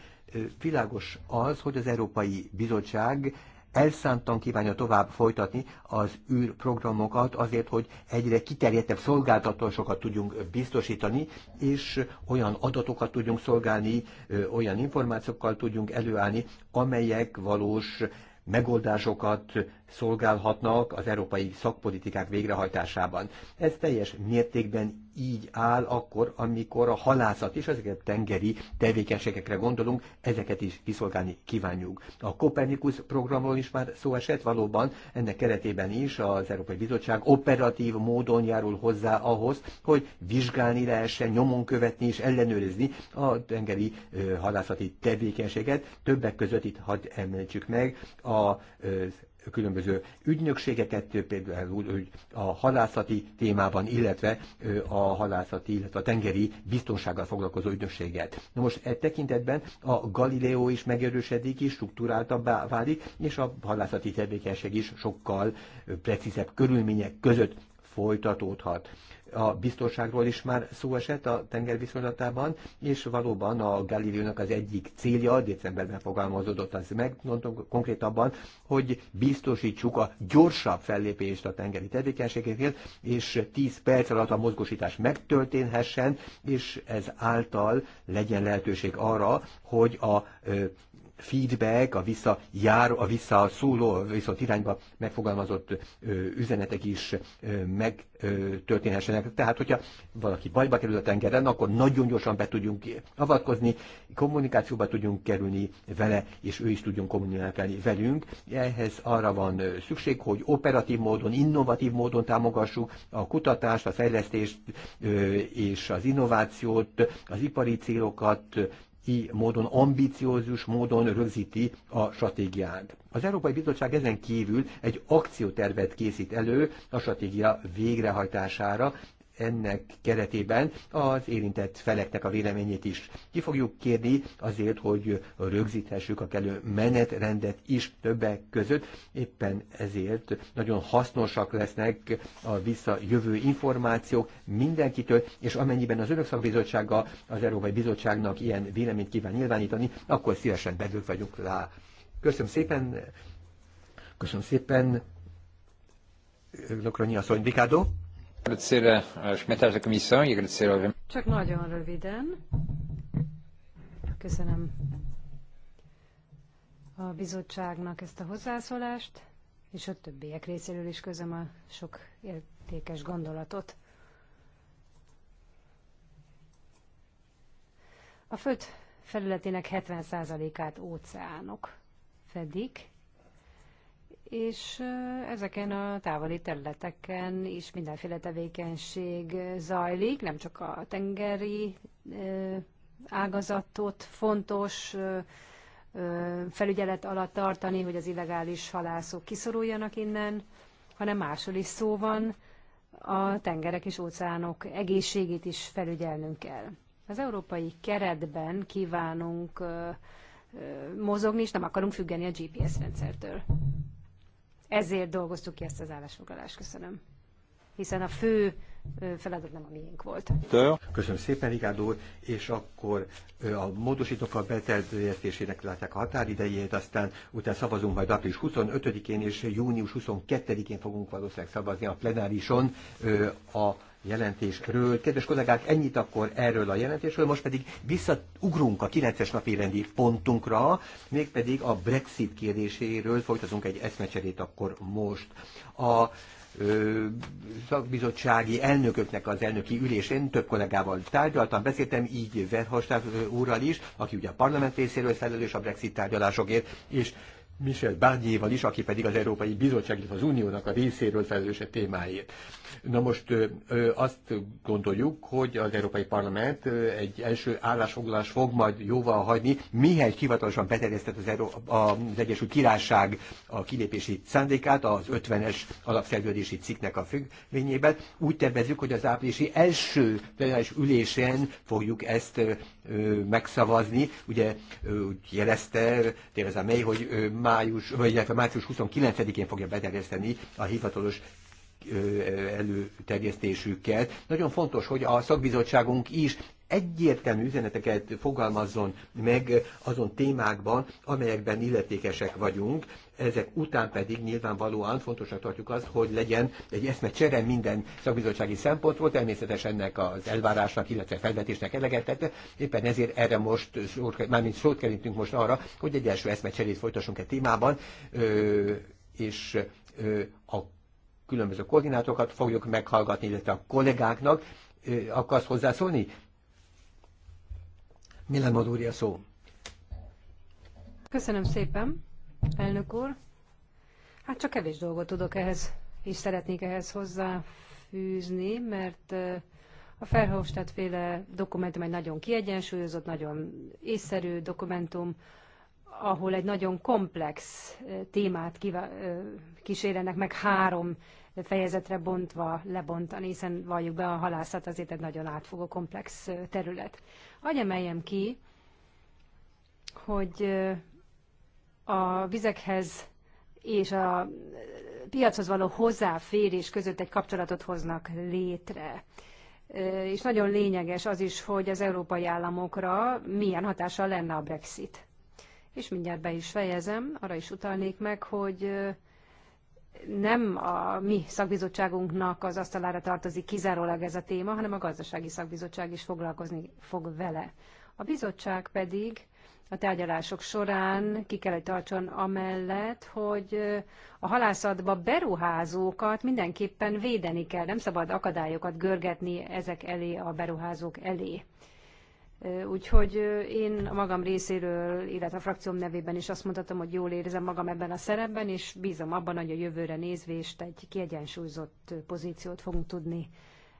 világos az, hogy az Európai Bizottság elszántan kívánja tovább folytatni az űrprogramokat azért, hogy egyre kiterjedtebb szolgáltatásokat tudjunk biztosítani, és olyan adatokat tudjunk szolgálni, olyan információkkal tudjunk előállni, amelyek valós megoldásokat szolgálhatnak az európai szakpolitikák végrehajtásában. Ez teljes mértékben így áll akkor, amikor a halászat és ezeket tengeri tevékenységekre gondolunk, ezeket is kiszolgálni kívánjuk. A Kopernikus programról is már szó esett, valóban ennek keretében is az Európai Bizottság operatív módon járul hozzá ahhoz, hogy vizsgálni lehessen, nyomon követni és ellenőrizni a tengeri ö, halászati tevékenységet. Többek között itt hadd említsük meg a különböző ügynökségeket, például hogy a halászati témában, illetve a halászati, illetve a tengeri biztonsággal foglalkozó ügynökséget. Na most e tekintetben a Galileo is megerősedik és struktúráltabbá válik, és a halászati tevékenység is sokkal precízebb körülmények között folytatódhat a biztonságról is már szó esett a tenger viszonylatában, és valóban a Galileónak az egyik célja, decemberben fogalmazódott az meg, konkrétabban, hogy biztosítsuk a gyorsabb fellépést a tengeri tevékenységeknél, és 10 perc alatt a mozgósítás megtörténhessen, és ez által legyen lehetőség arra, hogy a feedback, a visszajáró, a visszaszóló, viszont irányba megfogalmazott üzenetek is megtörténhessenek. Tehát, hogyha valaki bajba kerül a tengeren, akkor nagyon gyorsan be tudjunk avatkozni, kommunikációba tudjunk kerülni vele, és ő is tudjon kommunikálni velünk. Ehhez arra van szükség, hogy operatív módon, innovatív módon támogassuk a kutatást, a fejlesztést és az innovációt, az ipari célokat, így módon, ambiciózus módon rögzíti a stratégiát. Az Európai Bizottság ezen kívül egy akciótervet készít elő a stratégia végrehajtására, ennek keretében az érintett feleknek a véleményét is ki fogjuk kérni azért, hogy rögzíthessük a kellő menetrendet is többek között. Éppen ezért nagyon hasznosak lesznek a visszajövő információk mindenkitől, és amennyiben az Önök Szakbizottsága az Európai Bizottságnak ilyen véleményt kíván nyilvánítani, akkor szívesen bevők vagyunk rá. Köszönöm szépen, köszönöm szépen, Lokroni asszony, csak nagyon röviden. Köszönöm a bizottságnak ezt a hozzászólást, és a többiek részéről is közöm a sok értékes gondolatot. A föld felületének 70%-át óceánok fedik, és ezeken a távoli területeken is mindenféle tevékenység zajlik, nem csak a tengeri ágazatot fontos felügyelet alatt tartani, hogy az illegális halászok kiszoruljanak innen, hanem másról is szó van, a tengerek és óceánok egészségét is felügyelnünk kell. Az európai keretben kívánunk mozogni, és nem akarunk függeni a GPS rendszertől. Ezért dolgoztuk ki ezt az állásfoglalást. Köszönöm. Hiszen a fő feladat nem a miénk volt. Köszönöm szépen, Rigádó, és akkor a módosítók a beterjesztésének látják a határidejét, aztán utána szavazunk majd április 25-én és június 22-én fogunk valószínűleg szavazni a plenárison a jelentésről. Kedves kollégák, ennyit akkor erről a jelentésről, most pedig visszaugrunk a 9-es napi rendi pontunkra, mégpedig a Brexit kérdéséről folytatunk egy eszmecserét akkor most. A ö, szakbizottsági elnököknek az elnöki ülésén több kollégával tárgyaltam, beszéltem így Verhofstadt úrral is, aki ugye a parlament részéről felelős a Brexit tárgyalásokért, és Michel val is, aki pedig az Európai Bizottság, illetve az Uniónak a részéről felelőse témáért. Na most ö, azt gondoljuk, hogy az Európai Parlament egy első állásfoglalás fog majd jóval hagyni, mihely hivatalosan beterjesztett az, Euró- az Egyesült Királyság a kilépési szándékát az 50-es alapszerződési cikknek a függvényében. Úgy tervezzük, hogy az áprilisi első plenáris ülésen fogjuk ezt ö, megszavazni. Ugye ö, úgy jelezte Theresa May, hogy ö, május, vagy illetve március 29-én fogja beterjeszteni a hivatalos előterjesztésüket. Nagyon fontos, hogy a szakbizottságunk is egyértelmű üzeneteket fogalmazzon meg azon témákban, amelyekben illetékesek vagyunk, ezek után pedig nyilvánvalóan fontosnak tartjuk azt, hogy legyen egy csere minden szakbizottsági szempontból, természetesen ennek az elvárásnak, illetve felvetésnek elegetett. Éppen ezért erre most, mármint szót kerítünk most arra, hogy egy első cserét folytassunk e témában, és a különböző koordinátokat fogjuk meghallgatni, illetve a kollégáknak akarsz hozzászólni? Milán Madúria szó. Köszönöm szépen, elnök úr. Hát csak kevés dolgot tudok ehhez, és szeretnék ehhez hozzáfűzni, mert a Ferhofstadt féle dokumentum egy nagyon kiegyensúlyozott, nagyon észszerű dokumentum, ahol egy nagyon komplex témát kísérenek meg három fejezetre bontva lebontani, hiszen valljuk be a halászat azért egy nagyon átfogó komplex terület. Hagy emeljem ki, hogy a vizekhez és a piachoz való hozzáférés között egy kapcsolatot hoznak létre. És nagyon lényeges az is, hogy az európai államokra milyen hatással lenne a Brexit. És mindjárt be is fejezem, arra is utalnék meg, hogy nem a mi szakbizottságunknak az asztalára tartozik kizárólag ez a téma, hanem a gazdasági szakbizottság is foglalkozni fog vele. A bizottság pedig a tárgyalások során ki kell, hogy tartson amellett, hogy a halászatba beruházókat mindenképpen védeni kell, nem szabad akadályokat görgetni ezek elé, a beruházók elé. Úgyhogy én a magam részéről, illetve a frakcióm nevében is azt mondhatom, hogy jól érzem magam ebben a szerepben, és bízom abban, hogy a jövőre nézvést egy kiegyensúlyozott pozíciót fogunk tudni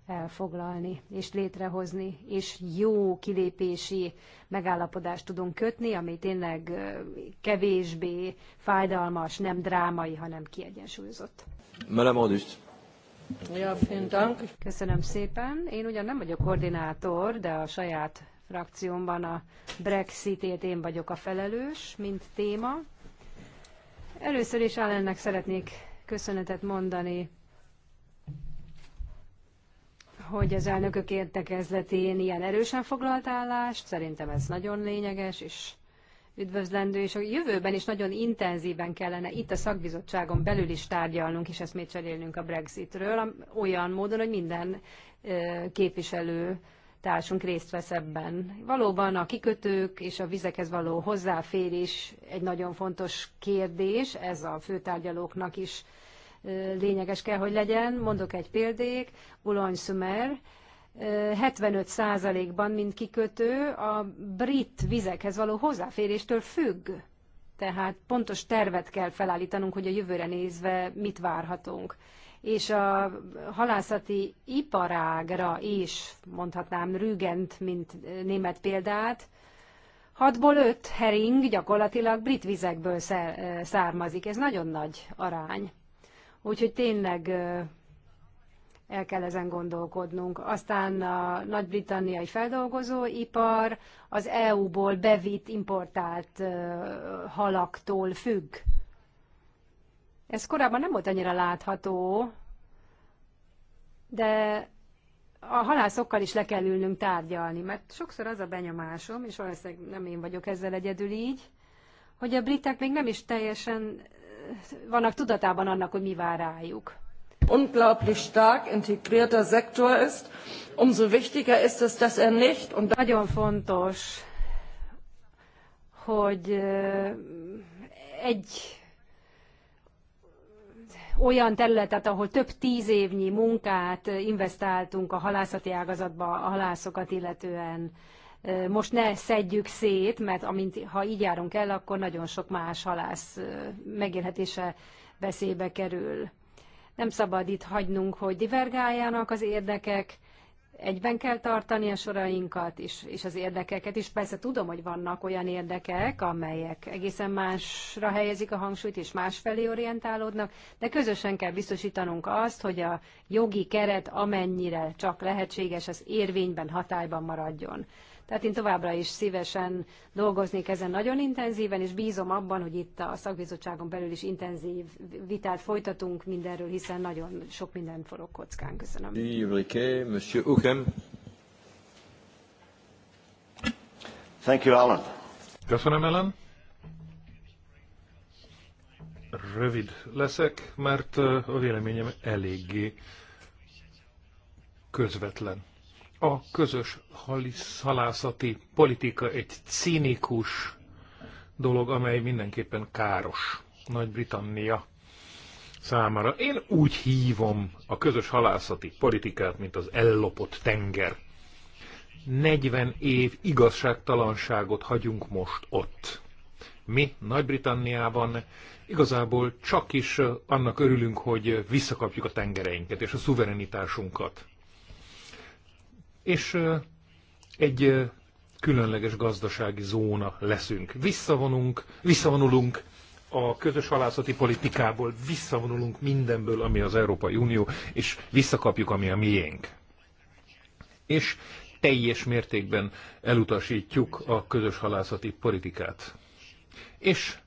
elfoglalni és létrehozni, és jó kilépési megállapodást tudunk kötni, ami tényleg kevésbé fájdalmas, nem drámai, hanem kiegyensúlyozott. Madame Rodust. Ja, Köszönöm szépen. Én ugyan nem vagyok koordinátor, de a saját frakciómban a Brexitét én vagyok a felelős, mint téma. Először is Allennek szeretnék köszönetet mondani, hogy az elnökök értekezletén ilyen erősen foglalt állást. Szerintem ez nagyon lényeges, és üdvözlendő, és a jövőben is nagyon intenzíven kellene itt a szakbizottságon belül is tárgyalnunk és eszmét cserélnünk a Brexitről, olyan módon, hogy minden képviselő társunk részt vesz ebben. Valóban a kikötők és a vizekhez való hozzáférés egy nagyon fontos kérdés, ez a főtárgyalóknak is lényeges kell, hogy legyen. Mondok egy példék, Ulan sumer 75%-ban, mint kikötő, a brit vizekhez való hozzáféréstől függ. Tehát pontos tervet kell felállítanunk, hogy a jövőre nézve mit várhatunk és a halászati iparágra is, mondhatnám Rügent, mint német példát, 6 öt 5 hering gyakorlatilag brit vizekből származik. Ez nagyon nagy arány. Úgyhogy tényleg el kell ezen gondolkodnunk. Aztán a nagy-britanniai feldolgozóipar az EU-ból bevitt, importált halaktól függ. Ez korábban nem volt annyira látható, de a halászokkal is le kell ülnünk tárgyalni, mert sokszor az a benyomásom, és valószínűleg nem én vagyok ezzel egyedül így, hogy a britek még nem is teljesen eh, vannak tudatában annak, hogy mi vár rájuk. Unglaublich stark integrierter Sektor ist, umso wichtiger ist es, dass er nicht... Und Nagyon fontos, hogy eh, egy olyan területet, ahol több tíz évnyi munkát investáltunk a halászati ágazatba, a halászokat illetően. Most ne szedjük szét, mert amint, ha így járunk el, akkor nagyon sok más halász megélhetése veszélybe kerül. Nem szabad itt hagynunk, hogy divergáljanak az érdekek, egyben kell tartani a sorainkat is, és az érdekeket is. Persze tudom, hogy vannak olyan érdekek, amelyek egészen másra helyezik a hangsúlyt, és másfelé orientálódnak, de közösen kell biztosítanunk azt, hogy a jogi keret amennyire csak lehetséges, az érvényben, hatályban maradjon. Tehát én továbbra is szívesen dolgoznék ezen nagyon intenzíven, és bízom abban, hogy itt a szakbizottságon belül is intenzív vitát folytatunk mindenről, hiszen nagyon sok minden forog kockán. Köszönöm. Monsieur Thank you, Alan. Köszönöm, Ellen. Rövid leszek, mert a véleményem eléggé közvetlen a közös halászati politika egy cínikus dolog, amely mindenképpen káros Nagy-Britannia számára. Én úgy hívom a közös halászati politikát, mint az ellopott tenger. 40 év igazságtalanságot hagyunk most ott. Mi Nagy-Britanniában igazából csak is annak örülünk, hogy visszakapjuk a tengereinket és a szuverenitásunkat és egy különleges gazdasági zóna leszünk. Visszavonunk, visszavonulunk a közös halászati politikából, visszavonulunk mindenből, ami az Európai Unió, és visszakapjuk, ami a miénk. És teljes mértékben elutasítjuk a közös halászati politikát. És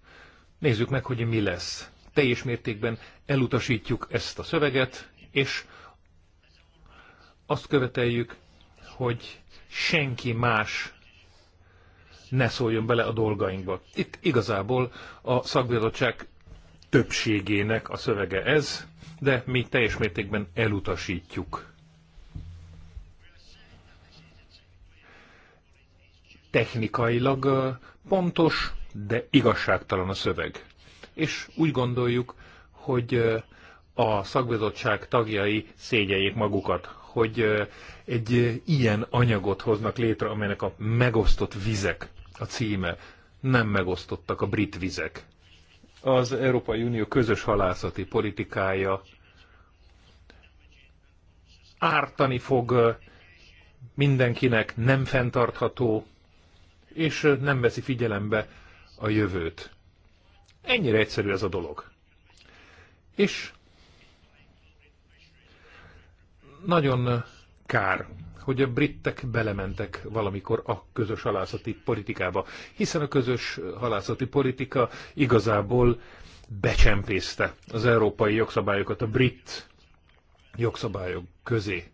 nézzük meg, hogy mi lesz. Teljes mértékben elutasítjuk ezt a szöveget, és azt követeljük, hogy senki más ne szóljon bele a dolgainkba. Itt igazából a szakbizottság többségének a szövege ez, de mi teljes mértékben elutasítjuk. Technikailag pontos, de igazságtalan a szöveg. És úgy gondoljuk, hogy a szakbizottság tagjai szégyeljék magukat, hogy egy ilyen anyagot hoznak létre, amelynek a megosztott vizek a címe. Nem megosztottak a brit vizek. Az Európai Unió közös halászati politikája ártani fog mindenkinek, nem fenntartható, és nem veszi figyelembe a jövőt. Ennyire egyszerű ez a dolog. És Nagyon kár, hogy a britek belementek valamikor a közös halászati politikába, hiszen a közös halászati politika igazából becsempészte az európai jogszabályokat a brit jogszabályok közé.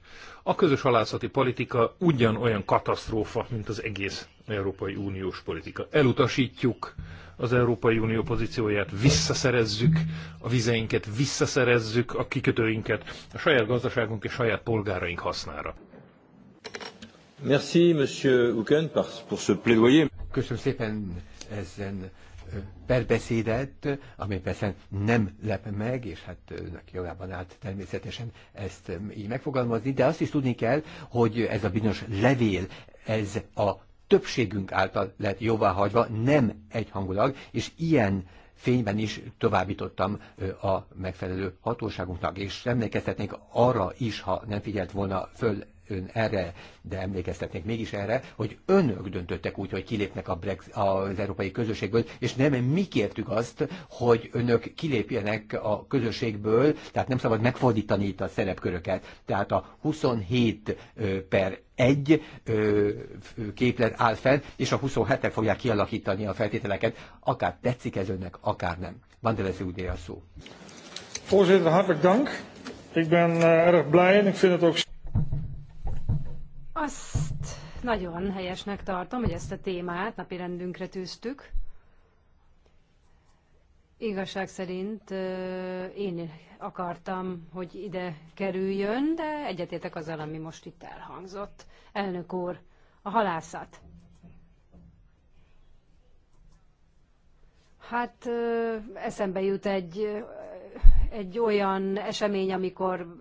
A közös halászati politika ugyanolyan katasztrófa, mint az egész Európai Uniós politika. Elutasítjuk az Európai Unió pozícióját, visszaszerezzük a vizeinket, visszaszerezzük a kikötőinket a saját gazdaságunk és saját polgáraink hasznára. Merci, Monsieur Huken, pour ce plaidoyer. Köszönöm szépen ezen perbeszédet, ami persze nem lep meg, és hát önök jogában állt természetesen ezt így megfogalmazni, de azt is tudni kell, hogy ez a bizonyos levél, ez a többségünk által lett jóváhagyva, nem egyhangulag, és ilyen fényben is továbbítottam a megfelelő hatóságunknak, és emlékeztetnék arra is, ha nem figyelt volna föl ön erre, de emlékeztetnék mégis erre, hogy önök döntöttek úgy, hogy kilépnek a Brex- az európai közösségből, és nem mi kértük azt, hogy önök kilépjenek a közösségből, tehát nem szabad megfordítani itt a szerepköröket. Tehát a 27 per egy ö, képlet áll fel, és a 27-ek fogják kialakítani a feltételeket, akár tetszik ez önnek, akár nem. Van de lesz a szó. Voorzitter, hartelijk dank. Ik ben eh, erg blij en ik vind het ook... Azt nagyon helyesnek tartom, hogy ezt a témát napirendünkre tűztük. Igazság szerint én akartam, hogy ide kerüljön, de egyetértek azzal, ami most itt elhangzott. Elnök úr, a halászat. Hát eszembe jut egy, egy olyan esemény, amikor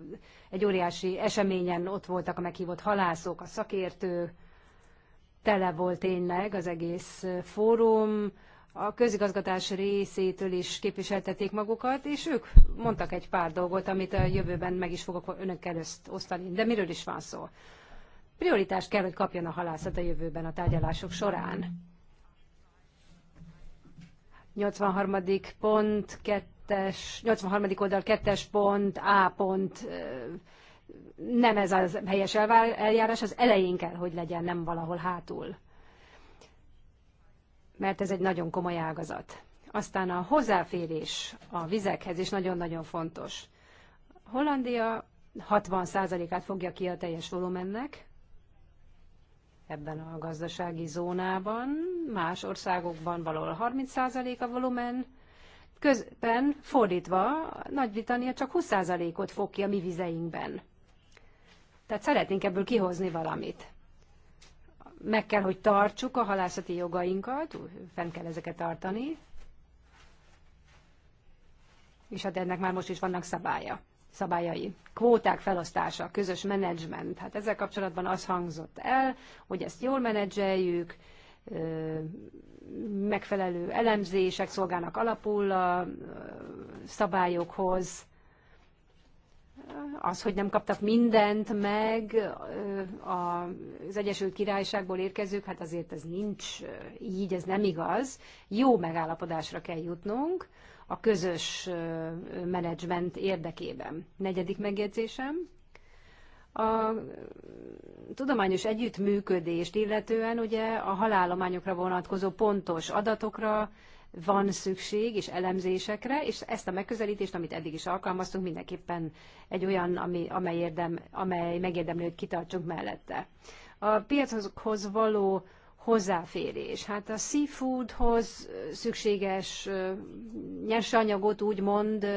egy óriási eseményen ott voltak a meghívott halászok, a szakértők, tele volt tényleg az egész fórum, a közigazgatás részétől is képviseltették magukat, és ők mondtak egy pár dolgot, amit a jövőben meg is fogok önökkel osztani. De miről is van szó? Prioritás kell, hogy kapjon a halászat a jövőben a tárgyalások során. 83. pont kettes, 83. oldal 2 pont, A pont, nem ez az helyes eljárás, az elején kell, hogy legyen, nem valahol hátul. Mert ez egy nagyon komoly ágazat. Aztán a hozzáférés a vizekhez is nagyon-nagyon fontos. Hollandia 60%-át fogja ki a teljes volumennek ebben a gazdasági zónában, más országokban valahol 30% a volumen, Közben fordítva, Nagy-Britannia csak 20%-ot fog ki a mi vizeinkben. Tehát szeretnénk ebből kihozni valamit. Meg kell, hogy tartsuk a halászati jogainkat, fenn kell ezeket tartani, és hát ennek már most is vannak szabálya, szabályai. Kvóták felosztása, közös menedzsment. Hát ezzel kapcsolatban az hangzott el, hogy ezt jól menedzseljük, megfelelő elemzések szolgálnak alapul a szabályokhoz. Az, hogy nem kaptak mindent meg az Egyesült Királyságból érkezők, hát azért ez nincs így, ez nem igaz. Jó megállapodásra kell jutnunk a közös menedzsment érdekében. Negyedik megjegyzésem a mm, tudományos együttműködést illetően ugye a halállományokra vonatkozó pontos adatokra van szükség és elemzésekre, és ezt a megközelítést, amit eddig is alkalmaztunk, mindenképpen egy olyan, ami, amely, érdem, amely megérdemli, hogy kitartsunk mellette. A piachoz való hozzáférés. Hát a seafoodhoz szükséges nyersanyagot úgymond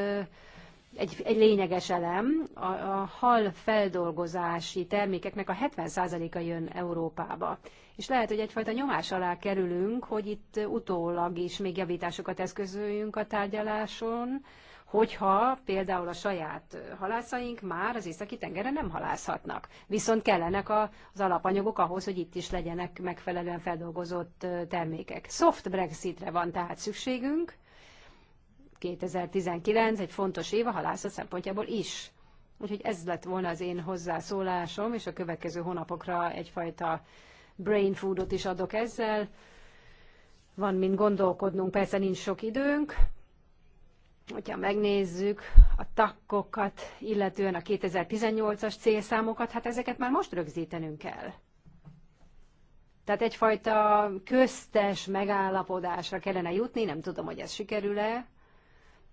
egy, egy lényeges elem, a, a hal feldolgozási termékeknek a 70%-a jön Európába. És lehet, hogy egyfajta nyomás alá kerülünk, hogy itt utólag is még javításokat eszközöljünk a tárgyaláson, hogyha például a saját halászaink már az északi tengeren nem halászhatnak. Viszont kellenek az alapanyagok ahhoz, hogy itt is legyenek megfelelően feldolgozott termékek. Soft Brexitre van tehát szükségünk, 2019 egy fontos év a halászat szempontjából is. Úgyhogy ez lett volna az én hozzászólásom, és a következő hónapokra egyfajta brain foodot is adok ezzel. Van mint gondolkodnunk, persze nincs sok időnk. Hogyha megnézzük a takkokat, illetően a 2018-as célszámokat, hát ezeket már most rögzítenünk kell. Tehát egyfajta köztes megállapodásra kellene jutni, nem tudom, hogy ez sikerül-e,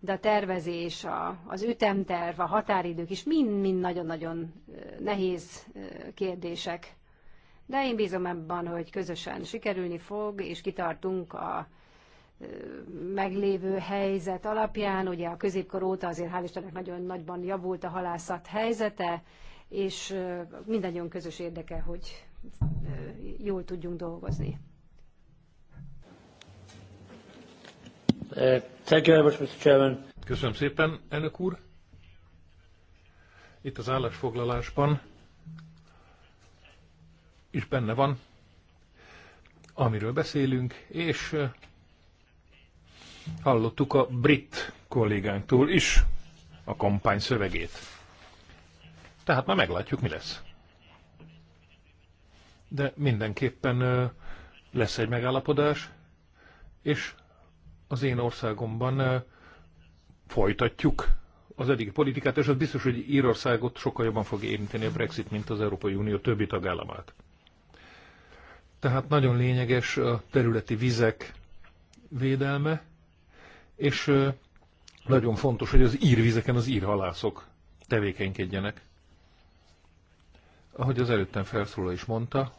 de a tervezés, a, az ütemterv, a határidők is mind-mind nagyon-nagyon nehéz kérdések. De én bízom ebben, hogy közösen sikerülni fog, és kitartunk a meglévő helyzet alapján. Ugye a középkor óta azért hál' Istennek nagyon nagyban javult a halászat helyzete, és mindannyian közös érdeke, hogy jól tudjunk dolgozni. Uh, Köszönöm szépen, elnök úr. Itt az állásfoglalásban is benne van, amiről beszélünk, és uh, hallottuk a brit kollégánktól is a kampány szövegét. Tehát már meglátjuk, mi lesz. De mindenképpen uh, lesz egy megállapodás, és az én országomban folytatjuk az eddigi politikát, és az biztos, hogy Írországot sokkal jobban fog érinteni a Brexit, mint az Európai Unió többi tagállamát. Tehát nagyon lényeges a területi vizek védelme, és nagyon fontos, hogy az írvizeken az írhalászok tevékenykedjenek. Ahogy az előttem felszóló is mondta,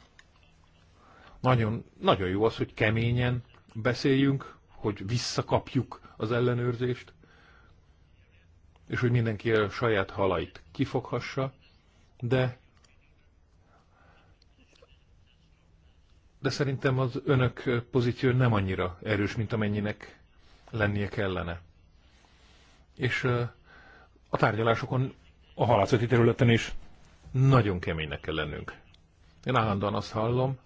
nagyon, nagyon jó az, hogy keményen beszéljünk hogy visszakapjuk az ellenőrzést, és hogy mindenki a saját halait kifoghassa, de de szerintem az önök pozíció nem annyira erős, mint amennyinek lennie kellene. És a tárgyalásokon a halászati területen is nagyon keménynek kell lennünk. Én állandóan azt hallom,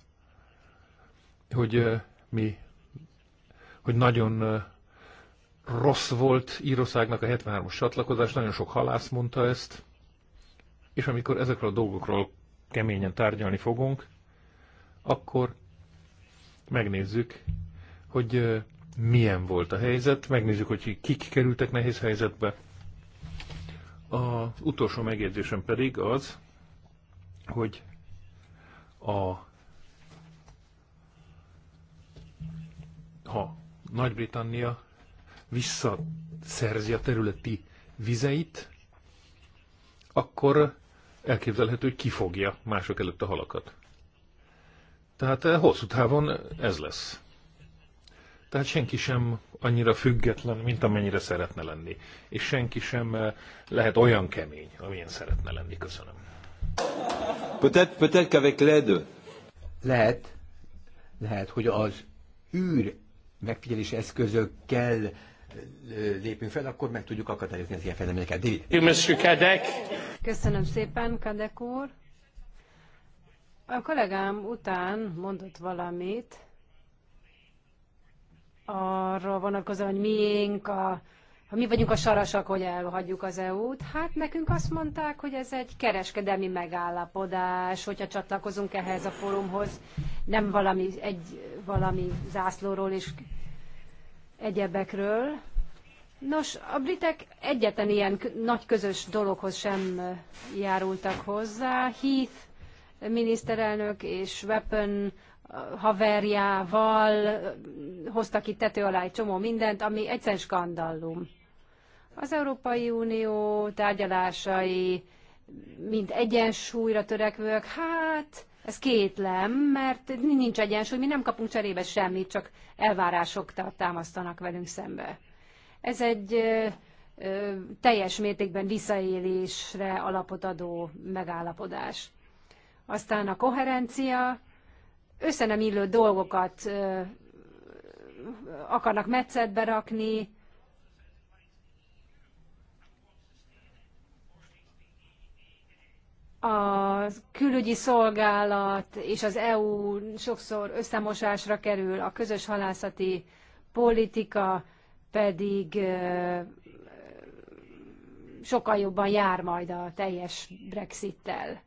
hogy mi hogy nagyon rossz volt Írországnak a 73-os csatlakozás, nagyon sok halász mondta ezt, és amikor ezekről a dolgokról keményen tárgyalni fogunk, akkor megnézzük, hogy milyen volt a helyzet, megnézzük, hogy kik kerültek nehéz helyzetbe. Az utolsó megjegyzésem pedig az, hogy a ha nagy-Britannia visszaszerzi a területi vizeit, akkor elképzelhető, hogy kifogja mások előtt a halakat. Tehát eh, hosszú távon ez lesz. Tehát senki sem annyira független, mint amennyire szeretne lenni. És senki sem eh, lehet olyan kemény, amilyen szeretne lenni. Köszönöm. Peut-être, peut-être qu'avec l'aide. Lehet, lehet, hogy az űr megfigyelési eszközökkel lépünk fel, akkor meg tudjuk akadályozni az ilyen fejleményeket. Köszönöm szépen, Kadek úr. A kollégám után mondott valamit arra vonatkozóan, hogy miénk a ha mi vagyunk a sarasak, hogy elhagyjuk az EU-t, hát nekünk azt mondták, hogy ez egy kereskedelmi megállapodás, hogyha csatlakozunk ehhez a fórumhoz, nem valami, egy valami zászlóról és egyebekről. Nos, a britek egyetlen ilyen nagy közös dologhoz sem járultak hozzá. Heath miniszterelnök és Weapon haverjával hoztak itt tető alá egy csomó mindent, ami egyszerűen skandallum. Az Európai Unió tárgyalásai, mint egyensúlyra törekvők, hát ez kétlem, mert nincs egyensúly, mi nem kapunk cserébe semmit, csak elvárások támasztanak velünk szembe. Ez egy ö, ö, teljes mértékben visszaélésre alapot adó megállapodás. Aztán a koherencia, össze nem illő dolgokat ö, akarnak metszetbe rakni, a külügyi szolgálat és az EU sokszor összemosásra kerül, a közös halászati politika pedig sokkal jobban jár majd a teljes Brexittel.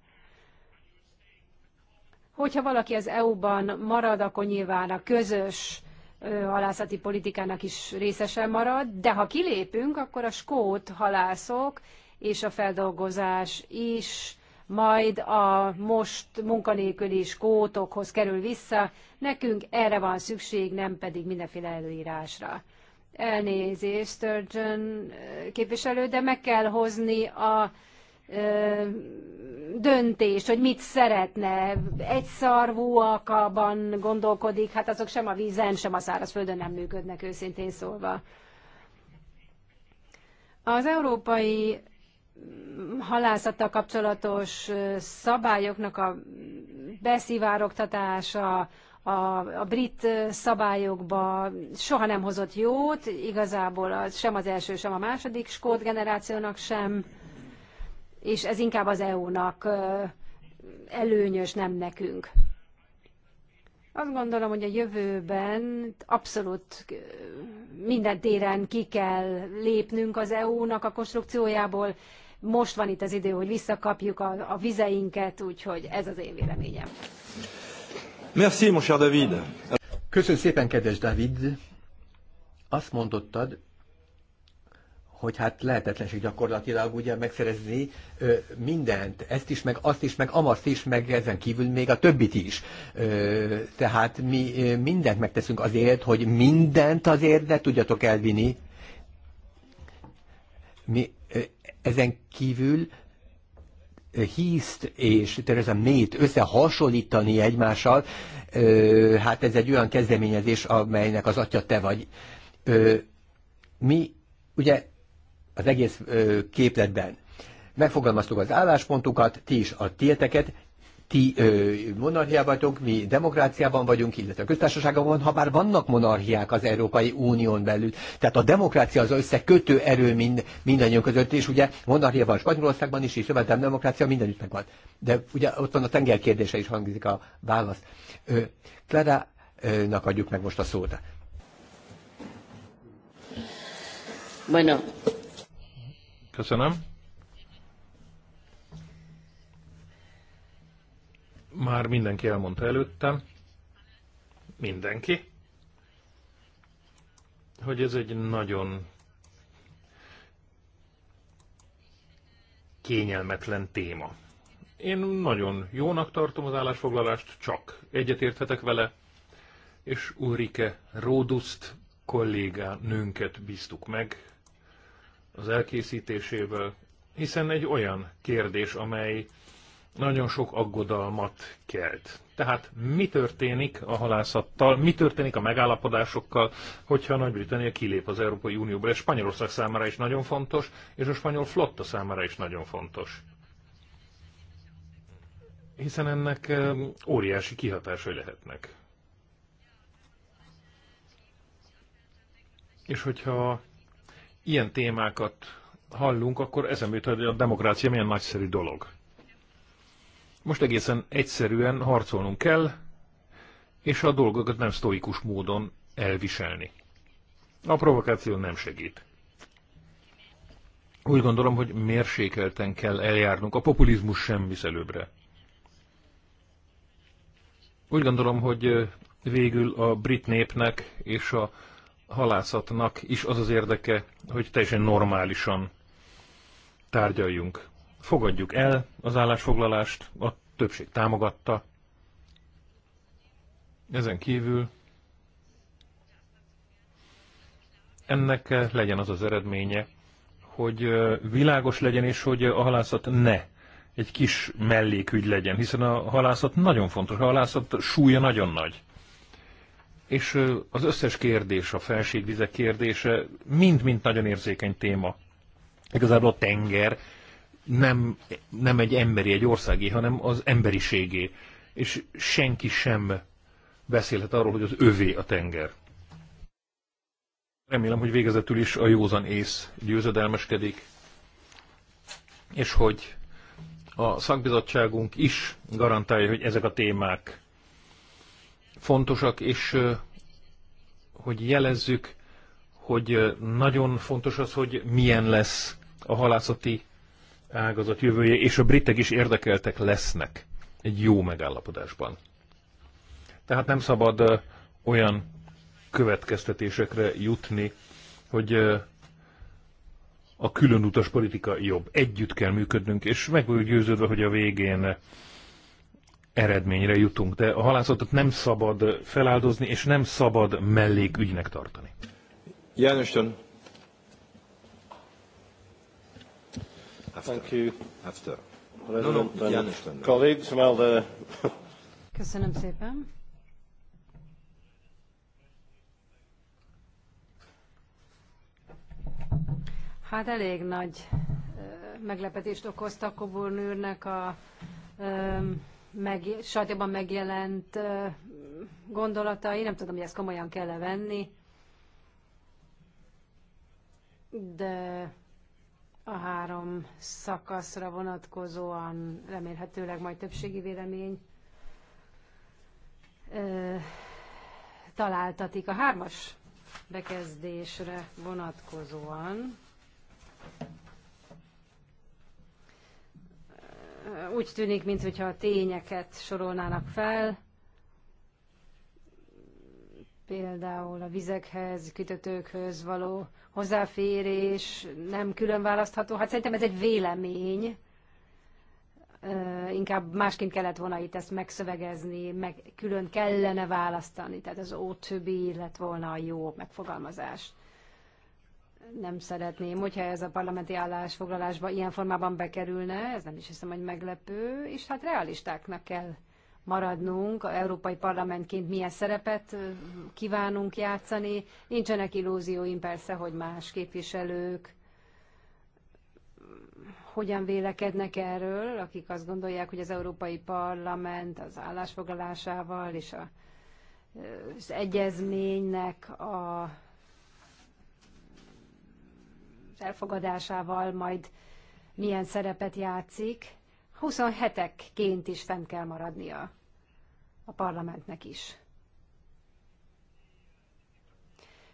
Hogyha valaki az EU-ban marad, akkor nyilván a közös halászati politikának is részesen marad, de ha kilépünk, akkor a skót halászok és a feldolgozás is majd a most munkanélküli skótokhoz kerül vissza. Nekünk erre van szükség, nem pedig mindenféle előírásra. Elnézést, Sturgeon képviselő, de meg kell hozni a ö, döntés, hogy mit szeretne. Egyszarvúakban gondolkodik, hát azok sem a vízen, sem a szárazföldön nem működnek, őszintén szólva. Az európai halászattal kapcsolatos szabályoknak a beszivárogtatása a, a brit szabályokba soha nem hozott jót, igazából az, sem az első, sem a második skót generációnak sem, és ez inkább az EU-nak előnyös, nem nekünk. Azt gondolom, hogy a jövőben abszolút minden téren ki kell lépnünk az EU-nak a konstrukciójából, most van itt az idő, hogy visszakapjuk a, a vizeinket, úgyhogy ez az én véleményem. Merci, mon cher David. Köszönöm szépen, kedves David. Azt mondottad, hogy hát lehetetlenség gyakorlatilag ugye megszerezni ö, mindent, ezt is, meg azt is, meg amaszt is, meg ezen kívül még a többit is. Ö, tehát mi ö, mindent megteszünk azért, hogy mindent azért ne tudjatok elvinni. Mi ezen kívül Hiszt és Theresa mét összehasonlítani egymással, hát ez egy olyan kezdeményezés, amelynek az atya te vagy. Mi ugye az egész képletben megfogalmaztuk az álláspontokat, ti is a tiéteket, ti ö, monarchiában mi demokráciában vagyunk, illetve a köztársaságban, ha bár vannak monarchiák az Európai Unión belül. Tehát a demokrácia az összekötő erő mind, mindannyiunk között, és ugye monarchia van Spanyolországban is, és szövetem demokrácia mindenütt megvan. De ugye ott van a tenger kérdése is hangzik a válasz. Ö, nak adjuk meg most a szót. Bueno. Köszönöm. már mindenki elmondta előttem, mindenki, hogy ez egy nagyon kényelmetlen téma. Én nagyon jónak tartom az állásfoglalást, csak egyetérthetek vele, és Ulrike Róduszt kollégánőnket bíztuk meg az elkészítésével, hiszen egy olyan kérdés, amely nagyon sok aggodalmat kelt. Tehát mi történik a halászattal, mi történik a megállapodásokkal, hogyha Nagy-Britannia kilép az Európai Unióból, ez Spanyolország számára is nagyon fontos, és a spanyol flotta számára is nagyon fontos. Hiszen ennek óriási kihatásai lehetnek. És hogyha ilyen témákat hallunk, akkor eszembe jut, hogy a demokrácia milyen nagyszerű dolog most egészen egyszerűen harcolnunk kell, és a dolgokat nem sztoikus módon elviselni. A provokáció nem segít. Úgy gondolom, hogy mérsékelten kell eljárnunk, a populizmus sem visz előbbre. Úgy gondolom, hogy végül a brit népnek és a halászatnak is az az érdeke, hogy teljesen normálisan tárgyaljunk. Fogadjuk el az állásfoglalást, a többség támogatta. Ezen kívül ennek legyen az az eredménye, hogy világos legyen, és hogy a halászat ne egy kis mellékügy legyen, hiszen a halászat nagyon fontos, a halászat súlya nagyon nagy. És az összes kérdés, a felségvizek kérdése mind-mind nagyon érzékeny téma. Igazából a tenger nem, nem egy emberi, egy országé, hanem az emberiségé. És senki sem beszélhet arról, hogy az övé a tenger. Remélem, hogy végezetül is a józan ész győzedelmeskedik, és hogy a szakbizottságunk is garantálja, hogy ezek a témák fontosak, és hogy jelezzük, hogy nagyon fontos az, hogy milyen lesz a halászati ágazat jövője, és a britek is érdekeltek lesznek egy jó megállapodásban. Tehát nem szabad olyan következtetésekre jutni, hogy a utas politika jobb. Együtt kell működnünk, és meg vagyok győződve, hogy a végén eredményre jutunk. De a halászatot nem szabad feláldozni, és nem szabad mellékügynek tartani. Jánoston, Thank you. After. President no, no, Colleagues, well, the... Köszönöm szépen. Hát elég nagy meglepetést okozta Koburn nőrnek a meg, sajtóban megjelent gondolatai. Nem tudom, hogy ezt komolyan kell -e venni, de a három szakaszra vonatkozóan remélhetőleg majd többségi vélemény ö, találtatik a hármas bekezdésre vonatkozóan. Úgy tűnik, mintha a tényeket sorolnának fel, például a vizekhez, kitötőkhöz való hozzáférés nem külön választható. Hát szerintem ez egy vélemény, inkább másként kellett volna itt ezt megszövegezni, meg külön kellene választani, tehát az ótöbbi lett volna a jó megfogalmazás. Nem szeretném, hogyha ez a parlamenti állásfoglalásba ilyen formában bekerülne, ez nem is hiszem, hogy meglepő, és hát realistáknak kell maradnunk, a Európai Parlamentként milyen szerepet kívánunk játszani. Nincsenek illúzióim persze, hogy más képviselők hogyan vélekednek erről, akik azt gondolják, hogy az Európai Parlament az állásfoglalásával és a, az egyezménynek a, elfogadásával majd milyen szerepet játszik. 27-ekként is fent kell maradnia a parlamentnek is.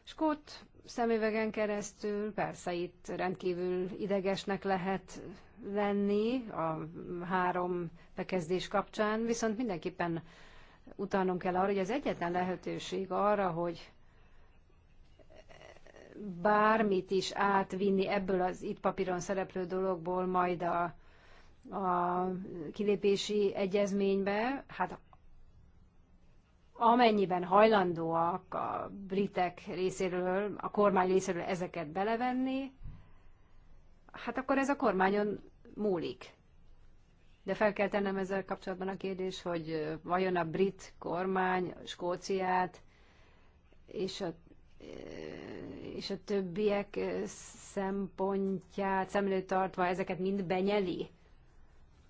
Skót szemüvegen keresztül persze itt rendkívül idegesnek lehet lenni a három bekezdés kapcsán, viszont mindenképpen utalnom kell arra, hogy az egyetlen lehetőség arra, hogy bármit is átvinni ebből az itt papíron szereplő dologból majd a, a kilépési egyezménybe, hát Amennyiben hajlandóak a britek részéről, a kormány részéről ezeket belevenni, hát akkor ez a kormányon múlik. De fel kell tennem ezzel kapcsolatban a kérdés, hogy vajon a brit kormány Skóciát és a, és a többiek szempontját szemlő tartva ezeket mind benyeli?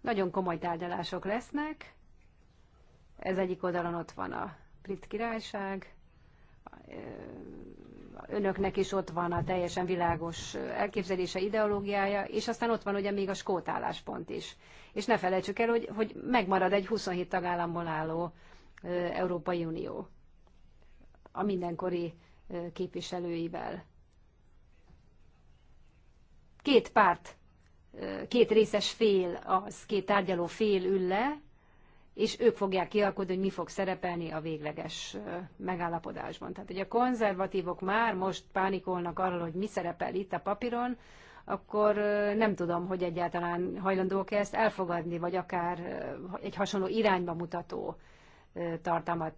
Nagyon komoly tárgyalások lesznek, ez egyik oldalon ott van a brit királyság, önöknek is ott van a teljesen világos elképzelése, ideológiája, és aztán ott van ugye még a skót álláspont is. És ne felejtsük el, hogy, hogy megmarad egy 27 tagállamból álló Európai Unió a mindenkori képviselőivel. Két párt, két részes fél az, két tárgyaló fél ül le, és ők fogják kialkodni, hogy mi fog szerepelni a végleges megállapodásban. Tehát, hogy a konzervatívok már most pánikolnak arról, hogy mi szerepel itt a papíron, akkor nem tudom, hogy egyáltalán hajlandók-e ezt elfogadni, vagy akár egy hasonló irányba mutató tartalmat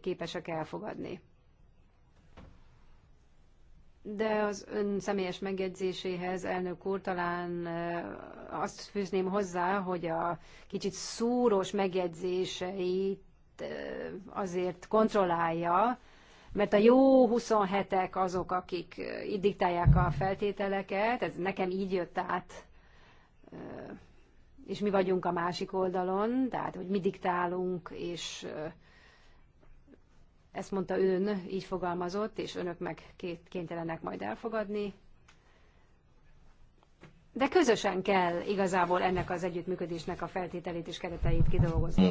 képesek elfogadni. De az ön személyes megjegyzéséhez, elnök úr, talán eh, azt fűzném hozzá, hogy a kicsit szúros megjegyzéseit eh, azért kontrollálja, mert a jó 27-ek azok, akik így eh, diktálják a feltételeket, ez nekem így jött át, és mi vagyunk a másik oldalon, tehát hogy mi diktálunk, és ezt mondta ön, így fogalmazott, és önök meg kénytelenek majd elfogadni. De közösen kell igazából ennek az együttműködésnek a feltételét és kereteit kidolgozni.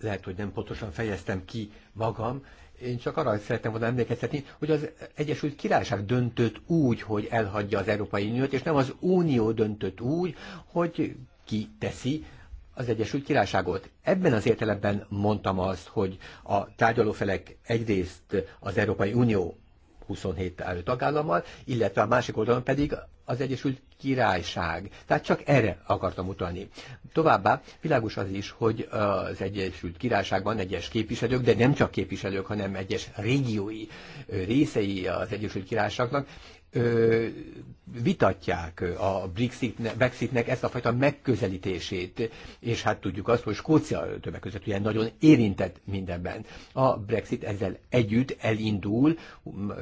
Lehet, hogy nem pontosan fejeztem ki magam, én csak arra szerettem volna emlékeztetni, hogy az Egyesült Királyság döntött úgy, hogy elhagyja az Európai Uniót, és nem az Unió döntött úgy, hogy ki teszi az Egyesült Királyságot. Ebben az értelemben mondtam azt, hogy a tárgyalófelek egyrészt az Európai Unió 27 elő tagállammal, illetve a másik oldalon pedig az Egyesült Királyság. Tehát csak erre akartam utalni. Továbbá világos az is, hogy az Egyesült Királyságban egyes képviselők, de nem csak képviselők, hanem egyes régiói részei az Egyesült Királyságnak vitatják a Brexitnek, Brexitnek ezt a fajta megközelítését, és hát tudjuk azt, hogy Skócia többek között ugye nagyon érintett mindenben. A Brexit ezzel együtt elindul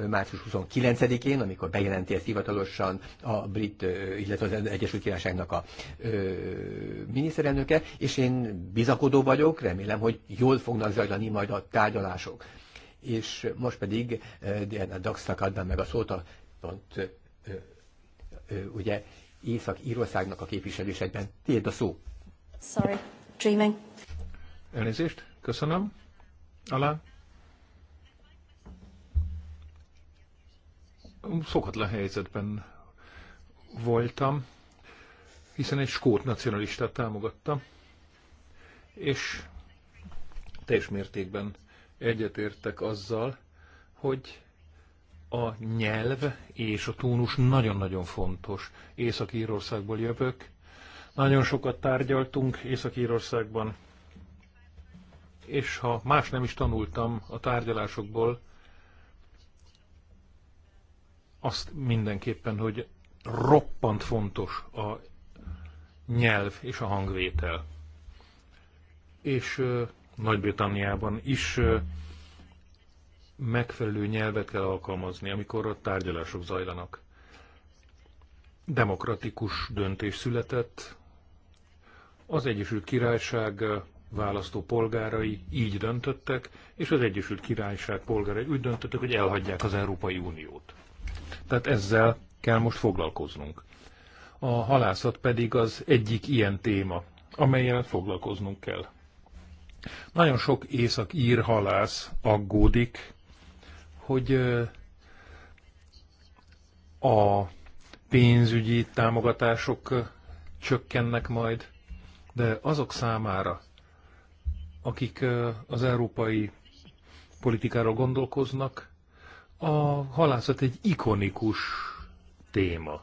március 29-én, amikor bejelenti ezt hivatalosan a brit, illetve az Egyesült Királyságnak a ö, miniszterelnöke, és én bizakodó vagyok, remélem, hogy jól fognak zajlani majd a tárgyalások és most pedig Diana Daxnak adnám meg a szót a viszont ugye Észak-Írországnak a képviselésekben. tiéd a szó. Sorry, dreaming. Elnézést, köszönöm. Alá. Szokatlan helyzetben voltam, hiszen egy skót nacionalistát támogattam, és teljes mértékben egyetértek azzal, hogy a nyelv és a tónus nagyon-nagyon fontos. Észak-Írországból jövök. Nagyon sokat tárgyaltunk Észak-Írországban, és ha más nem is tanultam a tárgyalásokból, azt mindenképpen, hogy roppant fontos a nyelv és a hangvétel. És Nagy-Britanniában is megfelelő nyelvet kell alkalmazni, amikor a tárgyalások zajlanak. Demokratikus döntés született, az Egyesült Királyság választó polgárai így döntöttek, és az Egyesült Királyság polgárai úgy döntöttek, hogy elhagyják az Európai Uniót. Tehát ezzel kell most foglalkoznunk. A halászat pedig az egyik ilyen téma, amelyen foglalkoznunk kell. Nagyon sok észak-ír halász aggódik hogy a pénzügyi támogatások csökkennek majd, de azok számára, akik az európai politikáról gondolkoznak, a halászat egy ikonikus téma.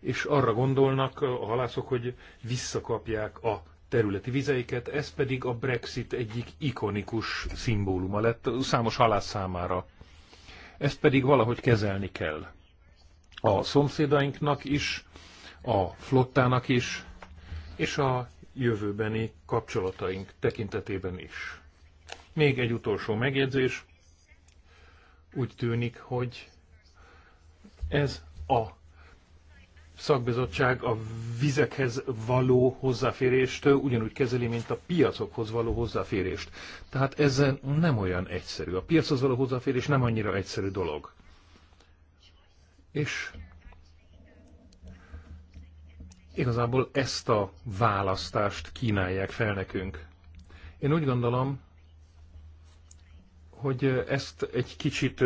És arra gondolnak a halászok, hogy visszakapják a területi vizeiket, ez pedig a Brexit egyik ikonikus szimbóluma lett számos halász számára. Ezt pedig valahogy kezelni kell. A szomszédainknak is, a flottának is, és a jövőbeni kapcsolataink tekintetében is. Még egy utolsó megjegyzés. Úgy tűnik, hogy ez a szakbizottság a vizekhez való hozzáférést ugyanúgy kezeli, mint a piacokhoz való hozzáférést. Tehát ez nem olyan egyszerű. A piachoz való hozzáférés nem annyira egyszerű dolog. És igazából ezt a választást kínálják fel nekünk. Én úgy gondolom, hogy ezt egy kicsit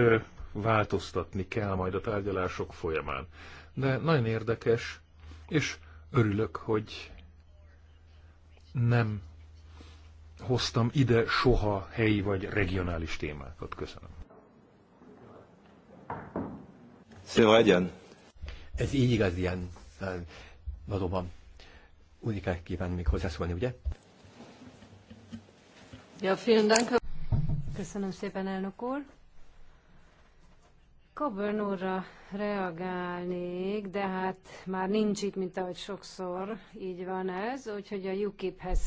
változtatni kell majd a tárgyalások folyamán de nagyon érdekes, és örülök, hogy nem hoztam ide soha helyi vagy regionális témákat. Köszönöm. Szilvágyan. Ez így igaz, ilyen valóban unikák kíván még hozzászólni, ugye? Ja, vielen Dank. Köszönöm szépen, elnök úr. Coburn úrra reagálnék, de hát már nincs itt, mint ahogy sokszor így van ez, úgyhogy a UKIP-hez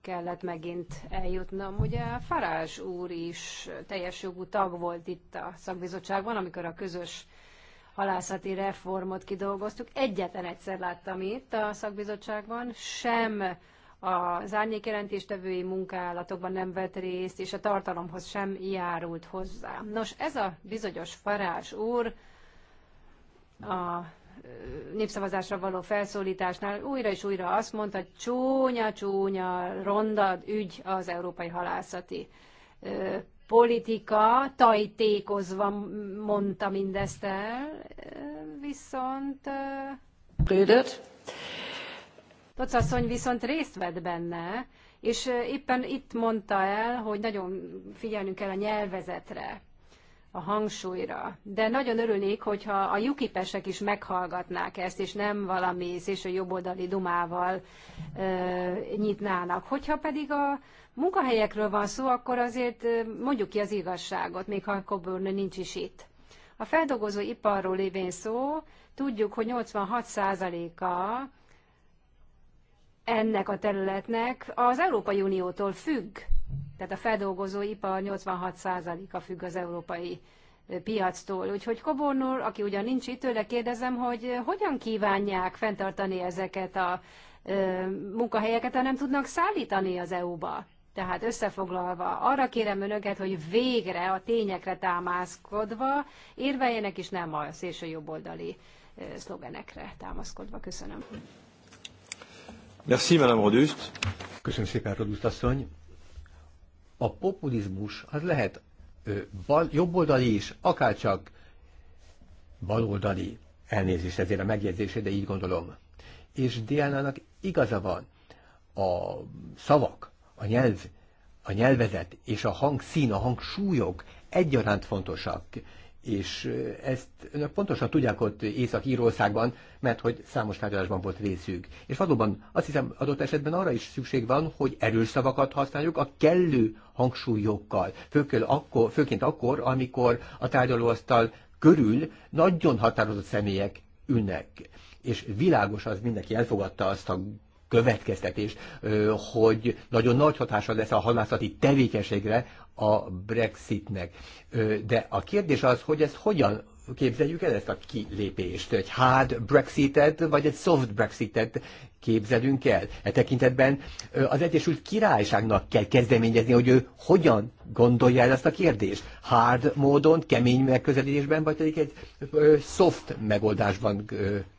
kellett megint eljutnom. Ugye Farázs úr is teljes jogú tag volt itt a szakbizottságban, amikor a közös halászati reformot kidolgoztuk. Egyetlen egyszer láttam itt a szakbizottságban, sem az árnyékjelentéstevői munkálatokban nem vett részt, és a tartalomhoz sem járult hozzá. Nos, ez a bizonyos Farás úr a népszavazásra való felszólításnál újra és újra azt mondta, hogy csúnya-csúnya, ronda ügy az európai halászati politika, tajtékozva mondta mindezt el, viszont... Rödet. Tocasszony viszont részt vett benne, és éppen itt mondta el, hogy nagyon figyelnünk kell a nyelvezetre, a hangsúlyra. De nagyon örülnék, hogyha a jukipesek is meghallgatnák ezt, és nem valami szélső jobboldali dumával ö, nyitnának. Hogyha pedig a munkahelyekről van szó, akkor azért mondjuk ki az igazságot, még ha Coburn nincs is itt. A feldolgozó iparról lévén szó, tudjuk, hogy 86%-a ennek a területnek az Európai Uniótól függ. Tehát a ipar 86%-a függ az európai piactól. Úgyhogy Kobornul, aki ugyan nincs itt, tőle kérdezem, hogy hogyan kívánják fenntartani ezeket a munkahelyeket, ha nem tudnak szállítani az EU-ba. Tehát összefoglalva, arra kérem önöket, hogy végre a tényekre támaszkodva érveljenek, és nem a szélső jobboldali szlogenekre támaszkodva. Köszönöm. Merci, Madame Köszönöm szépen, Rodust asszony. A populizmus az lehet ö, bal, jobboldali is, akárcsak baloldali elnézést ezért a megjegyzésre, de így gondolom. És Diana-nak igaza van. A szavak, a nyelv, a nyelvezet és a hangszín, a hangsúlyok egyaránt fontosak, és ezt önök pontosan tudják ott Észak-Írországban, mert hogy számos tárgyalásban volt részük. És valóban azt hiszem adott esetben arra is szükség van, hogy erős szavakat használjuk a kellő hangsúlyokkal, főként akkor, főként akkor amikor a tárgyalóasztal körül nagyon határozott személyek ülnek. És világos az, mindenki elfogadta azt a következtetés, hogy nagyon nagy hatása lesz a halászati tevékenységre a Brexitnek. De a kérdés az, hogy ezt hogyan képzeljük el ezt a kilépést? Egy hard Brexitet, vagy egy soft Brexitet képzelünk el? E tekintetben az Egyesült Királyságnak kell kezdeményezni, hogy ő hogyan gondolja el ezt a kérdést. Hard módon, kemény megközelítésben, vagy pedig egy soft megoldásban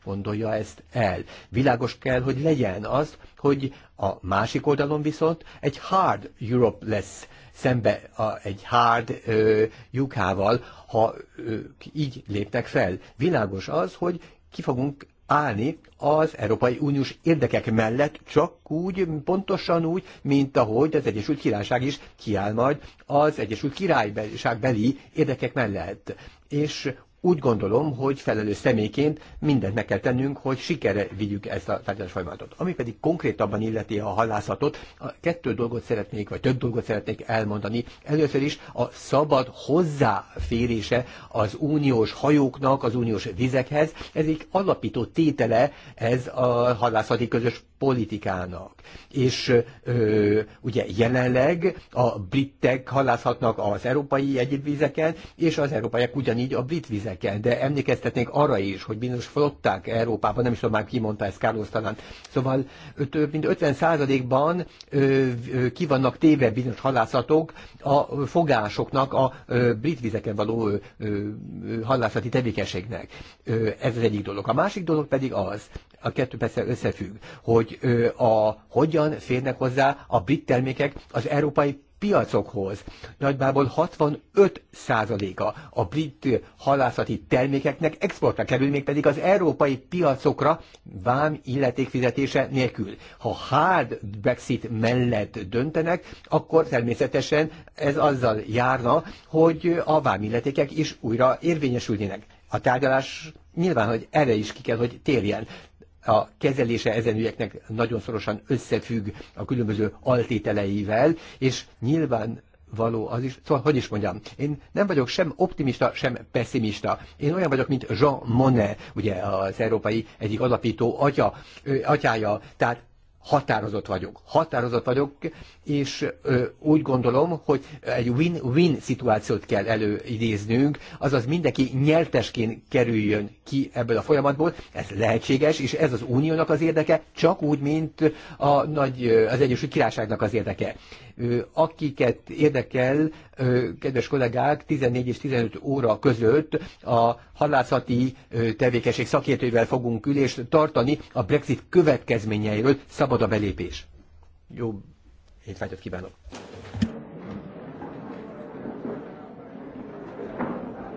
gondolja ezt el. Világos kell, hogy legyen az, hogy a másik oldalon viszont egy hard Europe lesz szembe a, egy hárd ö, lyukával, ha ö, így lépnek fel. Világos az, hogy ki fogunk állni az Európai Uniós érdekek mellett csak úgy, pontosan úgy, mint ahogy az Egyesült Királyság is kiáll majd az Egyesült Királyság beli érdekek mellett. És úgy gondolom, hogy felelős személyként mindent meg kell tennünk, hogy sikere vigyük ezt a tárgyalás folyamatot. Ami pedig konkrétabban illeti a halászatot, a kettő dolgot szeretnék, vagy több dolgot szeretnék elmondani. Először is a szabad hozzáférése az uniós hajóknak, az uniós vizekhez, ez egy alapító tétele ez a halászati közös politikának. És ö, ugye jelenleg a britek halászhatnak az európai egyedvizeken, és az európaiak ugyanígy a brit vizeken, de emlékeztetnék arra is, hogy bizonyos flották Európában, nem is tudom már ki mondta ezt Carlos talán, szóval több mint 50 ban ki vannak téve bizonyos halászatok a fogásoknak a ö, brit vizeken való ö, ö, halászati tevékenységnek. Ö, ez az egyik dolog. A másik dolog pedig az, a kettő persze összefügg, hogy hogy a, hogyan férnek hozzá a brit termékek az európai piacokhoz. nagybából 65 százaléka a brit halászati termékeknek exportra kerül, még pedig az európai piacokra vám illetékfizetése nélkül. Ha hard Brexit mellett döntenek, akkor természetesen ez azzal járna, hogy a vám illetékek is újra érvényesülnének. A tárgyalás nyilván, hogy erre is ki kell, hogy térjen a kezelése ezen ügyeknek nagyon szorosan összefügg a különböző altételeivel, és nyilván való az is, szóval hogy is mondjam, én nem vagyok sem optimista, sem pessimista. Én olyan vagyok, mint Jean Monnet, ugye az európai egyik alapító atya, ő, atyája, tehát határozott vagyok. Határozott vagyok, és ö, úgy gondolom, hogy egy win-win szituációt kell előidéznünk, azaz mindenki nyertesként kerüljön ki ebből a folyamatból. Ez lehetséges, és ez az uniónak az érdeke, csak úgy, mint a nagy, az Egyesült Királyságnak az érdeke akiket érdekel, kedves kollégák, 14 és 15 óra között a halászati tevékenység szakértőivel fogunk ülést tartani a Brexit következményeiről. Szabad a belépés. Jó étvágyat kívánok!